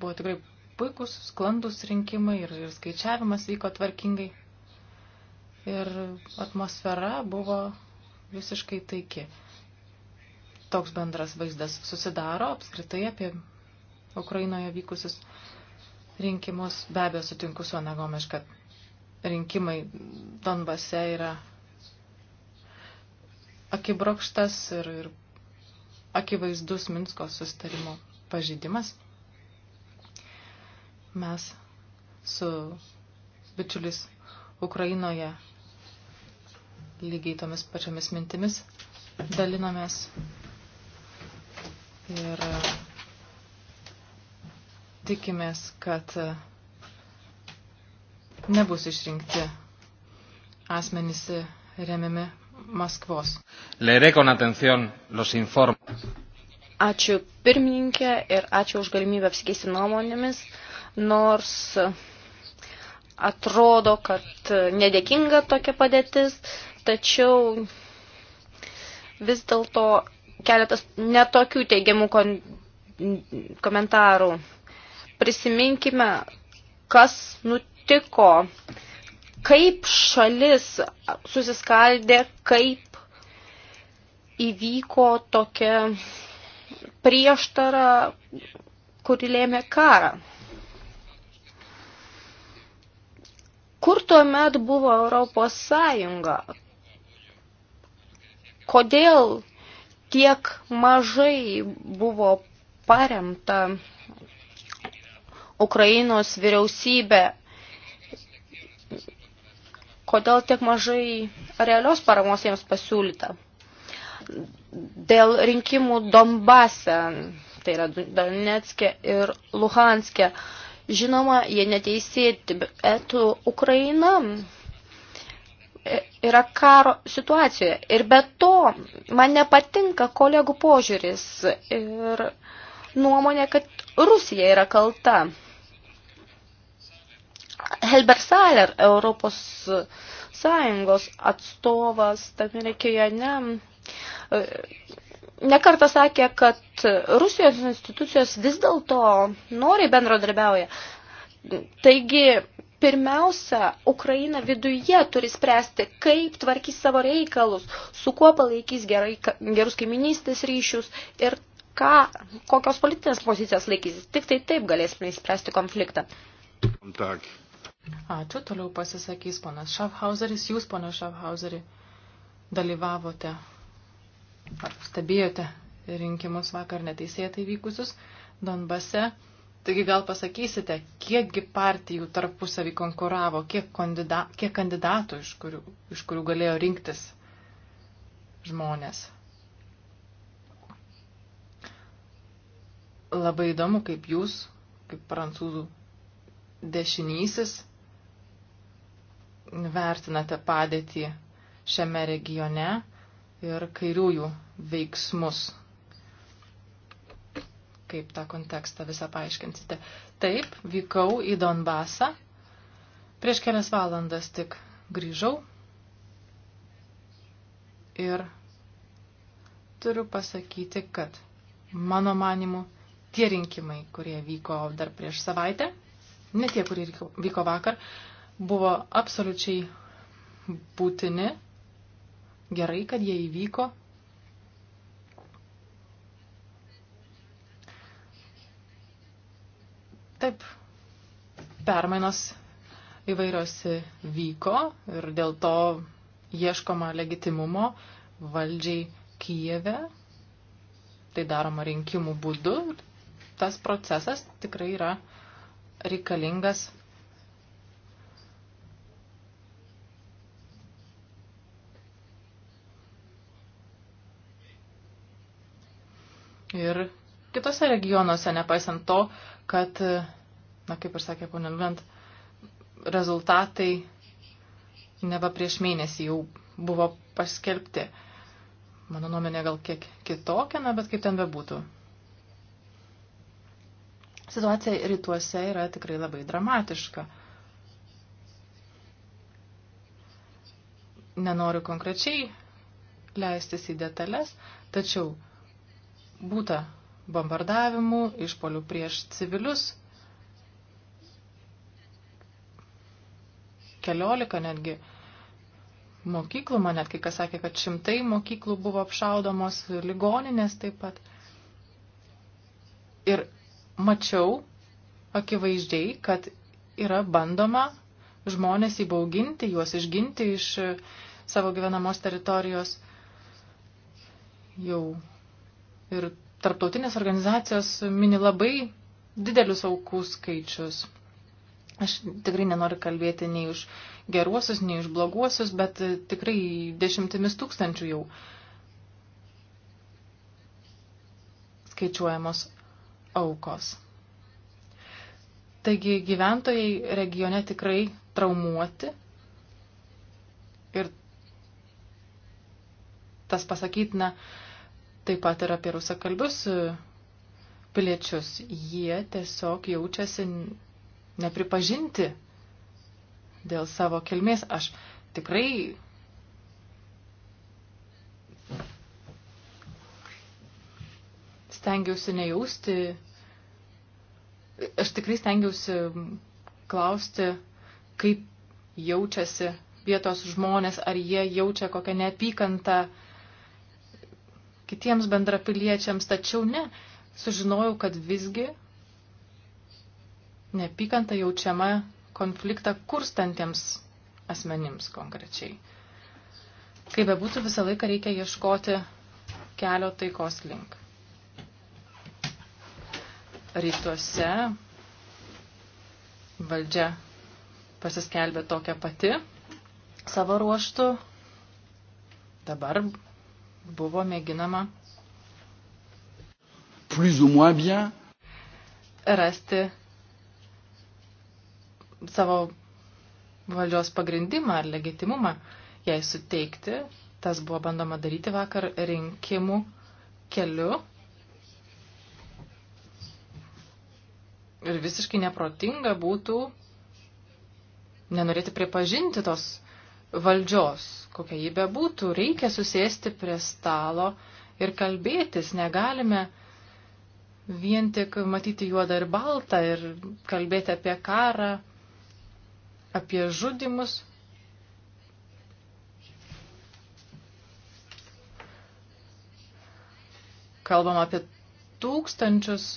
buvo tikrai puikus, sklandus rinkimai ir, ir skaičiavimas vyko tvarkingai. Ir atmosfera buvo visiškai taiki. Toks bendras vaizdas susidaro apskritai apie Ukrainoje vykusius rinkimus. Be abejo, sutinku su Anagomiš, kad rinkimai Donbase yra akibrokštas ir, ir akivaizdus Minsko sustarimo pažydimas. Mes su bičiulis Ukrainoje lygiai tomis pačiomis mintimis dalinomės. Ir e, tikimės, kad e, nebus išrinkti asmenys remiami Maskvos. Leeré con atención los informes. Ačiū pirmininkė ir ačiū už galimybę apsikeisti nuomonėmis, nors e, atrodo, kad nedėkinga tokia padėtis, tačiau vis dėlto keletas netokių teigiamų kon... komentarų. Prisiminkime, kas nutiko, kaip šalis susiskaldė, kaip įvyko tokia prieštara, kuri lėmė karą. Kur tuomet buvo Europos Sąjunga? kodėl tiek mažai buvo paremta Ukrainos vyriausybė, kodėl tiek mažai realios paramos jiems pasiūlyta. Dėl rinkimų Dombase, tai yra Donetskė ir Luhanskė, žinoma, jie neteisėti, bet Ukraina yra karo situacijoje. Ir be to, man nepatinka kolegų požiūris ir nuomonė, kad Rusija yra kalta. Helber Saler, Europos Sąjungos atstovas tame regione, nekartą sakė, kad Rusijos institucijos vis dėlto nori bendradarbiauja. Taigi pirmiausia, Ukraina viduje turi spręsti, kaip tvarkys savo reikalus, su kuo palaikys gerai, gerus kaiminystės ryšius ir ką, kokios politinės pozicijos laikysis. Tik tai taip galėsime įspręsti konfliktą. Tak. Ačiū, toliau pasisakys ponas Schaffhauseris. Jūs, ponas Schaffhauseri, dalyvavote ar stebėjote rinkimus vakar neteisėtai vykusius Donbase. Taigi gal pasakysite, kiekgi partijų tarpusavį konkuravo, kiek, kandida, kiek kandidatų, iš kurių, iš kurių galėjo rinktis žmonės. Labai įdomu, kaip jūs, kaip prancūzų dešinysis, vertinate padėtį šiame regione ir kairiųjų veiksmus kaip tą kontekstą visą paaiškinsite. Taip, vykau į Donbasą. Prieš kelias valandas tik grįžau. Ir turiu pasakyti, kad mano manimu tie rinkimai, kurie vyko dar prieš savaitę, ne tie, kurie vyko vakar, buvo absoliučiai būtini. Gerai, kad jie įvyko Taip, permainos įvairios vyko ir dėl to ieškoma legitimumo valdžiai Kijeve. Tai daroma rinkimų būdu. Tas procesas tikrai yra reikalingas ir kitose regionuose, nepaisant to, kad, na, kaip ir sakė ponė Lent, rezultatai neba prieš mėnesį jau buvo paskelbti. Mano nuomenė gal kiek kitokia, na, bet kaip ten bebūtų. Situacija rytuose yra tikrai labai dramatiška. Nenoriu konkrečiai leistis į detalės, tačiau būta bombardavimų, išpolių prieš civilius. Keliolika netgi mokyklų, man net kai kas sakė, kad šimtai mokyklų buvo apšaudomos, ligoninės taip pat. Ir mačiau akivaizdžiai, kad yra bandoma žmonės įbauginti, juos išginti iš e, savo gyvenamos teritorijos. Jau ir tarptautinės organizacijos mini labai didelius aukų skaičius. Aš tikrai nenoriu kalbėti nei už geruosius, nei už bloguosius, bet tikrai dešimtimis tūkstančių jau skaičiuojamos aukos. Taigi gyventojai regione tikrai traumuoti ir tas pasakytina na, taip pat ir apie rusakalbius e, piliečius. Jie tiesiog jaučiasi nepripažinti dėl savo kilmės. Aš tikrai stengiausi nejausti, aš tikrai stengiausi klausti, kaip jaučiasi vietos žmonės, ar jie jaučia kokią neapykantą kitiems bendrapiliečiams, tačiau ne, sužinojau, kad visgi neapykanta jaučiama konfliktą kurstantiems asmenims konkrečiai. Kaip bebūtų, visą laiką reikia ieškoti kelio taikos link. Rytuose valdžia pasiskelbė tokią pati savo ruoštų. Dabar buvo mėginama plus ou moins bien rasti savo valdžios pagrindimą ar legitimumą jai suteikti. Tas buvo bandoma daryti vakar rinkimų keliu. Ir visiškai neprotinga būtų nenorėti pripažinti tos valdžios, kokia jį bebūtų, reikia susėsti prie stalo ir kalbėtis. Negalime vien tik matyti juodą ir baltą ir kalbėti apie karą, apie žudimus. Kalbam apie tūkstančius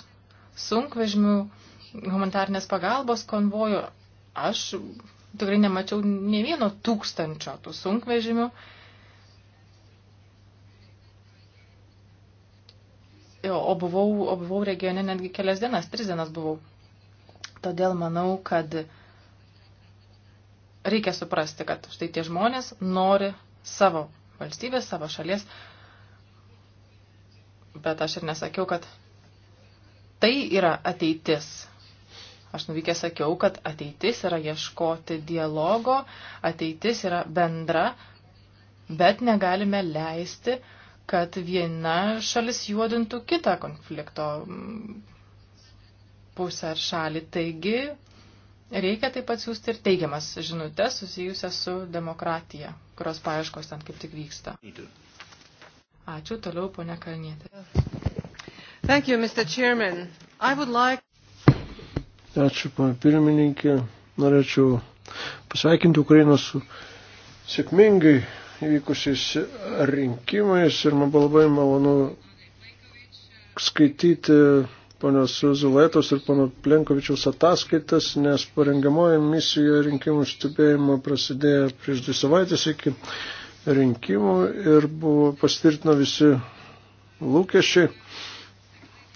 sunkvežimių humanitarnės pagalbos konvojų. Aš tikrai nemačiau ne vieno tūkstančio tų sunkvežimių. O buvau, o buvau regione netgi kelias dienas, tris dienas buvau. Todėl manau, kad reikia suprasti, kad štai tie žmonės nori savo valstybės, savo šalies. Bet aš ir nesakiau, kad tai yra ateitis Aš nuvykęs sakiau, kad ateitis yra ieškoti dialogo, ateitis yra bendra, bet negalime leisti, kad viena šalis juodintų kitą konflikto mm, pusę ar šalį. Taigi reikia taip pat siūsti ir teigiamas žinutės susijusias su demokratija, kurios paieškos ten kaip tik vyksta. Ačiū toliau, ponia Kalnietė. Thank you, Mr. Chairman. I would like Ačiū, pana pirmininkė. Norėčiau pasveikinti Ukrainą su sėkmingai įvykusiais rinkimais ir man buvo labai malonu skaityti ponios Zulaitos ir pono Plenkovičiaus ataskaitas, nes parengamoji misija rinkimų stebėjimo prasidėjo prieš dvi savaitės iki rinkimų ir buvo pastirtino visi lūkesčiai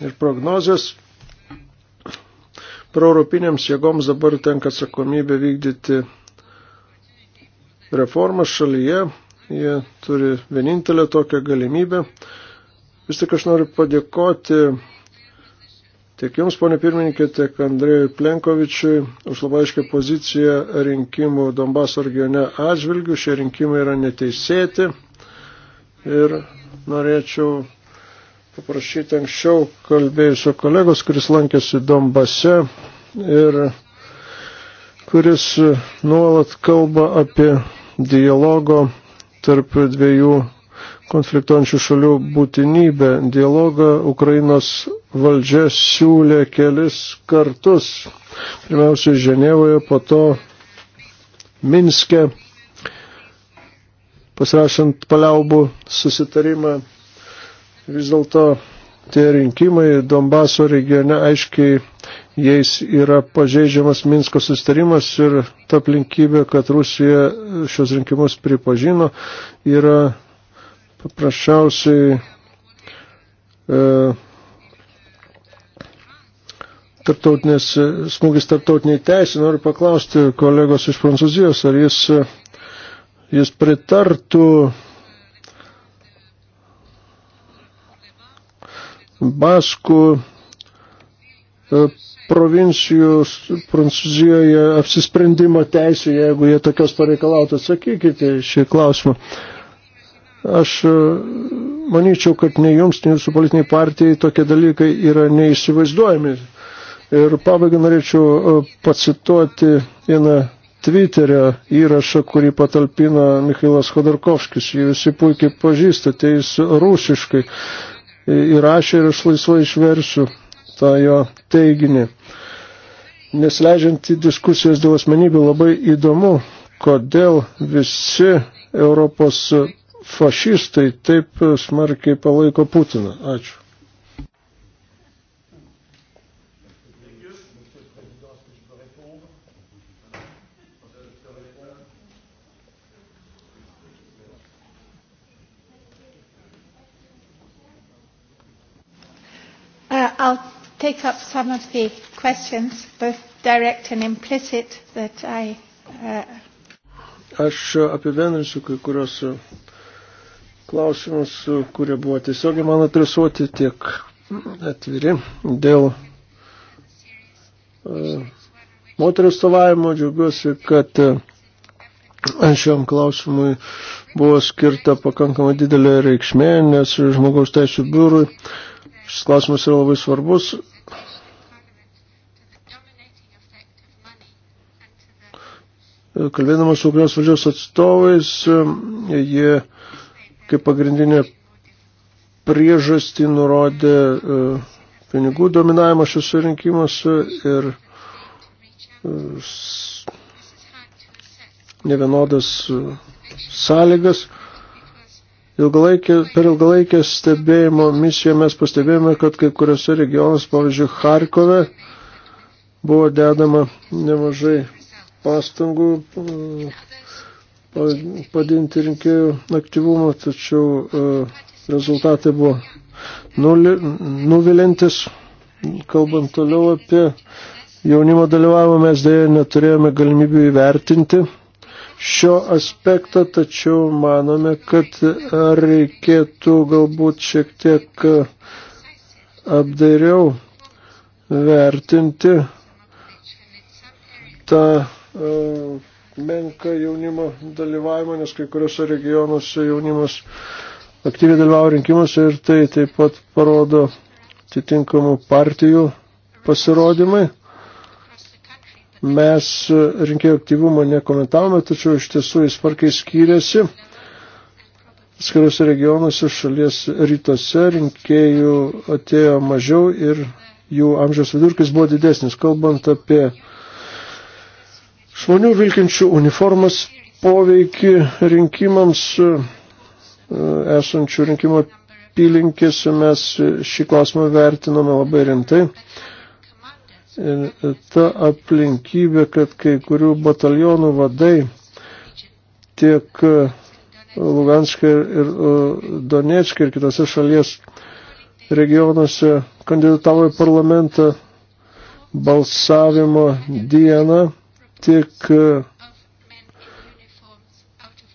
ir prognozijas. Proeuropinėms jėgoms dabar tenka atsakomybė vykdyti reformas šalyje. Jie turi vienintelę tokią galimybę. Vis tik aš noriu padėkoti tiek Jums, ponė pirmininkė, tiek Andrėjui Plenkovičiui už labai aiškę poziciją rinkimų Donbaso regione atžvilgių. Šie rinkimai yra neteisėti ir norėčiau paprašyti anksčiau kalbėjusio kolegos, kuris lankėsi Dombase ir kuris nuolat kalba apie dialogo tarp dviejų konfliktuojančių šalių būtinybę. Dialogą Ukrainos valdžia siūlė kelis kartus. Pirmiausia, Ženevoje, po to Minske, pasirašant paliaubų susitarimą Vis dėlto tie rinkimai Donbaso regione aiškiai jais yra pažeidžiamas Minsko sustarimas ir ta aplinkybė, kad Rusija šios rinkimus pripažino, yra paprasčiausiai e, tarptautinės, smūgis tarptautiniai teisė. Noriu paklausti kolegos iš Prancūzijos, ar jis, jis pritartų Baskų e, provincijų Prancūzijoje apsisprendimo teisų, jeigu jie tokios pareikalautų, atsakykite šį klausimą. Aš e, manyčiau, kad nei jums, nei jūsų politiniai partijai tokie dalykai yra neįsivaizduojami. Ir pabaigai norėčiau e, pacituoti vieną Twitterio įrašą, kurį patalpino Mikhailas Khodorkovskis. Jūs visi puikiai pažįstate, jis rusiškai įrašė ir aš laisvai išversiu tą jo teiginį. Nesleidžiant į diskusijas dėl asmenybių labai įdomu, kodėl visi Europos fašistai taip smarkiai palaiko Putiną. Ačiū. I'll take up some of the questions, both direct and implicit, that I. Uh... Aš apibendrinsiu kai kurios uh, klausimus, uh, kurie buvo tiesiogiai man adresuoti tiek atviri dėl uh, moterų stovavimo. Džiaugiuosi, kad uh, šiam klausimui buvo skirta pakankamai didelė reikšmė, nes žmogaus teisų biurui uh, Šis klausimas yra labai svarbus. Kalbėdamas su Ukrainos valdžios atstovais, jie kaip pagrindinė priežastį nurodė e, pinigų dominavimą šiuose rinkimuose ir e, nevienodas e, sąlygas. Ilgalaikė, per ilgalaikę stebėjimo misiją mes pastebėjome, kad kai kuriuose regionuose, pavyzdžiui, Harkove, buvo dedama nemažai pastangų mm, padinti rinkėjų aktyvumą, tačiau e, rezultatai buvo nuvilintis. Kalbant toliau apie jaunimo dalyvavimą, mes dėja neturėjome galimybių įvertinti šio aspekto, tačiau manome, kad reikėtų galbūt šiek tiek apdairiau vertinti tą e, menką jaunimo dalyvavimą, nes kai kuriuose regionuose jaunimas aktyviai dalyvavo rinkimuose ir tai taip pat parodo atitinkamų partijų pasirodymai. Mes rinkėjų aktyvumo nekomentavome, tačiau iš tiesų jis sparkiai skyrėsi. Skiriuose regionuose šalies rytuose rinkėjų atėjo mažiau ir jų amžiaus vidurkis buvo didesnis. Kalbant apie žmonių vilkinčių uniformas poveikį rinkimams e, esančių rinkimo apylinkėse mes šį klausimą vertiname labai rimtai ta aplinkybė, kad kai kurių batalionų vadai tiek e, Luganskė ir e, Donetskė ir kitose šalies regionuose kandidatavo į parlamentą balsavimo dieną tik e,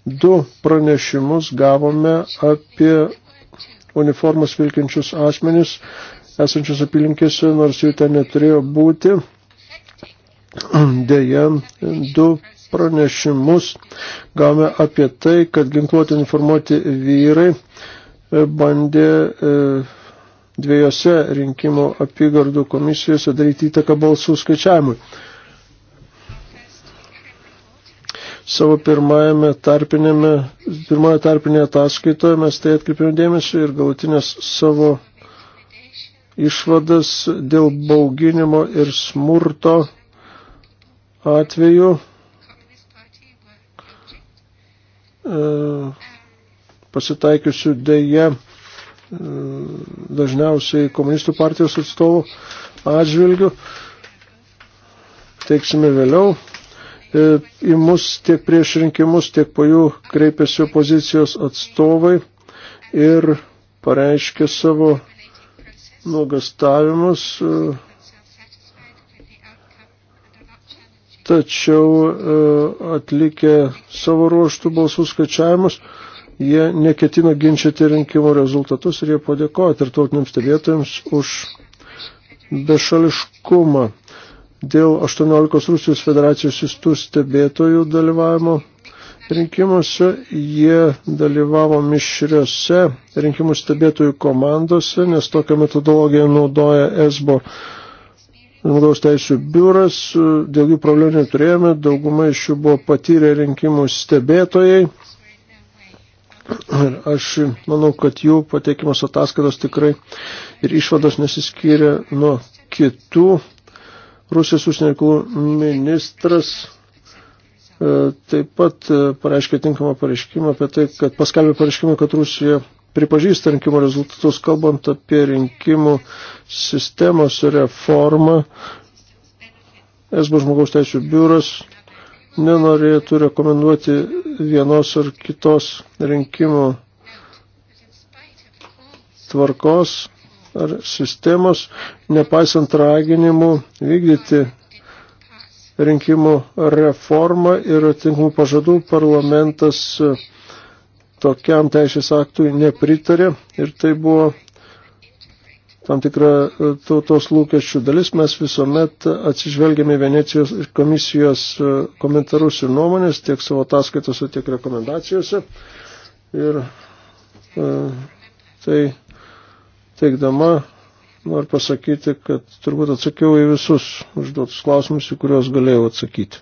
du pranešimus gavome apie uniformas vilkinčius asmenis esančios apylinkėse, nors jų ten neturėjo būti. Deja, du pranešimus gavome apie tai, kad ginkluoti informuoti vyrai e, bandė e, dviejose rinkimų apygardų komisijose daryti įtaką balsų skaičiavimui. Savo pirmajame tarpinėme, pirmoje tarpinėje ataskaitoje mes tai atkreipėm dėmesį ir galutinės savo išvadas dėl bauginimo ir smurto atveju. E, pasitaikiusių dėje e, dažniausiai komunistų partijos atstovų atžvilgių. Teiksime vėliau. E, į mus tiek prieš rinkimus, tiek po jų kreipėsi opozicijos atstovai ir pareiškė savo nuogastavimus, e, tačiau e, atlikę savo ruoštų balsų skaičiavimus, jie neketino ginčyti rinkimų rezultatus ir jie padėkojo tarptautiniams stebėtojams už bešališkumą. Dėl 18 Rusijos federacijos įstų stebėtojų dalyvavimo rinkimuose, jie dalyvavo mišriose rinkimų stebėtojų komandose, nes tokią metodologiją naudoja ESBO žmogaus teisų biuras, dėl jų problemų neturėjome, dauguma iš jų buvo patyrę rinkimų stebėtojai. Ir aš manau, kad jų pateikimas ataskaitos tikrai ir išvados nesiskyrė nuo kitų. Rusijos užsienio reikalų ministras E, taip pat e, pareiškė tinkamą pareiškimą apie tai, kad paskelbė pareiškimą, kad Rusija pripažįsta rinkimų rezultatus, kalbant apie rinkimų sistemos reformą. Esbo žmogaus teisų biuras nenorėtų rekomenduoti vienos ar kitos rinkimų tvarkos ar sistemos, nepaisant raginimų vykdyti rinkimų reformą ir atinkamų pažadų parlamentas e, tokiam teisės aktui nepritarė ir tai buvo tam tikra e, tautos lūkesčių dalis. Mes visuomet atsižvelgėme Venecijos komisijos e, komentarus ir nuomonės tiek savo ataskaitose, tiek rekomendacijose. Ir e, tai teikdama Noriu pasakyti, kad turbūt atsakiau į visus užduotus klausimus, į kuriuos galėjau atsakyti.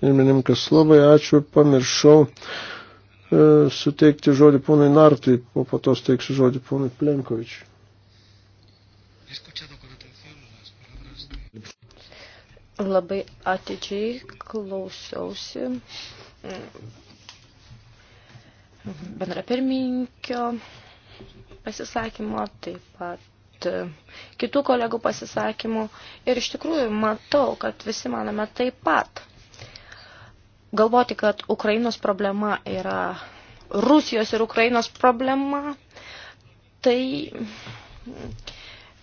Pirmininkas, labai ačiū, pamiršau e, suteikti žodį ponui Nartui, o po to steiksiu žodį ponui Plenkovičiui. Labai atidžiai klausiausi mm, bendrapirminkio pasisakymo, taip pat e, kitų kolegų pasisakymų ir iš tikrųjų matau, kad visi manome taip pat. Galvoti, kad Ukrainos problema yra Rusijos ir Ukrainos problema, tai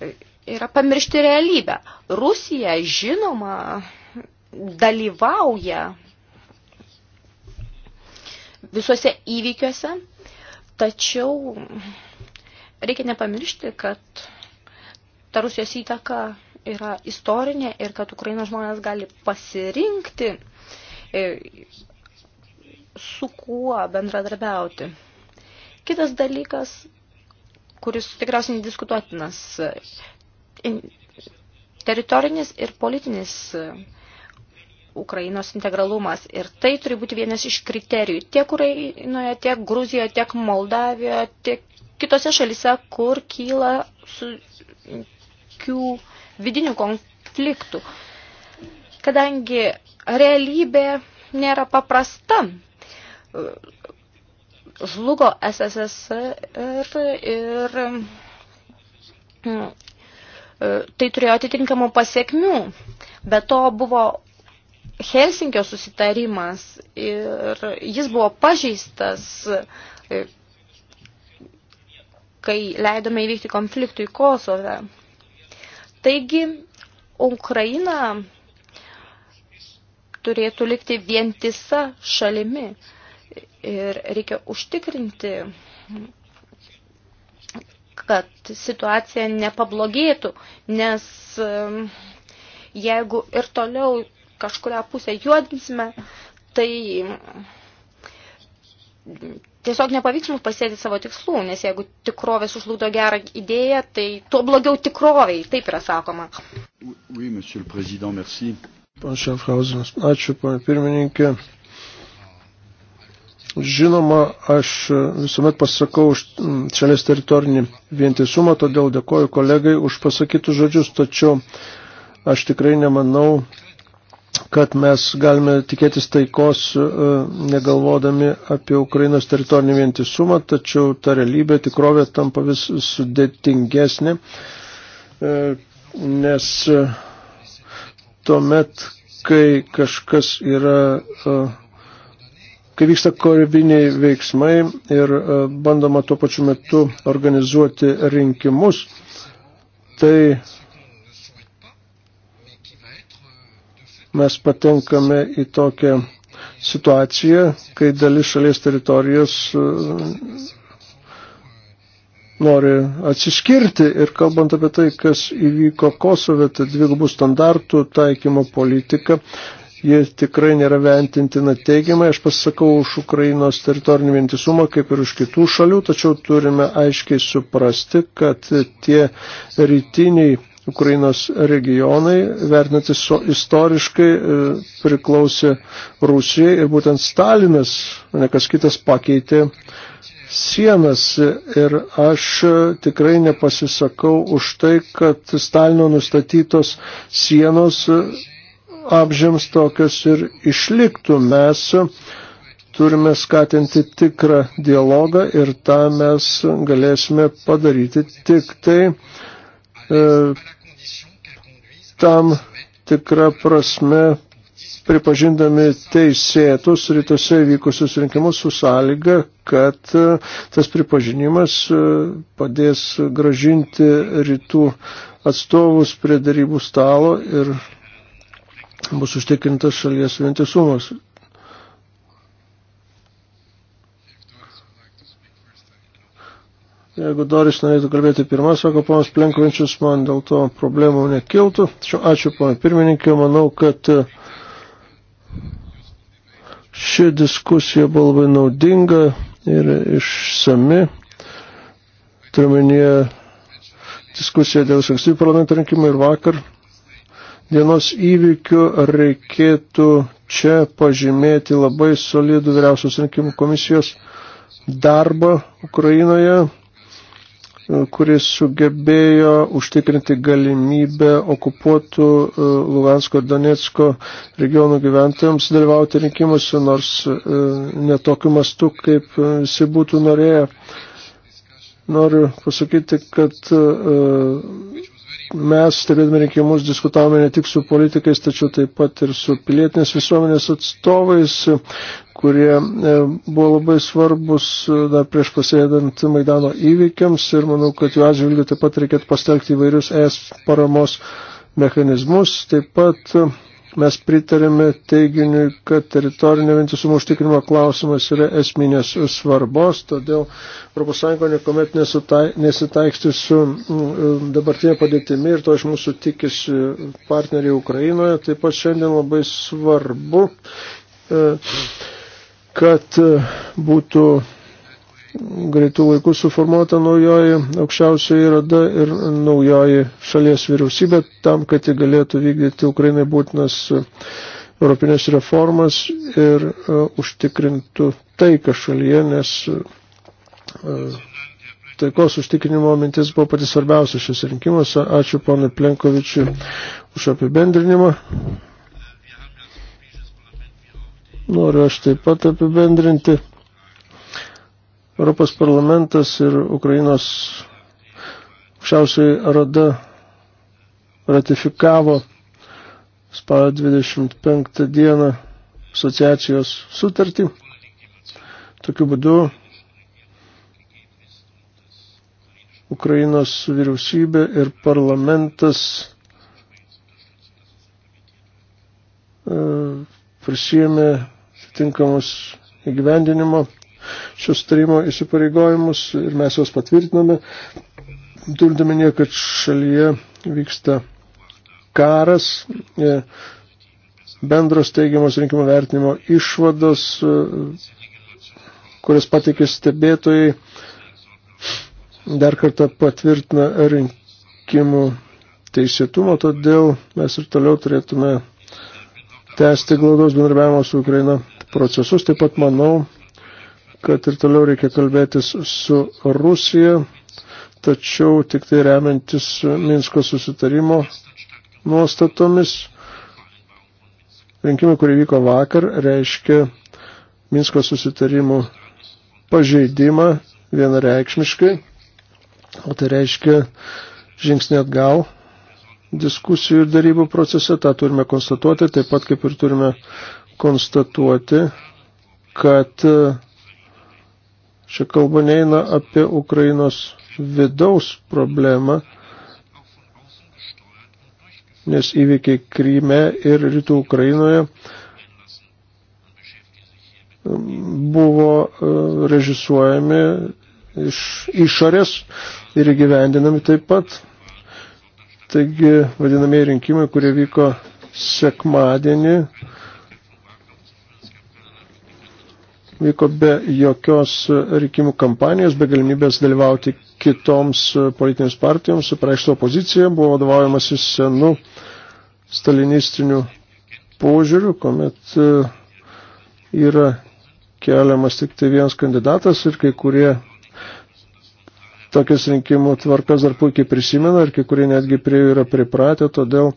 e, yra pamiršti realybę. Rusija, žinoma, dalyvauja visuose įvykiuose, tačiau reikia nepamiršti, kad ta Rusijos įtaka yra istorinė ir kad Ukrainos žmonės gali pasirinkti, e, su kuo bendradarbiauti. Kitas dalykas, kuris tikriausiai diskutuotinas, e, teritorinis ir politinis e, Ukrainos integralumas. Ir tai turi būti vienas iš kriterijų tiek Ukrainoje, tiek Gruzijoje, tiek Moldavijoje, tiek kitose šalise, kur kyla sunkių vidinių konfliktų. Kadangi realybė nėra paprasta, žlugo SSSR ir, ir tai turėjo atitinkamų pasiekmių. Be to buvo Helsinkio susitarimas ir jis buvo pažeistas kai leidome įvykti konfliktui Kosove. Taigi, Ukraina turėtų likti vientisa šalimi ir reikia užtikrinti, kad situacija nepablogėtų, nes um, jeigu ir toliau kažkurią pusę juodinsime, tai tiesiog nepavyks mums pasėti savo tikslų, nes jeigu tikrovė sužludo gerą idėją, tai tuo blogiau tikroviai, taip yra sakoma. Oui, monsieur le président, merci. Pan Šafhausenas, ačiū, pan pirmininkė. Žinoma, aš visuomet pasakau už šalies teritorinį vientisumą, todėl dėkoju kolegai už pasakytų žodžius, tačiau aš tikrai nemanau, kad mes galime tikėtis taikos e, negalvodami apie Ukrainos teritorinį vientisumą, tačiau ta realybė tikrovė tampa vis sudėtingesnė, e, nes e, tuomet, kai kažkas yra, kai vyksta koribiniai veiksmai ir bandoma tuo pačiu metu organizuoti rinkimus, tai mes patenkame į tokią situaciją, kai dalis šalies teritorijos e, nori atsiskirti ir kalbant apie tai, kas įvyko Kosove, tai dvigubų standartų taikymo politika, ji tikrai nėra ventintina teigiamai. Aš pasisakau už Ukrainos teritorinį vientisumą, kaip ir už kitų šalių, tačiau turime aiškiai suprasti, kad tie rytiniai Ukrainos regionai, vertinantis so, istoriškai, e, priklausė Rusijai ir būtent Stalinas, ne kas kitas, pakeitė sienas. Ir aš e, tikrai nepasisakau už tai, kad Stalino nustatytos sienos e, apžiams tokios ir išliktų. Mes turime skatinti tikrą dialogą ir tą mes galėsime padaryti tik tai E, tam tikrą prasme pripažindami teisėtus rytuose vykusius rinkimus su sąlyga, kad e, tas pripažinimas e, padės gražinti rytų atstovus prie darybų stalo ir bus užtikrintas šalies vientisumas. Jeigu Doris norėtų kalbėti pirmą, sako ponas Plenkovinčius, man dėl to problemų nekiltų. Tačiau ačiū ponai pirmininkė, manau, kad e, ši diskusija buvo labai naudinga ir išsami. Turiminėje diskusija dėl seksybių parlamento rinkimų ir vakar dienos įvykių reikėtų čia pažymėti labai solidų vyriausios rinkimų komisijos darbą Ukrainoje kuris sugebėjo užtikrinti galimybę okupuotų e, Lugansko ir Donetsko regionų gyventojams dalyvauti rinkimuose, nors e, netokiu mastu, kaip visi būtų norėję. Noriu pasakyti, kad e, mes stebėdami rinkimus diskutavome ne tik su politikais, tačiau taip pat ir su pilietinės visuomenės atstovais kurie e, buvo labai svarbus e, dar prieš pasėdant Maidano įvykiams ir manau, kad jų atžvilgių taip pat reikėtų pastelgti įvairius ES paramos mechanizmus. Taip pat e, mes pritarėme teiginiui, kad teritorinio vientisumo užtikrinimo klausimas yra esminės svarbos, todėl ES niekuomet nesitaiksti su mm, dabartinė padėtimi ir to iš mūsų tikisi partneriai Ukrainoje. Taip pat šiandien labai svarbu kad e, būtų greitų laikų suformuota naujoji aukščiausioji rada ir naujoji šalies vyriausybė tam, kad jie galėtų vykdyti Ukrainai būtinas e, europinės reformas ir uh, užtikrintų taiką šalyje, nes uh, taikos užtikrinimo mintis buvo patys svarbiausia šiuose rinkimuose. Ačiū ponui Plenkovičiui už apibendrinimą. Noriu aš taip pat apibendrinti. Europos parlamentas ir Ukrainos aukščiausiai rada ratifikavo spalio 25 dieną asociacijos sutartį. Tokiu būdu Ukrainos vyriausybė ir parlamentas e, prisėmė atitinkamus įgyvendinimo šios tarimo įsipareigojimus ir mes juos patvirtiname. Turintaminė, kad šalyje vyksta karas, e, bendros teigiamos rinkimo vertinimo išvados, e, kurias patikė stebėtojai, dar kartą patvirtina rinkimų teisėtumą, todėl mes ir toliau turėtume tęsti glaudos bendrabiavimo su Ukraina procesus. Taip pat manau, kad ir toliau reikia kalbėtis su Rusija, tačiau tik tai remiantis Minsko susitarimo nuostatomis. Rinkimai, kurie vyko vakar, reiškia Minsko susitarimų pažeidimą vienareikšmiškai, o tai reiškia žingsnį atgal diskusijų ir darybų procese, tą turime konstatuoti, taip pat kaip ir turime konstatuoti, kad čia e, kalba neina apie Ukrainos vidaus problemą, nes įvykiai Kryme ir Rytų Ukrainoje e, buvo e, režisuojami iš išorės ir įgyvendinami taip pat. Taigi vadinamieji rinkimai, kurie vyko sekmadienį, vyko be jokios rinkimų kampanijos, be galimybės dalyvauti kitoms politinėms partijoms, supraikšto opozicija buvo vadovaujamasi senu stalinistiniu požiūriu, kuomet e, yra keliamas tik tai vienas kandidatas ir kai kurie tokias rinkimų tvarkas dar puikiai prisimena ir kai kurie netgi prie jų yra pripratę, todėl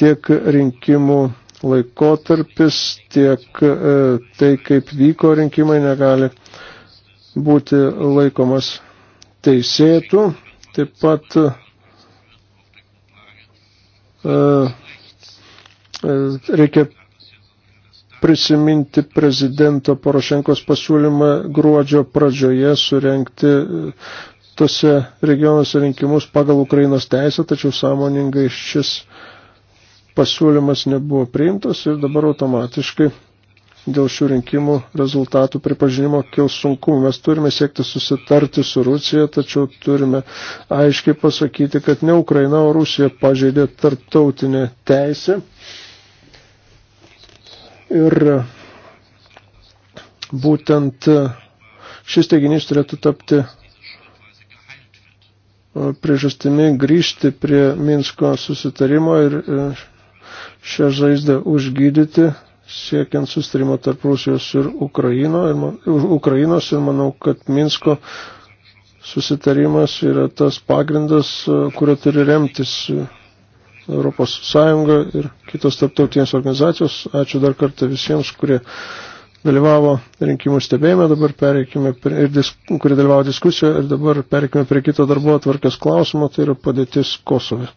tiek rinkimų laikotarpis, tiek e, tai, kaip vyko rinkimai, negali būti laikomas teisėtų. Taip pat e, e, reikia prisiminti prezidento Porošenkos pasiūlymą gruodžio pradžioje surenkti tose regionuose rinkimus pagal Ukrainos teisę, tačiau sąmoningai šis pasiūlymas nebuvo priimtas ir dabar automatiškai dėl šių rinkimų rezultatų pripažinimo kils sunkumų. Mes turime siekti susitarti su Rusija, tačiau turime aiškiai pasakyti, kad ne Ukraina, o Rusija pažeidė tarptautinę teisę. Ir būtent šis teiginys turėtų tapti priežastimi grįžti prie Minsko susitarimo ir šią žaizdą užgydyti, siekiant sustarimo tarp Rusijos ir Ukraino, ir man, Ukrainos ir manau, kad Minsko susitarimas yra tas pagrindas, e, kurio turi remtis Europos Sąjunga ir kitos tarptautinės organizacijos. Ačiū dar kartą visiems, kurie dalyvavo rinkimų stebėjime, dabar pereikime, prie, disk, kurie dalyvavo diskusijoje ir dabar pereikime prie kito darbo atvarkės klausimo, tai yra padėtis Kosove.